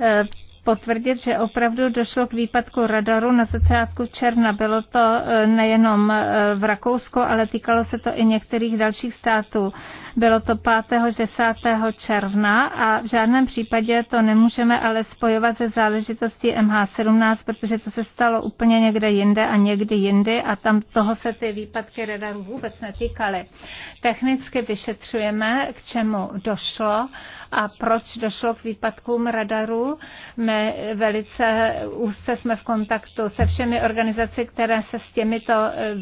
eh, potvrdit, že opravdu došlo k výpadku radaru na začátku června. Bylo to e, nejenom e, v Rakousku, ale týkalo se to i některých dalších států. Bylo to 5. 10. června a v žádném případě to nemůžeme ale spojovat se záležitostí MH17, protože to se stalo úplně někde jinde a někdy jindy a tam toho se ty výpadky radarů vůbec netýkaly. Technicky vyšetřujeme, k čemu došlo a proč došlo k výpadkům radaru. My velice úzce jsme v kontaktu se všemi organizaci, které se s těmito eh,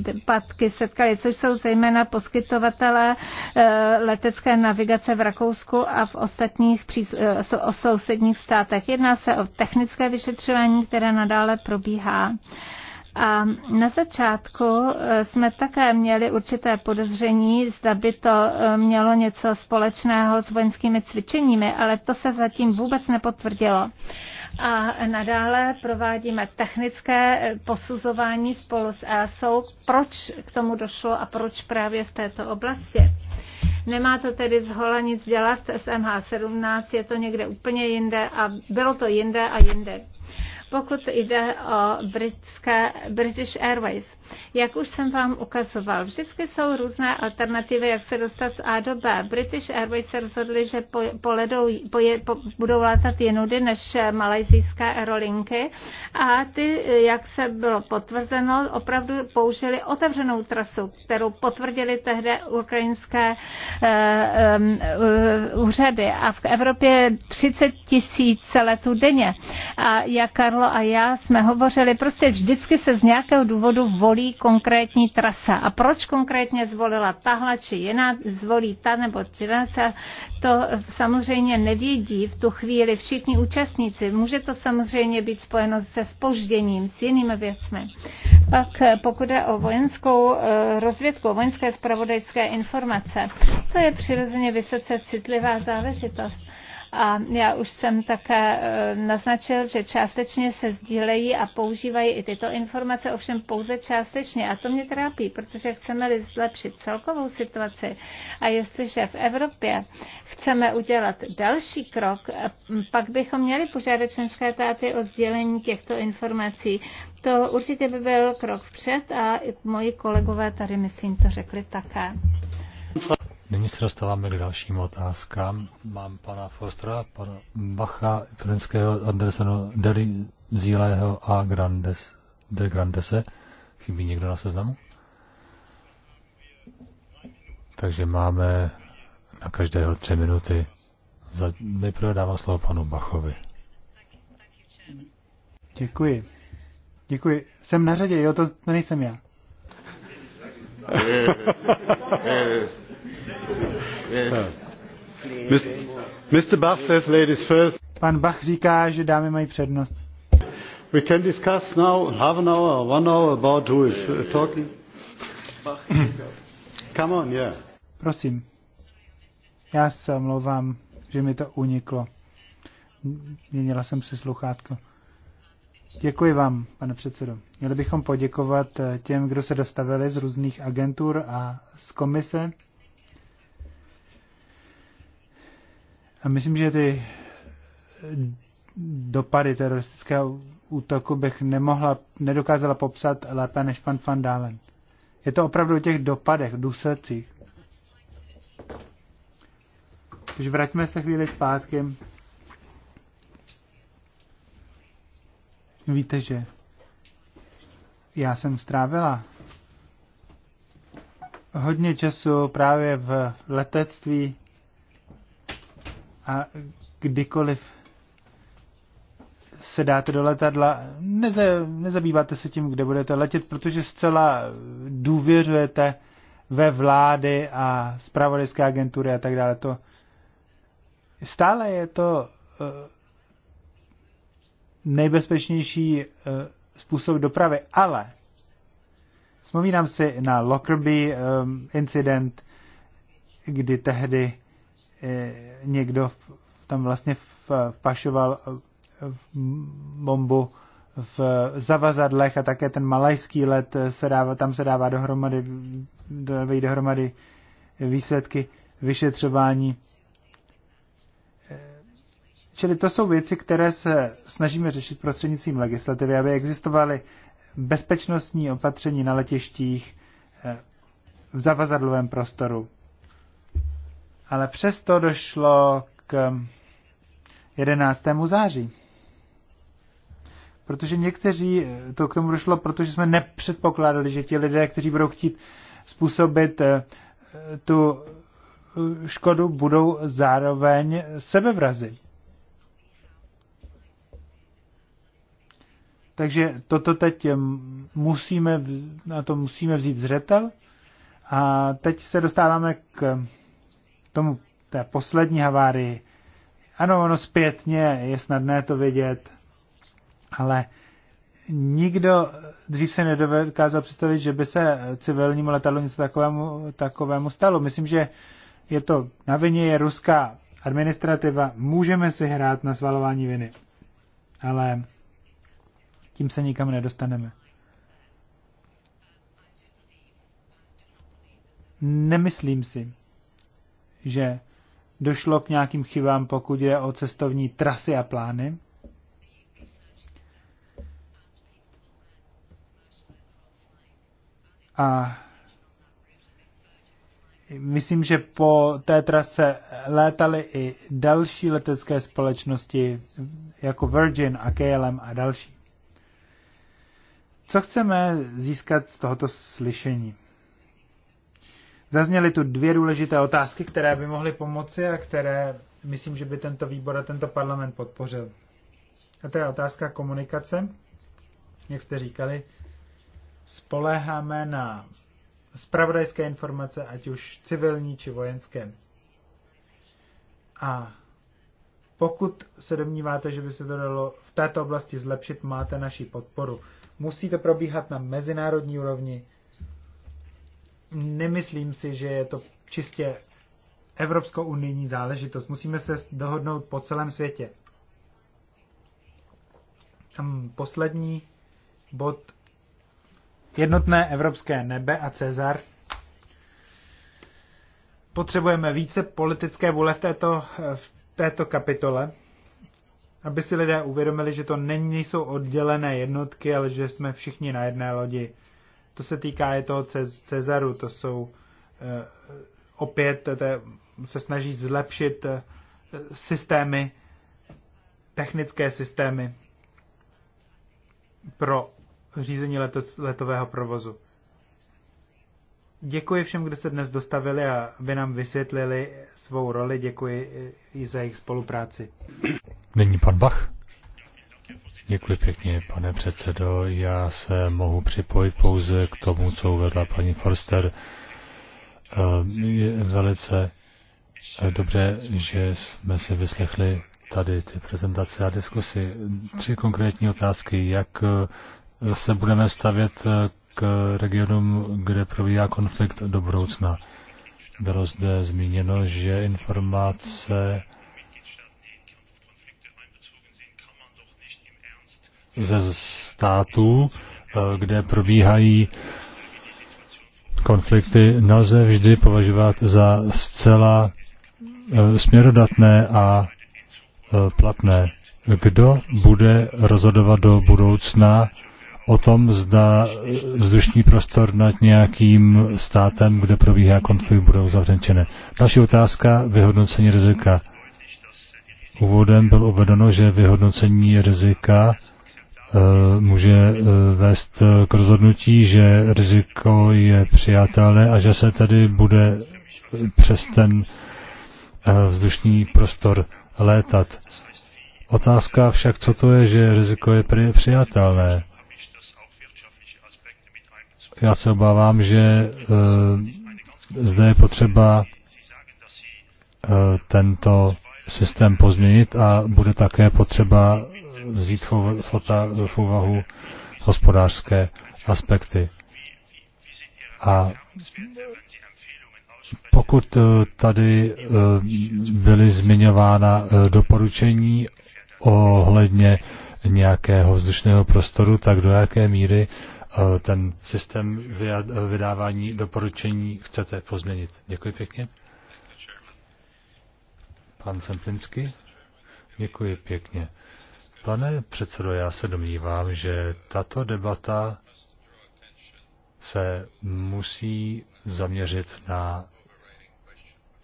výpadky setkaly, což jsou zejména poskytovatelé eh, letecké navigace v Rakousku a v ostatních eh, o sousedních státech. Jedná se o technické vyšetřování, které nadále probíhá. A na začátku eh, jsme také měli určité podezření, zda by to eh, mělo něco společného s vojenskými cvičeními, ale to se zatím vůbec nepotvrdilo. A nadále provádíme technické eh, posuzování spolu s ESO, proč k tomu došlo a proč právě v této oblasti. Nemá to tedy z hola nic dělat s MH17, je to někde úplně jinde a bylo to jinde a jinde pokud jde o britské, British Airways. Jak už jsem vám ukazoval, vždycky jsou různé alternativy, jak se dostat z A do B. British Airways se rozhodli, že po, po ledou, po, po, budou létat jinudy než malajzijské aerolinky a ty, jak se bylo potvrzeno, opravdu použili otevřenou trasu, kterou potvrdili tehdy ukrajinské uh, eh, úřady a v Evropě 30 tisíc letů denně. A jak Karlo Gonzalo a já jsme hovořili, prostě vždycky se z nějakého důvodu volí konkrétní trasa. A proč konkrétně zvolila tahle či jiná, zvolí ta nebo trasa, to samozřejmě nevědí v tu chvíli všichni účastníci. Může to samozřejmě být spojeno se spožděním, s jinými věcmi. Pak eh, pokud je o vojenskou eh, rozvědku, vojenské spravodajské informace, to je přirozeně vysoce citlivá záležitost. A já už jsem také e, naznačil, že částečně se sdílejí a používají i tyto informace, ovšem pouze částečně. A to mě trápí, protože chceme-li zlepšit celkovou situaci a jestliže v Evropě chceme udělat další krok, e, pak bychom měli požádat členské státy o sdělení těchto informací. To určitě by byl krok vpřed a i moji kolegové tady, myslím, to řekli také. Nyní se dostáváme k dalším otázkám. Mám pana Forstra, pana Bacha, Frenského, Anderseno, Deli, Zíleho a Grandes, de Grandese. Chybí někdo na seznamu? Takže máme na každého tři minuty. Za, nejprve dávám slovo panu Bachovi. Děkuji. Děkuji. Jsem na řadě, jo, to nejsem já. Mr. Bach says ladies first. Pan Bach říká, že dámy mají přednost. We can discuss now half an hour, one hour about who is uh, talking. Come on, yeah. Prosím. Já se omlouvám, že mi to uniklo. Měnila jsem si sluchátko. Děkuji vám, pane předsedo. Měli bychom poděkovat eh, těm, kdo se dostavili z různých agentur a z komise. A myslím, že ty dopady teroristického útoku bych nemohla, nedokázala popsat lépe než pan Van Dalen. Je to opravdu o těch dopadech, důsledcích. Takže vraťme se chvíli zpátky. Víte, že já jsem strávila hodně času právě v letectví a kdykoliv se dáte do letadla, neze, nezabýváte se tím, kde budete letět, protože zcela důvěřujete ve vlády a zpravodajské agentury a tak dále. To stále je to uh, nejbezpečnější uh, způsob dopravy, ale vzpomínám si na Lockerbie um, incident, kdy tehdy uh, někdo tam vlastně vpašoval eh, bombu v zavazadlech a také ten malajský let eh, se dává, tam se dává dohromady, dávají dohromady výsledky vyšetřování. Eh, čili to jsou věci, které se snažíme řešit prostřednictvím legislativy, aby existovaly bezpečnostní opatření na letištích v zavazadlovém prostoru ale přesto došlo k 11. září. Protože někteří, to k tomu došlo, protože jsme nepředpokládali, že ti lidé, kteří budou chtít způsobit eh, tu eh, škodu, budou zároveň sebevrazy. Takže toto teď eh, musíme, na to musíme vzít zřetel. A teď se dostáváme k tomu, té poslední havárii, ano, ono zpětně je snadné to vidět, ale nikdo dřív se nedokázal představit, že by se civilnímu letadlu něco takovému, takovému stalo. Myslím, že je to na vině je ruská administrativa, můžeme si hrát na svalování viny, ale tím se nikam nedostaneme. Nemyslím si, že došlo k nějakým chybám, pokud je o cestovní trasy a plány. A myslím, že po té trase létaly i další letecké společnosti jako Virgin a KLM a další. Co chceme získat z tohoto slyšení? Zazněly tu dvě důležité otázky, které by mohly pomoci a které myslím, že by tento výbor a tento parlament podpořil. A to je otázka komunikace. Jak jste říkali, spoléháme na spravodajské informace, ať už civilní či vojenské. A pokud se domníváte, že by se to dalo v této oblasti zlepšit, máte naši podporu. Musí to probíhat na mezinárodní úrovni nemyslím si, že je to čistě evropskou unijní záležitost. Musíme se dohodnout po celém světě. Poslední bod. Jednotné evropské nebe a Cezar. Potřebujeme více politické vůle v této, v této kapitole, aby si lidé uvědomili, že to není, jsou oddělené jednotky, ale že jsme všichni na jedné lodi to se týká je toho Cezaru, to jsou eh, opět je, eh, se snaží zlepšit eh, systémy, technické systémy pro řízení leto, letového provozu. Děkuji všem, kdo se dnes dostavili a vy nám vysvětlili svou roli. Děkuji i za jejich spolupráci. Není pan Bach. Děkuji pěkně, pane předsedo. Já se mohu připojit pouze k tomu, co uvedla paní Forster. Eh, je velice eh, dobře, že jsme si vyslechli tady ty prezentace a diskusy. Tři konkrétní otázky. Jak eh, se budeme stavět k regionům, kde probíhá konflikt do budoucna? Bylo zde zmíněno, že informace ze států, eh, kde probíhají konflikty, nelze vždy považovat za zcela eh, směrodatné a eh, platné. Kdo bude rozhodovat do budoucna o tom, zda vzdušní prostor nad nějakým státem, kde probíhá konflikt, bude uzavřen či ne. Další otázka, vyhodnocení rizika. Úvodem bylo uvedeno, že vyhodnocení rizika Eh, může eh, vést eh, k rozhodnutí, že riziko je přijatelné a že se tedy bude přes ten vzdušný prostor létat. Otázka však, co to je, že riziko je přijatelné. Já se obávám, že zde je potřeba tento systém pozměnit a bude také potřeba vzít flota do úvahu hospodářské aspekty. A pokud eh, tady eh, byly zmiňována eh, doporučení ohledně nějakého vzdušného prostoru, tak do jaké míry ten systém vydávání doporučení chcete pozměnit. Děkuji pěkně. Pan Semplinsky. Děkuji pěkně. Pane předsedo, já se domnívám, že tato debata se musí zaměřit na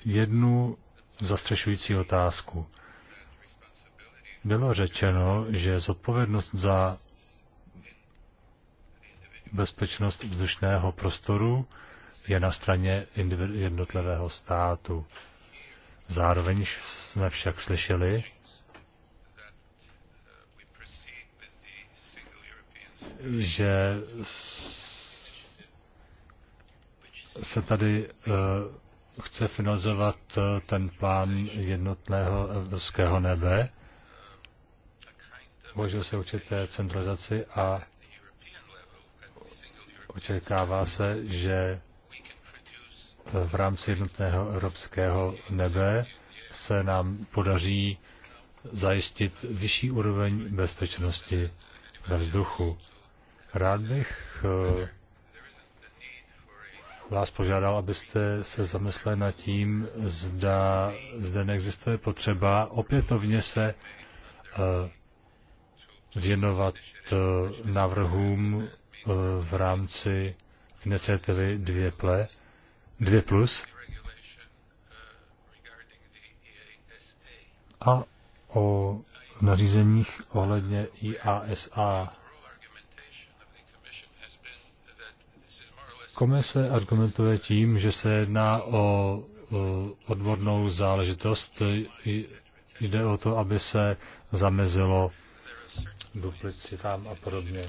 jednu zastřešující otázku. Bylo řečeno, že zodpovědnost za bezpečnost vzdušného prostoru je na straně jednotlivého státu. Zároveň jsme však slyšeli, že se tady eh, chce finalizovat eh, ten plán jednotného evropského nebe. možná se určité centralizaci a očekává se, že eh, v rámci jednotného evropského nebe se nám podaří zajistit vyšší úroveň bezpečnosti ve vzduchu. Rád bych eh, vás požádal, abyste se zamysleli nad tím, zda zde neexistuje potřeba opětovně se eh, věnovat eh, návrhům v rámci iniciativy 2 ple, 2 plus a o nařízeních ohledně IASA. Komise argumentuje tím, že se jedná o odbornou záležitost. Jde o to, aby se zamezilo duplicitám a podobně.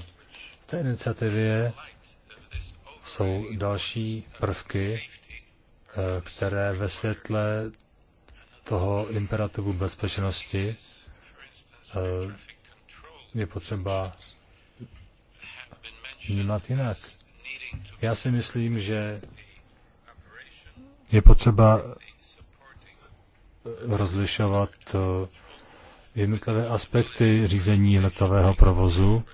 V té iniciativě jsou další prvky, eh, které ve světle toho imperativu bezpečnosti Eh, je potřeba vnímat jinak. Já si myslím, že je potřeba rozlišovat eh, jednotlivé aspekty řízení letového provozu.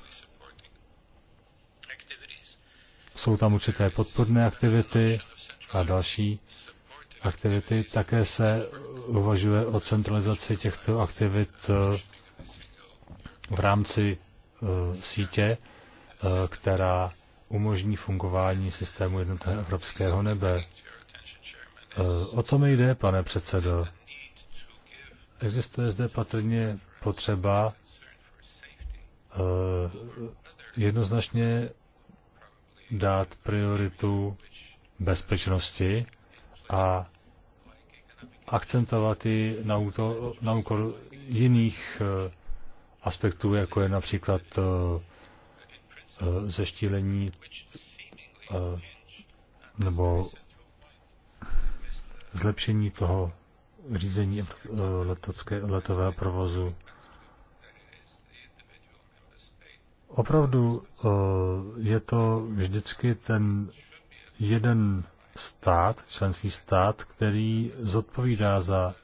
Jsou tam určité podporné aktivity a další aktivity. Také se uvažuje o centralizaci těchto aktivit eh, v rámci eh, sítě, eh, která umožní fungování systému jednotného evropského nebe. Eh, o co mi jde, pane předsedo? Existuje zde patrně potřeba jednoznačně dát prioritu bezpečnosti a akcentovat ji na, na úkor jiných aspektů, jako je například eh, eh, zeštílení eh, nebo zlepšení toho řízení letocké, letového provozu. Opravdu je to vždycky ten jeden stát, členský stát, který zodpovídá za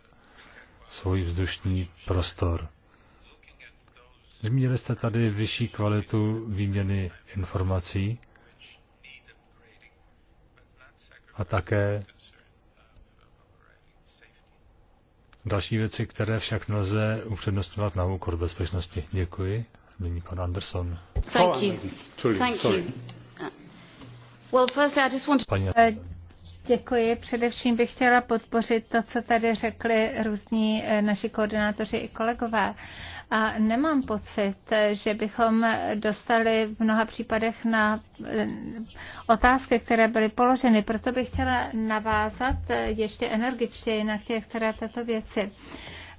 svůj vzdušný prostor. Zmínili jste tady vyšší kvalitu výměny informací a také další věci, které však nelze upřednostňovat na úkor bezpečnosti. Děkuji. Nyní pan Anderson. Thank you. Thank you. Uh, well, firstly, I just want to... Eh, děkuji. Především bych chtěla podpořit to, co tady řekli různí eh, naši koordinátoři i kolegové. A nemám pocit, že bychom dostali v mnoha případech na eh, otázky, které byly položeny. Proto bych chtěla navázat ještě energičtěji na těch, které tato věci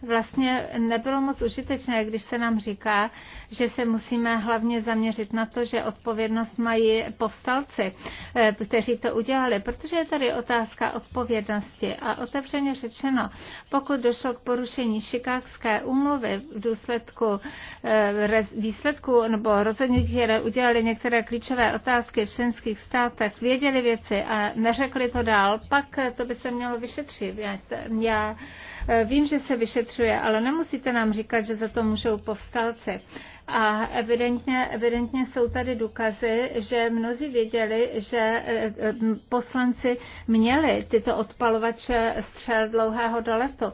vlastně nebylo moc užitečné, když se nám říká, že se musíme hlavně zaměřit na to, že odpovědnost mají povstalci, eh, kteří to udělali, protože je tady otázka odpovědnosti. A otevřeně řečeno, pokud došlo k porušení šikákské úmluvy v důsledku eh, výsledku nebo rozhodnutí, které udělali některé klíčové otázky v členských státech, věděli věci a neřekli to dál, pak to by se mělo vyšetřit. Já, já Vím, že se vyšetřuje, ale nemusíte nám říkat, že za to můžou povstalci. A evidentně, evidentně jsou tady důkazy, že mnozí věděli, že eh, eh, poslanci měli tyto odpalovače střel dlouhého doletu.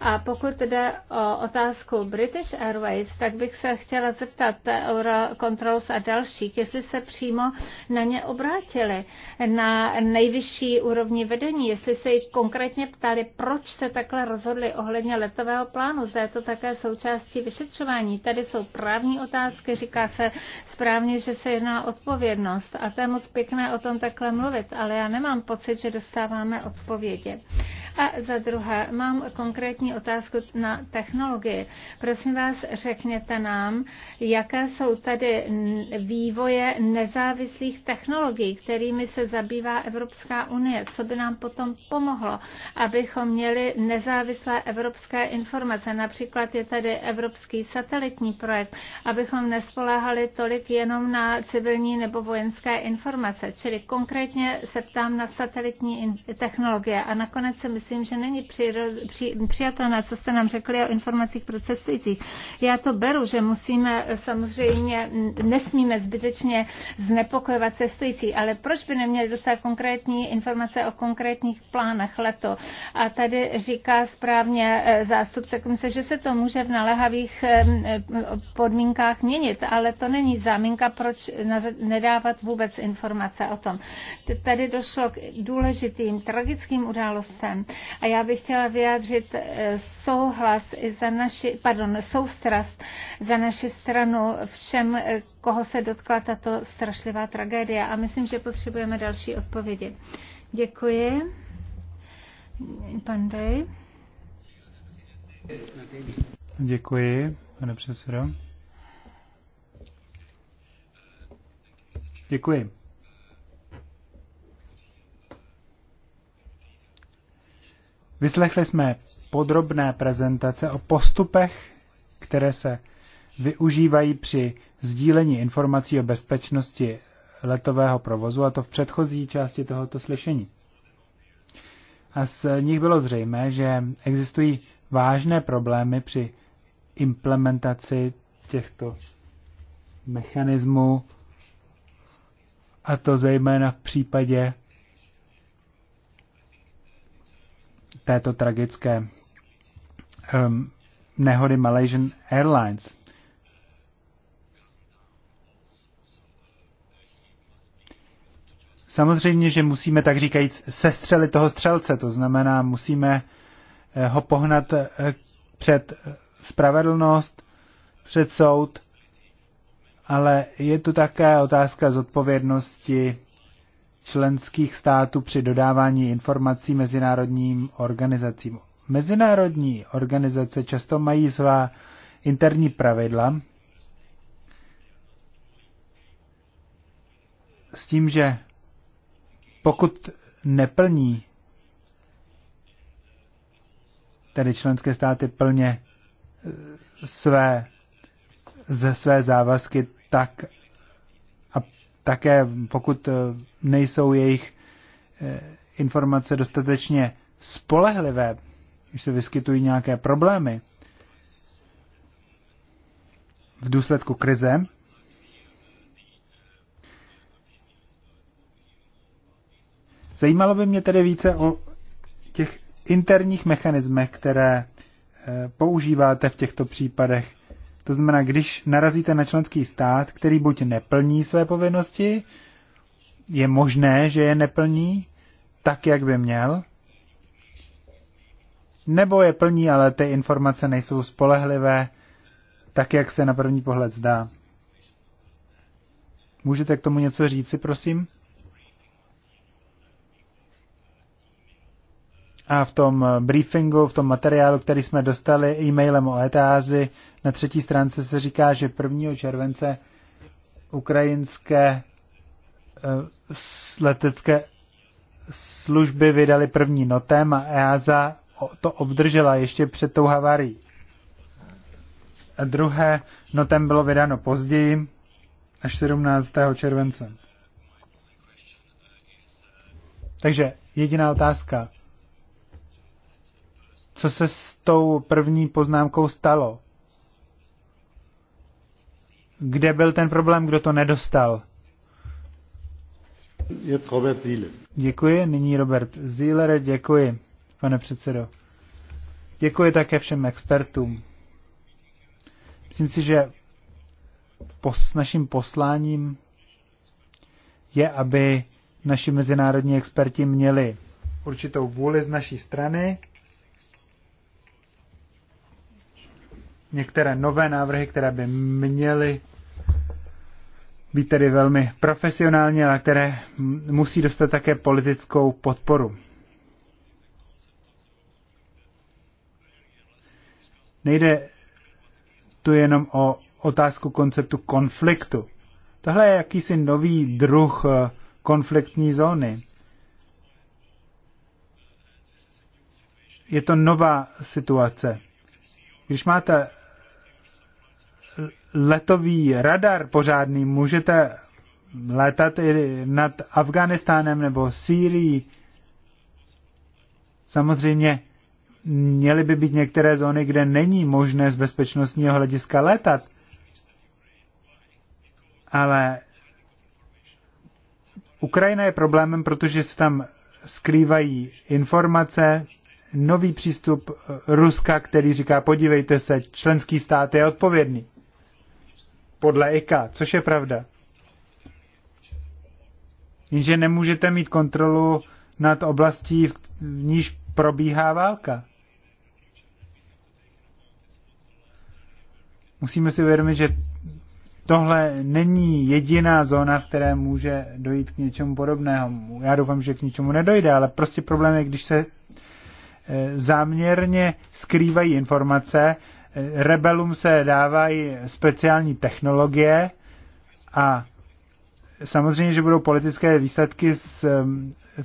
A pokud jde o otázku British Airways, tak bych se chtěla zeptat Eurocontrols a dalších, jestli se přímo na ně obrátili na nejvyšší úrovni vedení, jestli se jich konkrétně ptali, proč se takhle rozhodli ohledně letového plánu. Zda je to také součástí vyšetřování. Tady jsou právní otázky. Říká se správně, že se jedná odpovědnost a to je moc pěkné o tom takhle mluvit, ale já nemám pocit, že dostáváme odpovědi. A za druhé, mám konkrétní otázku na technologii. Prosím vás, řekněte nám, jaké jsou tady vývoje nezávislých technologií, kterými se zabývá Evropská unie. Co by nám potom pomohlo, abychom měli nezávislé evropské informace. Například je tady Evropský satelitní projekt abychom nespoléhali tolik jenom na civilní nebo vojenské informace. Čili konkrétně se ptám na satelitní technologie. A nakonec si myslím, že není při, při, přijatelné, co jste nám řekli o informacích pro cestujících. Já to beru, že musíme samozřejmě, nesmíme zbytečně znepokojovat cestující, ale proč by neměli dostat konkrétní informace o konkrétních plánech leto? A tady říká správně e, zástupce komise, že se to může v naléhavých e, podmínkách podmínkách měnit, ale to není záminka, proč nedávat vůbec informace o tom. Tady došlo k důležitým tragickým událostem a já bych chtěla vyjádřit eh, souhlas i za naši, pardon, soustrast za naši stranu všem, eh, koho se dotkla tato strašlivá tragédie a myslím, že potřebujeme další odpovědi. Děkuji. Pan Dej. Děkuji, pane předsedo. Děkuji. Vyslechli jsme podrobné prezentace o postupech, které se využívají při sdílení informací o bezpečnosti letového provozu, a to v předchozí části tohoto slyšení. A z nich bylo zřejmé, že existují vážné problémy při implementaci těchto mechanismů a to zejména v případě této tragické um, nehody Malaysian Airlines. Samozřejmě, že musíme, tak říkajíc, sestřelit toho střelce, to znamená, musíme eh, ho pohnat eh, před eh, spravedlnost, před soud ale je tu také otázka zodpovědnosti členských států při dodávání informací mezinárodním organizacím. Mezinárodní organizace často mají svá interní pravidla s tím, že pokud neplní tedy členské státy plně eh, své, ze své závazky, tak a také pokud eh, nejsou jejich eh, informace dostatečně spolehlivé, když se vyskytují nějaké problémy v důsledku krize, Zajímalo by mě tedy více o těch interních mechanismech, které eh, používáte v těchto případech to znamená, když narazíte na členský stát, který buď neplní své povinnosti, je možné, že je neplní tak, jak by měl, nebo je plní, ale ty informace nejsou spolehlivé, tak, jak se na první pohled zdá. Můžete k tomu něco říci, prosím? A v tom briefingu, v tom materiálu, který jsme dostali e-mailem o etázi, na třetí stránce se říká, že 1. července ukrajinské eh, letecké služby vydali první notem a EASA to obdržela ještě před tou havarií. A druhé notem bylo vydáno později, až 17. července. Takže jediná otázka co se s tou první poznámkou stalo. Kde byl ten problém, kdo to nedostal? Je to Robert Zíler. Děkuji, nyní Robert Zíler, děkuji, pane předsedo. Děkuji také všem expertům. Myslím si, že pos, naším posláním je, aby naši mezinárodní experti měli určitou vůli z naší strany některé nové návrhy, které by měly být tedy velmi profesionální, ale které musí dostat také politickou podporu. Nejde tu jenom o otázku konceptu konfliktu. Tohle je jakýsi nový druh eh, konfliktní zóny. Je to nová situace. Když máte letový radar pořádný, můžete letat i nad Afganistánem nebo Sýrií. Samozřejmě měly by být některé zóny, kde není možné z bezpečnostního hlediska letat. Ale Ukrajina je problémem, protože se tam skrývají informace, nový přístup Ruska, který říká, podívejte se, členský stát je odpovědný podle IKA, což je pravda. Jenže nemůžete mít kontrolu nad oblastí, v níž probíhá válka. Musíme si uvědomit, že tohle není jediná zóna, v které může dojít k něčemu podobného. Já doufám, že k něčemu nedojde, ale prostě problém je, když se e, záměrně skrývají informace rebelům se dávají speciální technologie a samozřejmě, že budou politické výsledky z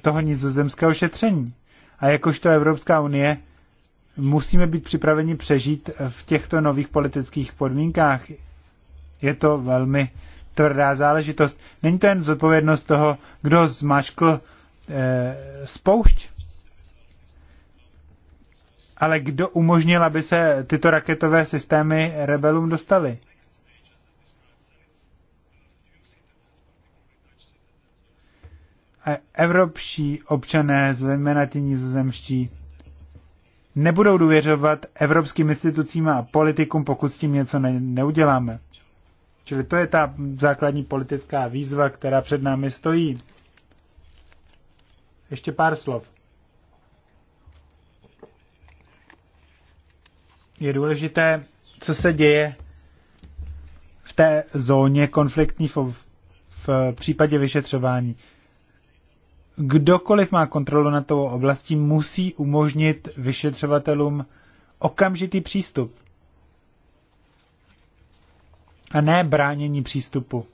toho nizozemského šetření. A jakožto Evropská unie musíme být připraveni přežít v těchto nových politických podmínkách. Je to velmi tvrdá záležitost. Není to jen zodpovědnost toho, kdo zmačkl e, eh, spoušť, ale kdo umožnil, aby se tyto raketové systémy rebelům dostaly? Evropští občané, zejména ti nizozemští, nebudou důvěřovat evropským institucím a politikům, pokud s tím něco ne- neuděláme. Čili to je ta základní politická výzva, která před námi stojí. Ještě pár slov. je důležité, co se děje v té zóně konfliktní v, v případě vyšetřování. Kdokoliv má kontrolu na tou oblastí, musí umožnit vyšetřovatelům okamžitý přístup. A ne bránění přístupu.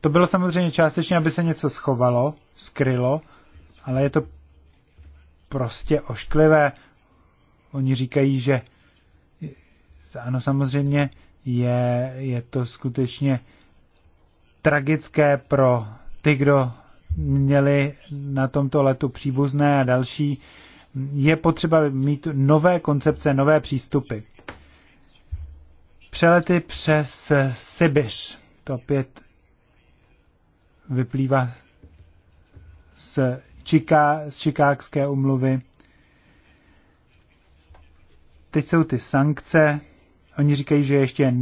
To bylo samozřejmě částečně, aby se něco schovalo, skrylo, ale je to prostě ošklivé oni říkají, že ano, samozřejmě je, je to skutečně tragické pro ty, kdo měli na tomto letu příbuzné a další. Je potřeba mít nové koncepce, nové přístupy. Přelety přes Sibiř, to opět vyplývá z, Čiká, z Čikákské umluvy. Teď jsou ty sankce. Oni říkají, že ještě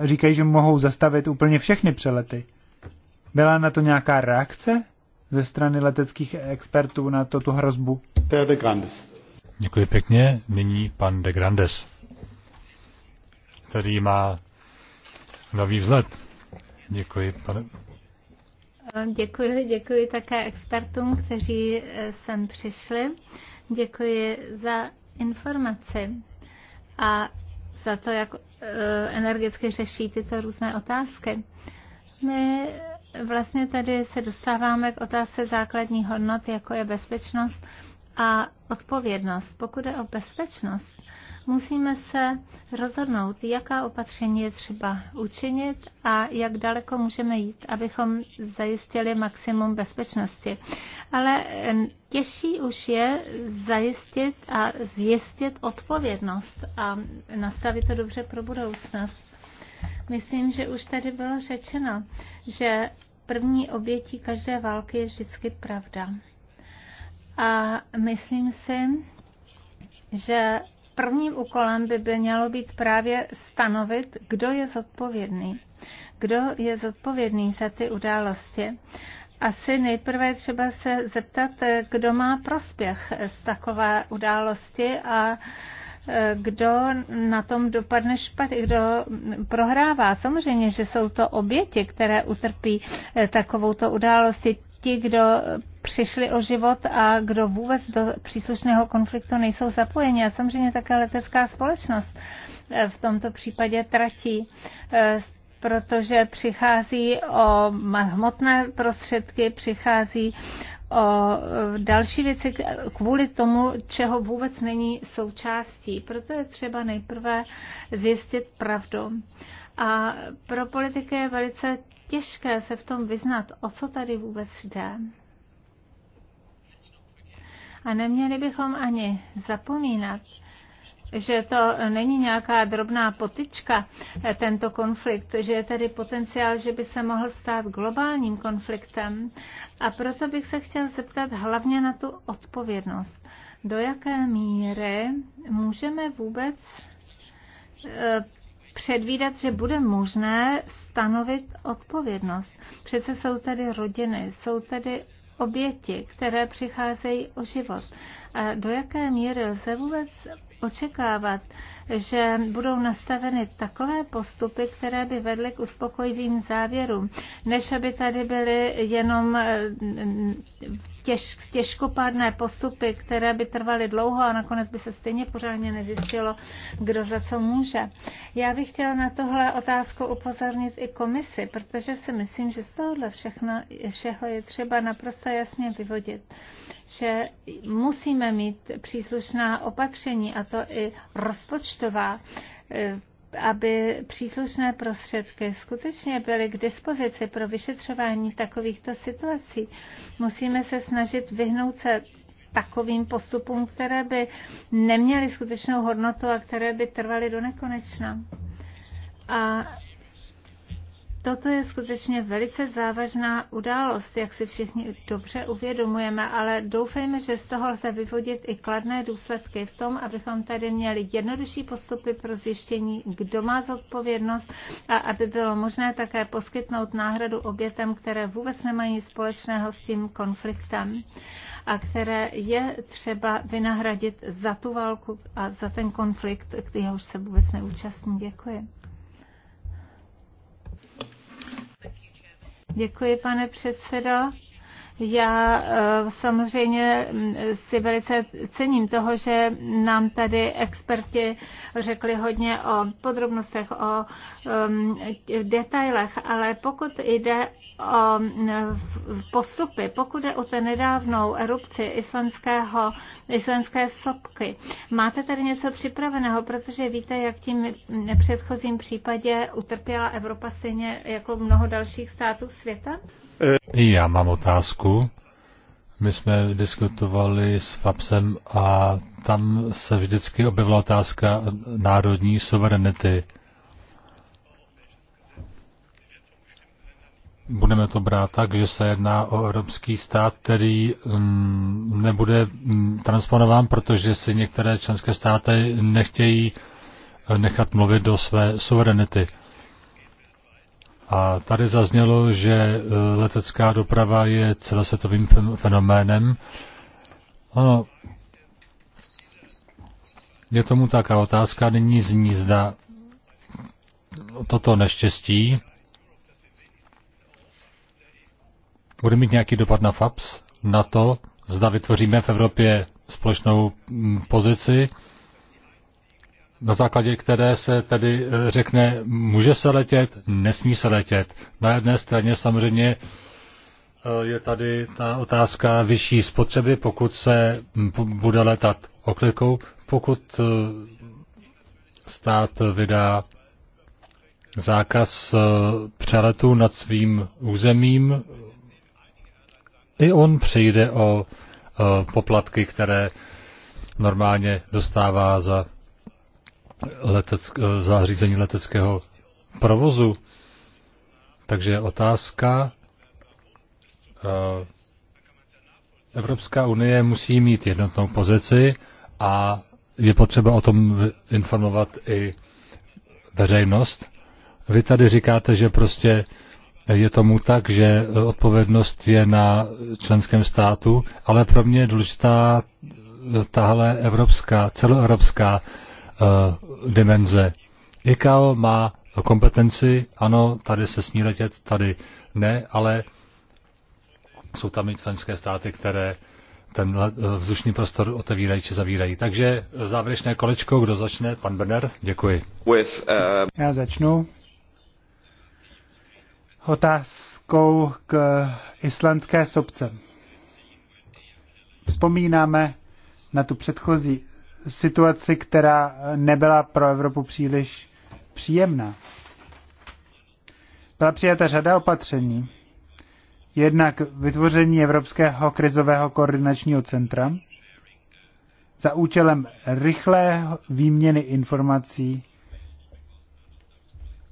říkají, že mohou zastavit úplně všechny přelety. Byla na to nějaká reakce ze strany leteckých expertů na to, tu hrozbu? De Grandes. Děkuji pěkně. Nyní pan De Grandes, který má nový vzhled. Děkuji, pane. Děkuji, děkuji také expertům, kteří eh, sem přišli. Děkuji za informaci a za to, jak eh, energeticky řeší tyto různé otázky. My vlastně tady se dostáváme k otázce základní hodnot, jako je bezpečnost a odpovědnost. Pokud je o bezpečnost, Musíme se rozhodnout, jaká opatření je třeba učinit a jak daleko můžeme jít, abychom zajistili maximum bezpečnosti. Ale těžší už je zajistit a zjistit odpovědnost a nastavit to dobře pro budoucnost. Myslím, že už tady bylo řečeno, že první obětí každé války je vždycky pravda. A myslím si, že prvním úkolem by, by mělo být právě stanovit, kdo je zodpovědný. Kdo je zodpovědný za ty události? Asi nejprve třeba se zeptat, kdo má prospěch z takové události a e, kdo na tom dopadne špatně, kdo prohrává. Samozřejmě, že jsou to oběti, které utrpí e, takovouto události ti, kdo přišli o život a kdo vůbec do příslušného konfliktu nejsou zapojeni. A samozřejmě také letecká společnost eh, v tomto případě tratí eh, protože přichází o hmotné prostředky, přichází o eh, další věci kvůli tomu, čeho vůbec není součástí. Proto je třeba nejprve zjistit pravdu. A pro politiky je velice těžké se v tom vyznat, o co tady vůbec jde. A neměli bychom ani zapomínat, že to není nějaká drobná potička, eh, tento konflikt, že je tady potenciál, že by se mohl stát globálním konfliktem. A proto bych se chtěl zeptat hlavně na tu odpovědnost. Do jaké míry můžeme vůbec eh, předvídat, že bude možné stanovit odpovědnost. Přece jsou tady rodiny, jsou tady oběti, které přicházejí o život. A do jaké míry lze vůbec očekávat, že budou nastaveny takové postupy, které by vedly k uspokojivým závěrům, než aby tady byly jenom eh, těž, těžkopádné postupy, které by trvaly dlouho a nakonec by se stejně pořádně nezjistilo, kdo za co může. Já bych chtěla na tohle otázku upozornit i komisi, protože si myslím, že z tohohle všechno, všeho je třeba naprosto jasně vyvodit, že musíme mít příslušná opatření a to i rozpočtová eh, aby příslušné prostředky skutečně byly k dispozici pro vyšetřování takovýchto situací. Musíme se snažit vyhnout se takovým postupům, které by neměly skutečnou hodnotu a které by trvaly do nekonečna. A Toto je skutečně velice závažná událost, jak si všichni dobře uvědomujeme, ale doufejme, že z toho lze vyvodit i kladné důsledky v tom, abychom tady měli jednodušší postupy pro zjištění, kdo má zodpovědnost a aby bylo možné také poskytnout náhradu obětem, které vůbec nemají společného s tím konfliktem a které je třeba vynahradit za tu válku a za ten konflikt, který už se vůbec neúčastní. Děkuji. Děkuji, pane předsedo. Já eh, samozřejmě mm, si velice cením toho, že nám tady experti řekli hodně o podrobnostech, o ehm, detailech, ale pokud jde postupy. Pokud je o té nedávnou erupci islandského, islandské sopky, máte tady něco připraveného, protože víte, jak tím předchozím případě utrpěla Evropa stejně jako mnoho dalších států světa? E, já mám otázku. My jsme diskutovali s FAPSem a tam se vždycky objevila otázka národní suverenity. budeme to brát tak, že se jedná o evropský stát, který mm, nebude mm, transponován, protože si některé členské státy nechtějí eh, nechat mluvit do své suverenity. A tady zaznělo, že eh, letecká doprava je celosvětovým fenoménem. Ano, je tomu taková otázka nyní zní, zda toto neštěstí bude mít nějaký dopad na FAPS, na to, zda vytvoříme v Evropě společnou mm, pozici, na základě které se tedy e, řekne, může se letět, nesmí se letět. Na jedné straně samozřejmě e, je tady ta otázka vyšší spotřeby, pokud se bude letat oklikou, pokud e, stát vydá zákaz přeletu nad svým územím i on přijde o poplatky, které normálně dostává za, letec, za řízení leteckého provozu. Takže otázka, e, Evropská unie musí mít jednotnou pozici a je potřeba o tom informovat i veřejnost. Vy tady říkáte, že prostě uh, je tomu tak, že e, odpovědnost je na členském státu, ale pro mě je důležitá e, tahle evropská, celoevropská uh, dimenze. ICAO má kompetenci, ano, tady se smí letět, tady ne, ale jsou tam i členské státy, které ten vzdušný prostor otevírají či zavírají. Takže závěrečné kolečko, kdo začne? Pan Bender, děkuji. Uh, Já začnu otázkou k islandské sobce. Vzpomínáme na tu předchozí situaci, která nebyla pro Evropu příliš příjemná. Byla přijata řada opatření, jednak vytvoření Evropského krizového koordinačního centra za účelem rychlé výměny informací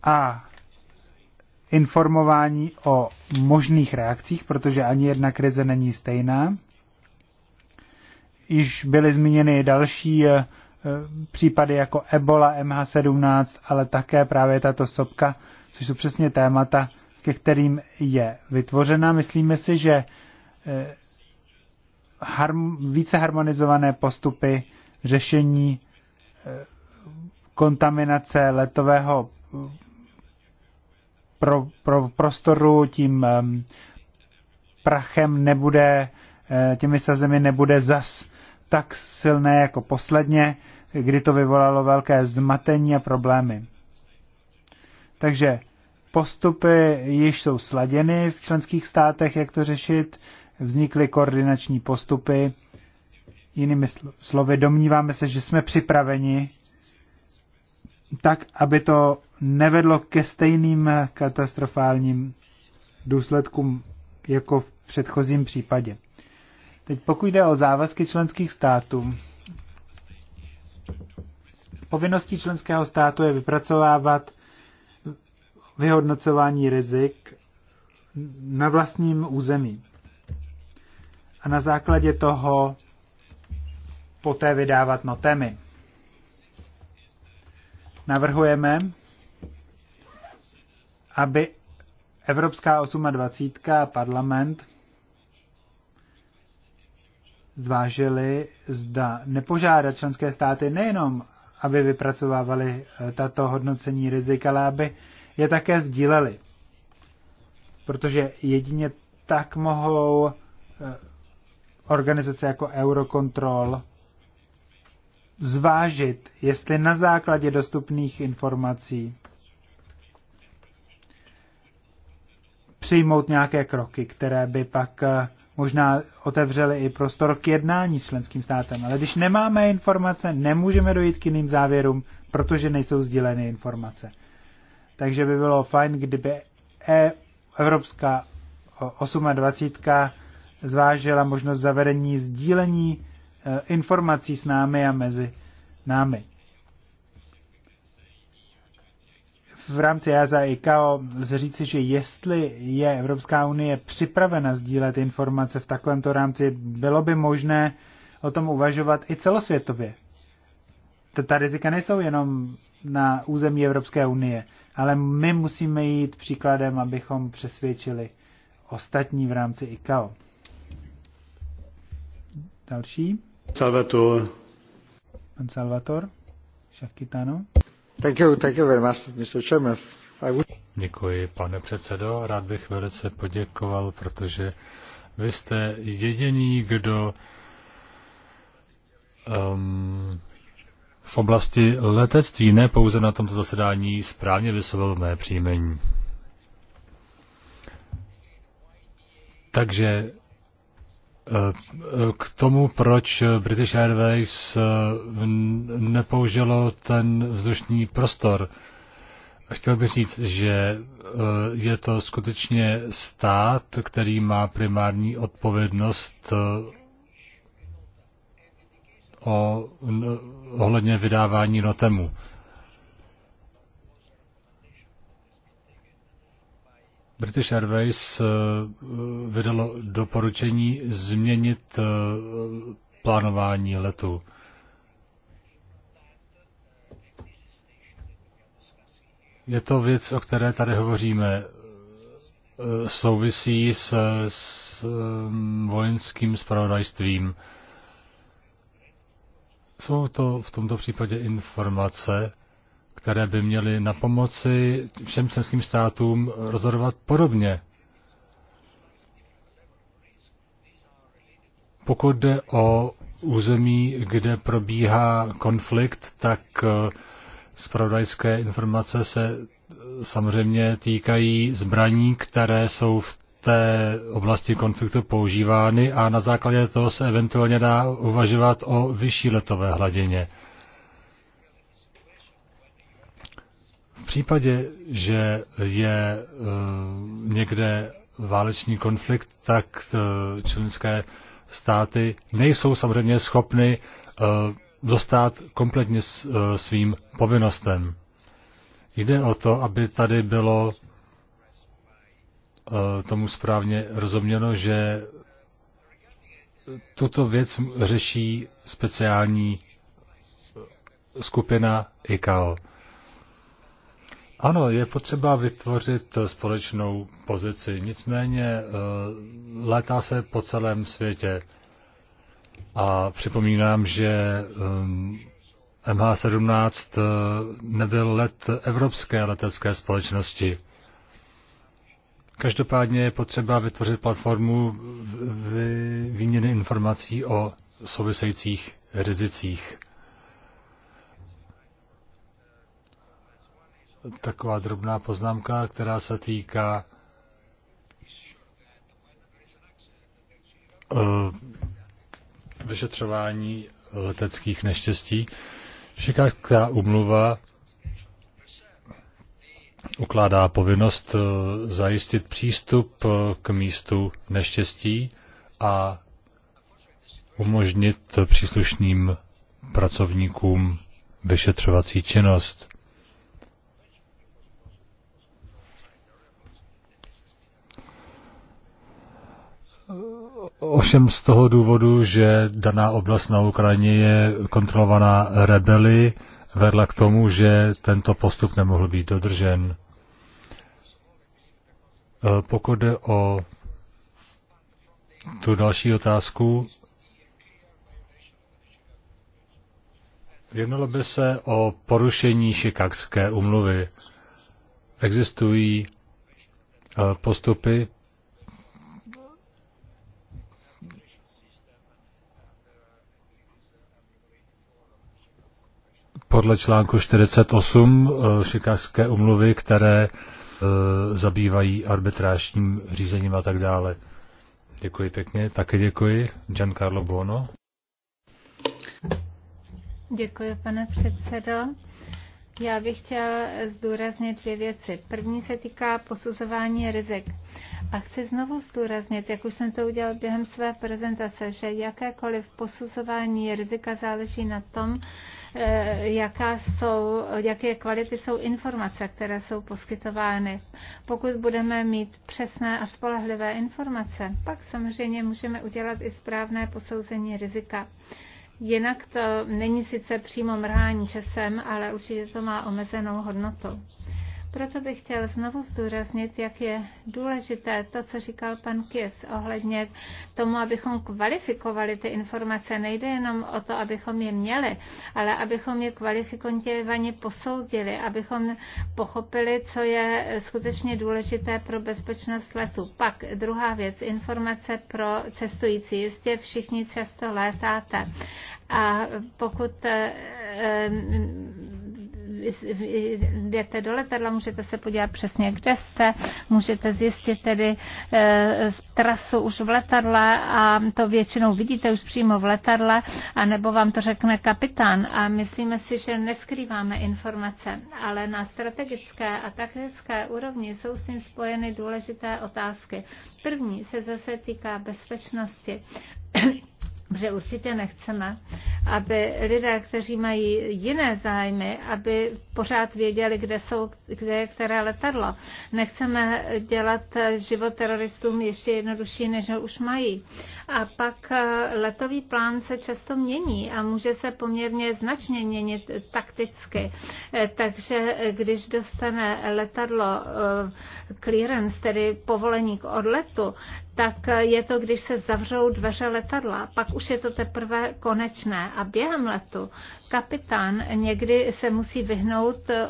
a informování o možných reakcích, protože ani jedna krize není stejná. Již byly zmíněny další eh, eh, případy jako Ebola, MH17, ale také právě tato sopka, což jsou přesně témata, ke kterým je vytvořena. Myslíme si, že eh, harm, více harmonizované postupy řešení kontaminace letového pro, pro prostoru, tím prachem nebude, eh, těmi sazemi nebude zas tak silné jako posledně, kdy to vyvolalo velké zmatení a problémy. Takže postupy již jsou sladěny v členských státech, jak to řešit, vznikly koordinační postupy. Jinými slovy, domníváme se, že jsme připraveni tak, aby to nevedlo ke stejným katastrofálním důsledkům jako v předchozím případě. Teď pokud jde o závazky členských států, povinností členského státu je vypracovávat vyhodnocování rizik na vlastním území. A na základě toho poté vydávat notemy. Navrhujeme, aby Evropská 28 a parlament zvážili, zda nepožádat členské státy nejenom, aby vypracovávali eh, tato hodnocení rizik, ale aby je také sdíleli. Protože jedině tak mohou eh, organizace jako Eurocontrol zvážit, jestli na základě dostupných informací přijmout nějaké kroky, které by pak eh, možná otevřely i prostor k jednání s členským státem. Ale když nemáme informace, nemůžeme dojít k jiným závěrům, protože nejsou sdíleny informace. Takže by bylo fajn, kdyby e, Evropská 28 zvážila možnost zavedení sdílení Eh, informací s námi a mezi námi. v rámci EASA ICAO lze říci, že jestli je Evropská unie připravena sdílet informace v takovémto rámci, bylo by možné o tom uvažovat i celosvětově. Ta rizika nejsou jenom na území Evropské unie, ale my musíme jít příkladem, abychom přesvědčili ostatní v rámci ICAO. Další. Salvatore. Pan Salvatore Šachkitano. Thank you, thank you very much, Mr. Chairman. I would... Děkuji, pane předsedo. Rád bych velice poděkoval, protože vy jste jediný, kdo um, v oblasti letectví, ne pouze na tomto zasedání, správně vyslovil mé příjmení. Takže k tomu, proč British Airways eh, nepoužilo ten vzdušný prostor. Chtěl bych říct, že eh, je to skutečně stát, který má primární odpovědnost eh, o, ohledně vydávání notemu. British Airways eh, vydalo doporučení změnit eh, plánování letu. Je to věc, o které tady hovoříme. Eh, souvisí s, s vojenským spravodajstvím. Jsou to v tomto případě informace, které by měly na pomoci všem členským státům rozhodovat podobně. Pokud jde o území, kde probíhá konflikt, tak eh, zpravodajské informace se eh, samozřejmě týkají zbraní, které jsou v té oblasti konfliktu používány a na základě toho se eventuálně dá uvažovat o vyšší letové hladině. případě, že je eh, někde válečný konflikt, tak eh, členské státy nejsou samozřejmě schopny eh, dostat kompletně svým povinnostem. Jde o to, aby tady bylo tomu správně rozuměno, že tuto věc řeší speciální skupina ICAO. Ano, je potřeba vytvořit společnou pozici, nicméně eh, létá se po celém světě. A připomínám, že eh, MH17 eh, nebyl let evropské letecké společnosti. Každopádně je potřeba vytvořit platformu výměny informací o souvisejících rizicích. taková drobná poznámka, která se týká eh, vyšetřování leteckých neštěstí. Šikářská umluva ukládá povinnost eh, zajistit přístup eh, k místu neštěstí a umožnit příslušným pracovníkům vyšetřovací činnost. Ovšem z toho důvodu, že daná oblast na Ukrajině je kontrolovaná rebeli, vedla k tomu, že tento postup nemohl být dodržen. E, pokud jde o tu další otázku, jednalo by se o porušení šikakské umluvy. Existují e, postupy podle článku 48 eh, Šikářské umluvy, které eh, zabývají arbitrážním řízením a tak dále. Děkuji pěkně, také děkuji. Giancarlo Bono. Děkuji, pane předsedo. Já bych chtěl zdůraznit dvě věci. První se týká posuzování rizik. A chci znovu zdůraznit, jak už jsem to udělal během své prezentace, že jakékoliv posuzování rizika záleží na tom, Eh, jaká jsou, jaké kvality jsou informace, které jsou poskytovány. Pokud budeme mít přesné a spolehlivé informace, pak samozřejmě můžeme udělat i správné posouzení rizika. Jinak to není sice přímo mrhání časem, ale určitě to má omezenou hodnotu. Proto bych chtěl znovu zdůraznit, jak je důležité to, co říkal pan Kies ohledně tomu, abychom kvalifikovali ty informace. Nejde jenom o to, abychom je měli, ale abychom je kvalifikovaně posoudili, abychom pochopili, co je skutečně důležité pro bezpečnost letu. Pak druhá věc, informace pro cestující. Jistě všichni často létáte. A pokud eh, jdete do letadla, můžete se podívat přesně, kde jste, můžete zjistit tedy eh, trasu už v letadle a to většinou vidíte už přímo v letadle, anebo vám to řekne kapitán. A myslíme si, že neskrýváme informace, ale na strategické a taktické úrovni jsou s tím spojeny důležité otázky. První se zase týká bezpečnosti. Protože určitě nechceme, aby lidé, kteří mají jiné zájmy, aby pořád věděli, kde, jsou, kde je které letadlo. Nechceme dělat život teroristům ještě jednodušší, než ho už mají. A pak eh, letový plán se často mění a může se poměrně značně měnit takticky. Eh, takže eh, když dostane letadlo clearance, tedy povolení k odletu, tak je to, když se zavřou dveře letadla. Pak už je to teprve konečné. A během letu kapitán někdy se musí vyhnout eh,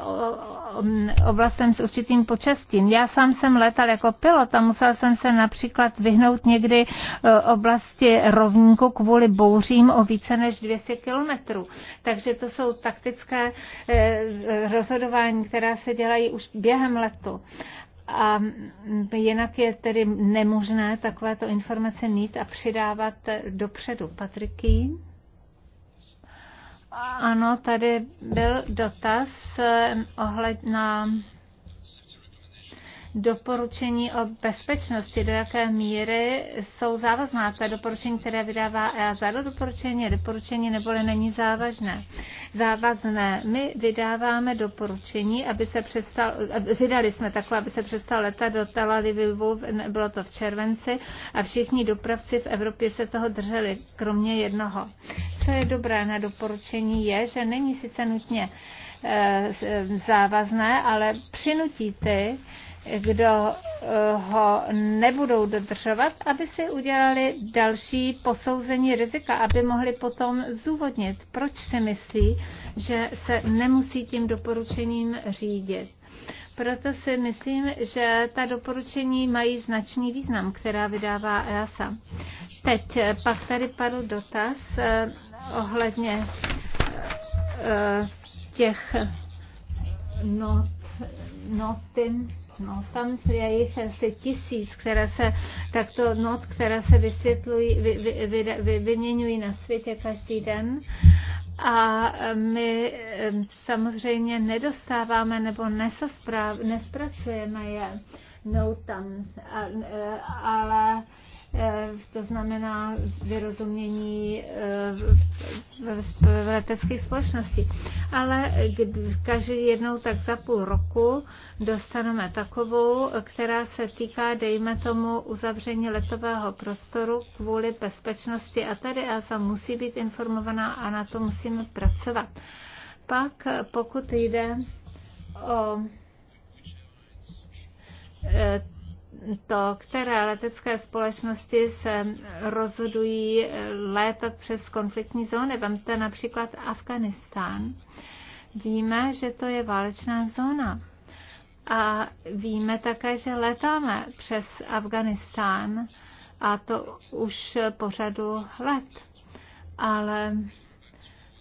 oblastem s určitým počastím. Já sám jsem letal jako pilot a musel jsem se například vyhnout někdy eh, oblasti rovníku kvůli bouřím o více než 200 kilometrů. Takže to jsou taktické eh, rozhodování, která se dělají už během letu. A jinak je tedy nemožné takovéto informace mít a přidávat dopředu. Patriky? Ano, tady byl dotaz eh, ohled na doporučení o bezpečnosti, do jaké míry jsou závazná ta doporučení, které vydává EASA, do doporučení, doporučení neboli není závažné. Závazné. My vydáváme doporučení, aby se přestal, vydali jsme takové, aby se přestal letat do Tel Avivu, bylo to v červenci, a všichni dopravci v Evropě se toho drželi, kromě jednoho. Co je dobré na doporučení je, že není sice nutně eh, závazné, ale přinutí ty, kdo eh, ho nebudou dodržovat, aby si udělali další posouzení rizika, aby mohli potom zúvodnit, proč si myslí, že se nemusí tím doporučením řídit. Proto si myslím, že ta doporučení mají značný význam, která vydává EASA. Teď eh, pak tady padl dotaz eh, ohledně těch not, notin No, tam je jich asi tisíc, které se, takto not, které se vysvětlují, vy, vy, vy, vy, vyměňují na světě každý den. A my samozřejmě nedostáváme nebo nesosprav, nespracujeme je. No tam, e, ale Eh, to znamená vyrozumění eh, v leteckých společnosti. Ale každý jednou tak za půl roku dostaneme takovou, která se týká, dejme tomu, uzavření letového prostoru kvůli bezpečnosti a tady ASA musí být informovaná a na to musíme pracovat. Pak, pokud jde o eh, to, které letecké společnosti se rozhodují létat přes konfliktní zóny. Vemte například Afganistán. Víme, že to je válečná zóna. A víme také, že letáme přes Afganistán a to už po řadu let. Ale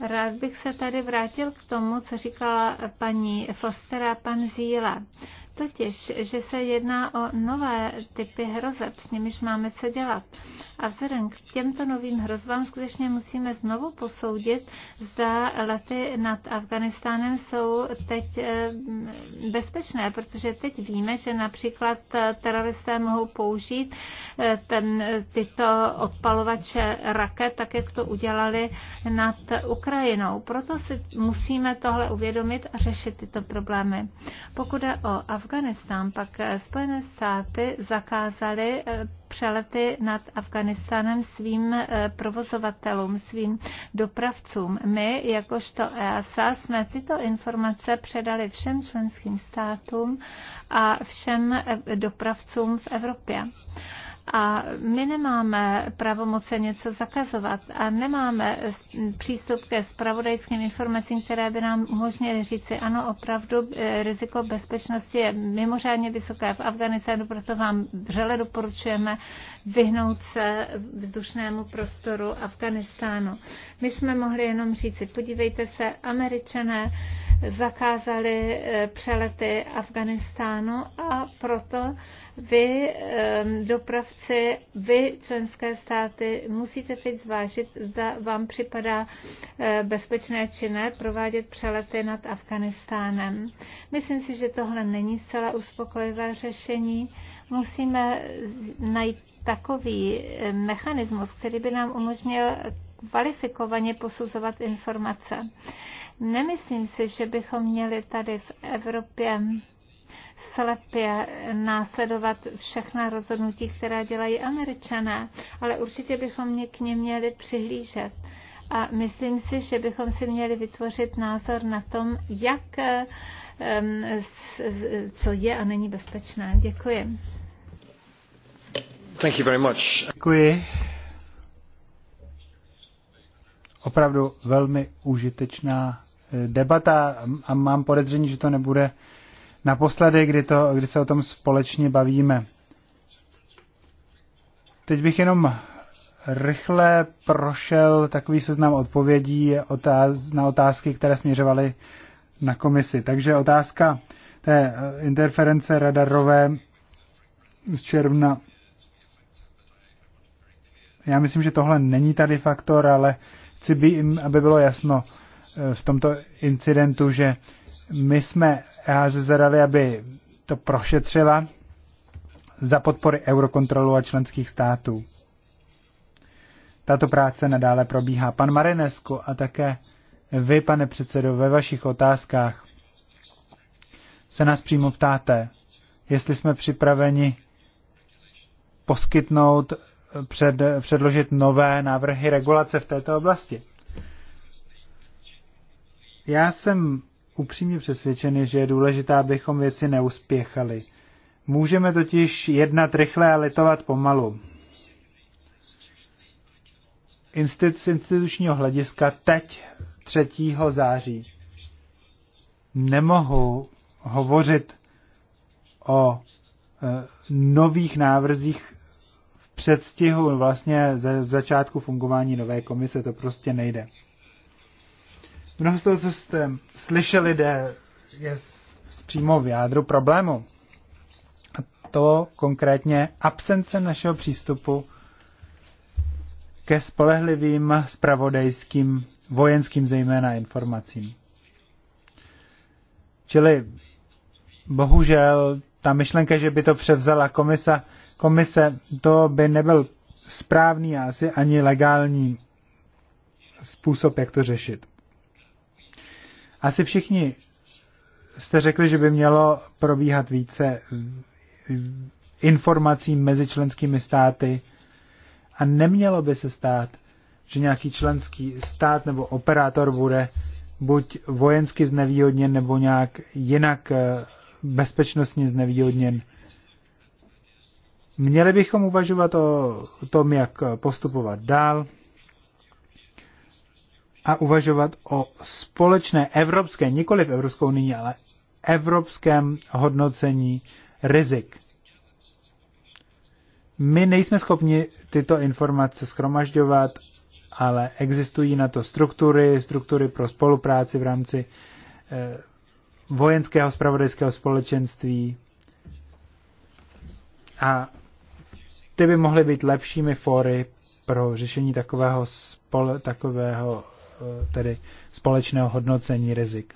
rád bych se tady vrátil k tomu, co říkala paní Foster a pan Zíle totiž, že se jedná o nové typy hrozeb, s nimiž máme co dělat. A vzhledem k těmto novým hrozbám skutečně musíme znovu posoudit, zda lety nad Afganistánem jsou teď eh, bezpečné, protože teď víme, že například eh, teroristé mohou použít eh, ten, tyto odpalovače raket, tak jak to udělali nad Ukrajinou. Proto si musíme tohle uvědomit a řešit tyto problémy. Pokud je o Afganistán, Afganistán. Pak eh, Spojené státy zakázaly eh, přelety nad Afganistánem svým eh, provozovatelům, svým dopravcům. My, jakožto EASA, jsme tyto informace předali všem členským státům a všem dopravcům v Evropě. A my nemáme pravomoce něco zakazovat a nemáme přístup ke spravodajským informacím, které by nám umožnily říci, ano, opravdu e, riziko bezpečnosti je mimořádně vysoké v Afganistánu, proto vám vřele doporučujeme vyhnout se vzdušnému prostoru Afganistánu. My jsme mohli jenom říci, podívejte se, američané zakázali eh, přelety Afganistánu a proto vy, ehm, dopravci, vy, členské státy, musíte teď zvážit, zda vám připadá eh, bezpečné či ne provádět přelety nad Afganistánem. Myslím si, že tohle není zcela uspokojivé řešení. Musíme najít takový eh, mechanismus, který by nám umožnil kvalifikovaně posuzovat informace. Nemyslím si, že bychom měli tady v Evropě slepě následovat všechna rozhodnutí, která dělají američané, ale určitě bychom k ním měli přihlížet. A myslím si, že bychom si měli vytvořit názor na tom, jak, eh, co je a není bezpečné. Děkuji. Děkuji. Opravdu velmi užitečná eh, debata a mám podezření, že to nebude naposledy, kdy, to, kdy se o tom společně bavíme. Teď bych jenom rychle prošel takový seznam odpovědí na otázky, které směřovaly na komisi. Takže otázka té eh, interference radarové z června já myslím, že tohle není tady faktor, ale chci, by, aby bylo jasno eh, v tomto incidentu, že my jsme EHZ zadali, aby to prošetřila za podpory eurokontrolu a členských států. Tato práce nadále probíhá. Pan Marinesku a také vy, pane předsedo, ve vašich otázkách se nás přímo ptáte, jestli jsme připraveni poskytnout před, předložit nové návrhy regulace v této oblasti. Já jsem upřímně přesvědčený, že je důležité, abychom věci neuspěchali. Můžeme totiž jednat rychle a litovat pomalu. Instit, z institučního hlediska teď 3. září nemohu hovořit o e, nových návrzích předstihu vlastně ze začátku fungování nové komise. To prostě nejde. Mnoho z toho, co jste slyšeli, jde, je přímo v jádru problému. A to konkrétně absence našeho přístupu ke spolehlivým spravodajským, vojenským zejména informacím. Čili bohužel ta myšlenka, že by to převzala komisa, komise, to by nebyl správný a asi ani legální způsob, jak to řešit. Asi všichni jste řekli, že by mělo probíhat více informací mezi členskými státy a nemělo by se stát, že nějaký členský stát nebo operátor bude buď vojensky znevýhodněn nebo nějak jinak eh, bezpečnostně znevýhodněn Měli bychom uvažovat o tom, jak postupovat dál a uvažovat o společné evropské, nikoli v Evropskou unii, ale evropském hodnocení rizik. My nejsme schopni tyto informace schromažďovat, ale existují na to struktury, struktury pro spolupráci v rámci eh, vojenského spravodajského společenství. A ty by mohly být lepšími fóry pro řešení takového, spole, takového eh, tedy společného hodnocení rizik.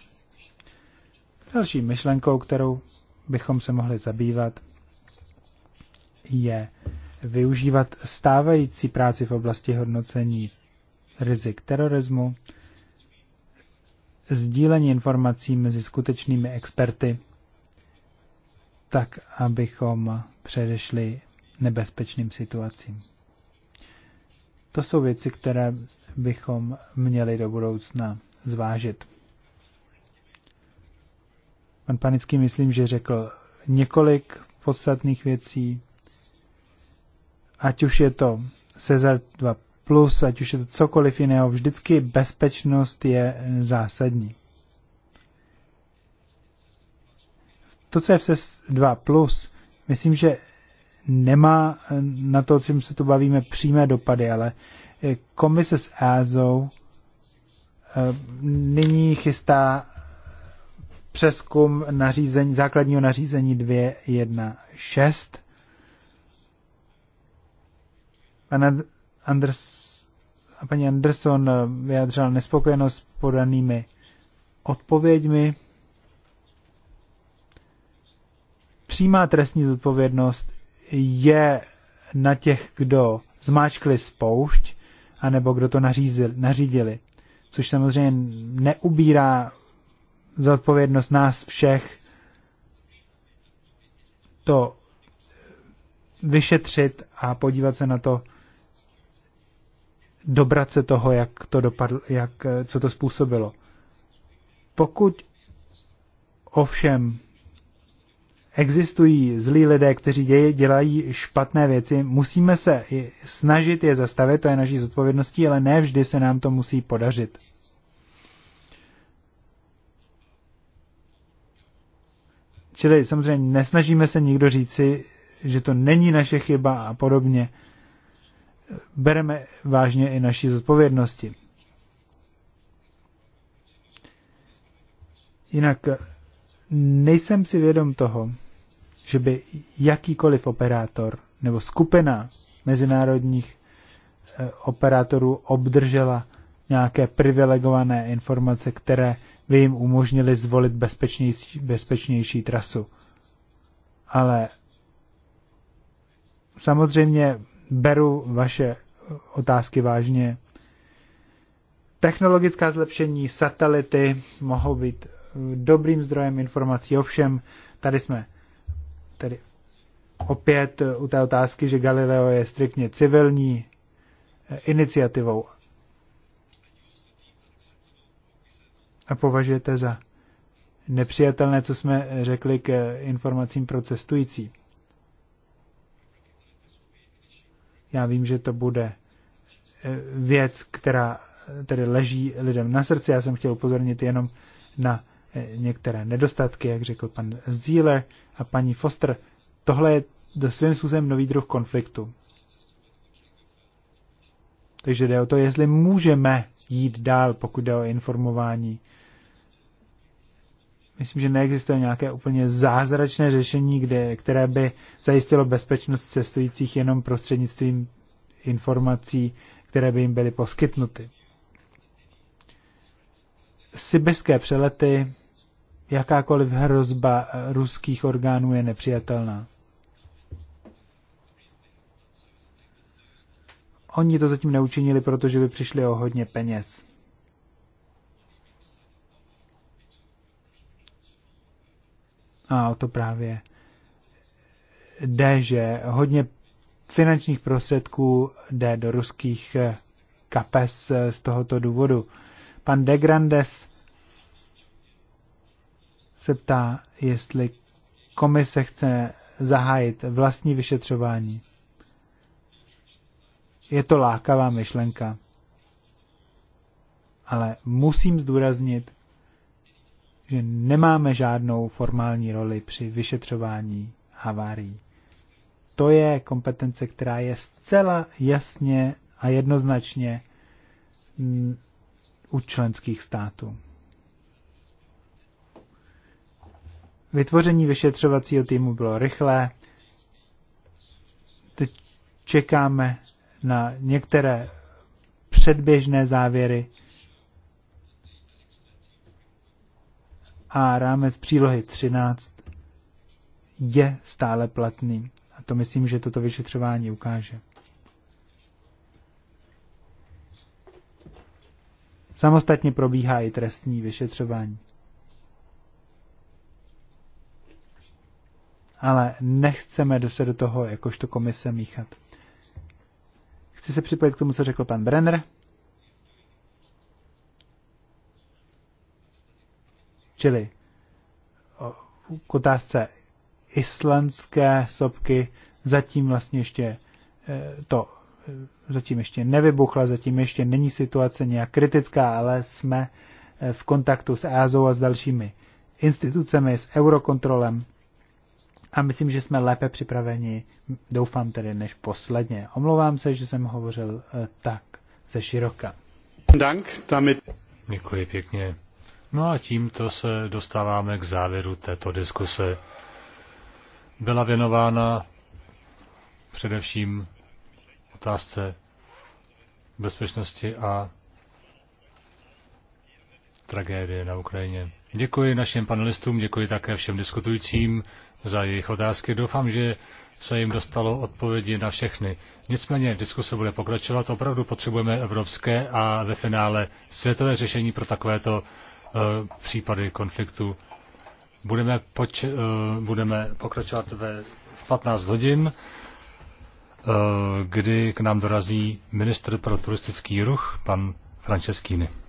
Další myšlenkou, kterou bychom se mohli zabývat, je využívat stávající práci v oblasti hodnocení rizik terorismu, sdílení informací mezi skutečnými experty, tak abychom předešli nebezpečným situacím. To jsou věci, které bychom měli do budoucna zvážit. Pan Panický myslím, že řekl několik podstatných věcí, ať už je to Cezar 2+, plus, ať už je to cokoliv jiného, vždycky bezpečnost je zásadní. To, co je v 2+, plus, myslím, že nemá eh, na to, o čem se tu bavíme, přímé dopady, ale eh, komise s EASO eh, nyní chystá přeskum nařízení, základního nařízení 2.1.6. Pan Anders, a paní Anderson vyjádřila nespokojenost s podanými odpověďmi. Přímá trestní zodpovědnost je na těch, kdo zmáčkli spoušť, anebo kdo to nařízili, nařídili. Což samozřejmě neubírá zodpovědnost nás všech to vyšetřit a podívat se na to, dobrat se toho, jak to dopadlo, jak, co to způsobilo. Pokud ovšem existují zlí lidé, kteří dělají špatné věci, musíme se snažit je zastavit, to je naší zodpovědností, ale ne vždy se nám to musí podařit. Čili samozřejmě nesnažíme se nikdo říci, že to není naše chyba a podobně. Bereme vážně i naší zodpovědnosti. Jinak nejsem si vědom toho, že by jakýkoliv operátor nebo skupina mezinárodních eh, operátorů obdržela nějaké privilegované informace, které by jim umožnily zvolit bezpečnější, bezpečnější trasu. Ale samozřejmě beru vaše otázky vážně. Technologická zlepšení, satelity mohou být dobrým zdrojem informací. Ovšem, tady jsme tady opět u té otázky, že Galileo je striktně civilní eh, iniciativou. A považujete za nepřijatelné, co jsme řekli k informacím pro cestující. Já vím, že to bude eh, věc, která tedy leží lidem na srdci. Já jsem chtěl upozornit jenom na Eh, některé nedostatky, jak řekl pan Zíle a paní Foster. Tohle je do svým způsobem nový druh konfliktu. Takže jde o to, jestli můžeme jít dál, pokud jde o informování. Myslím, že neexistuje nějaké úplně zázračné řešení, kde, které by zajistilo bezpečnost cestujících jenom prostřednictvím informací, které by jim byly poskytnuty. Sibirské přelety jakákoliv hrozba eh, ruských orgánů je nepřijatelná. Oni to zatím neučinili, protože by přišli o hodně peněz. A o to právě jde, že hodně finančních prostředků jde do ruských eh, kapes eh, z tohoto důvodu. Pan Degrandes. Grandes se ptá, jestli komise chce zahájit vlastní vyšetřování. Je to lákavá myšlenka, ale musím zdůraznit, že nemáme žádnou formální roli při vyšetřování havárií. To je kompetence, která je zcela jasně a jednoznačně mm, u členských států. Vytvoření vyšetřovacího týmu bylo rychlé. Teď čekáme na některé předběžné závěry a rámec přílohy 13 je stále platný. A to myslím, že toto vyšetřování ukáže. Samostatně probíhá i trestní vyšetřování. ale nechceme se do toho jakožto komise míchat. Chci se připojit k tomu, co řekl pan Brenner. Čili k otázce islandské sopky zatím vlastně ještě e, to e, zatím ještě nevybuchla, zatím ještě není situace nějak kritická, ale jsme e, v kontaktu s EASO a s dalšími institucemi, s Eurokontrolem a myslím, že jsme lépe připraveni, doufám tedy, než posledně. Omlouvám se, že jsem hovořil eh, tak ze široka. Dank, damit. Děkuji pěkně. No a tímto se dostáváme k závěru této diskuse. Byla věnována především otázce bezpečnosti a tragédie na Ukrajině. Děkuji našim panelistům, děkuji také všem diskutujícím za jejich otázky. Doufám, že se jim dostalo odpovědi na všechny. Nicméně diskuse bude pokračovat. Opravdu potřebujeme evropské a ve finále světové řešení pro takovéto uh, případy konfliktu. Budeme, poč- uh, budeme pokračovat ve 15 hodin, uh, kdy k nám dorazí ministr pro turistický ruch, pan Franceskýny.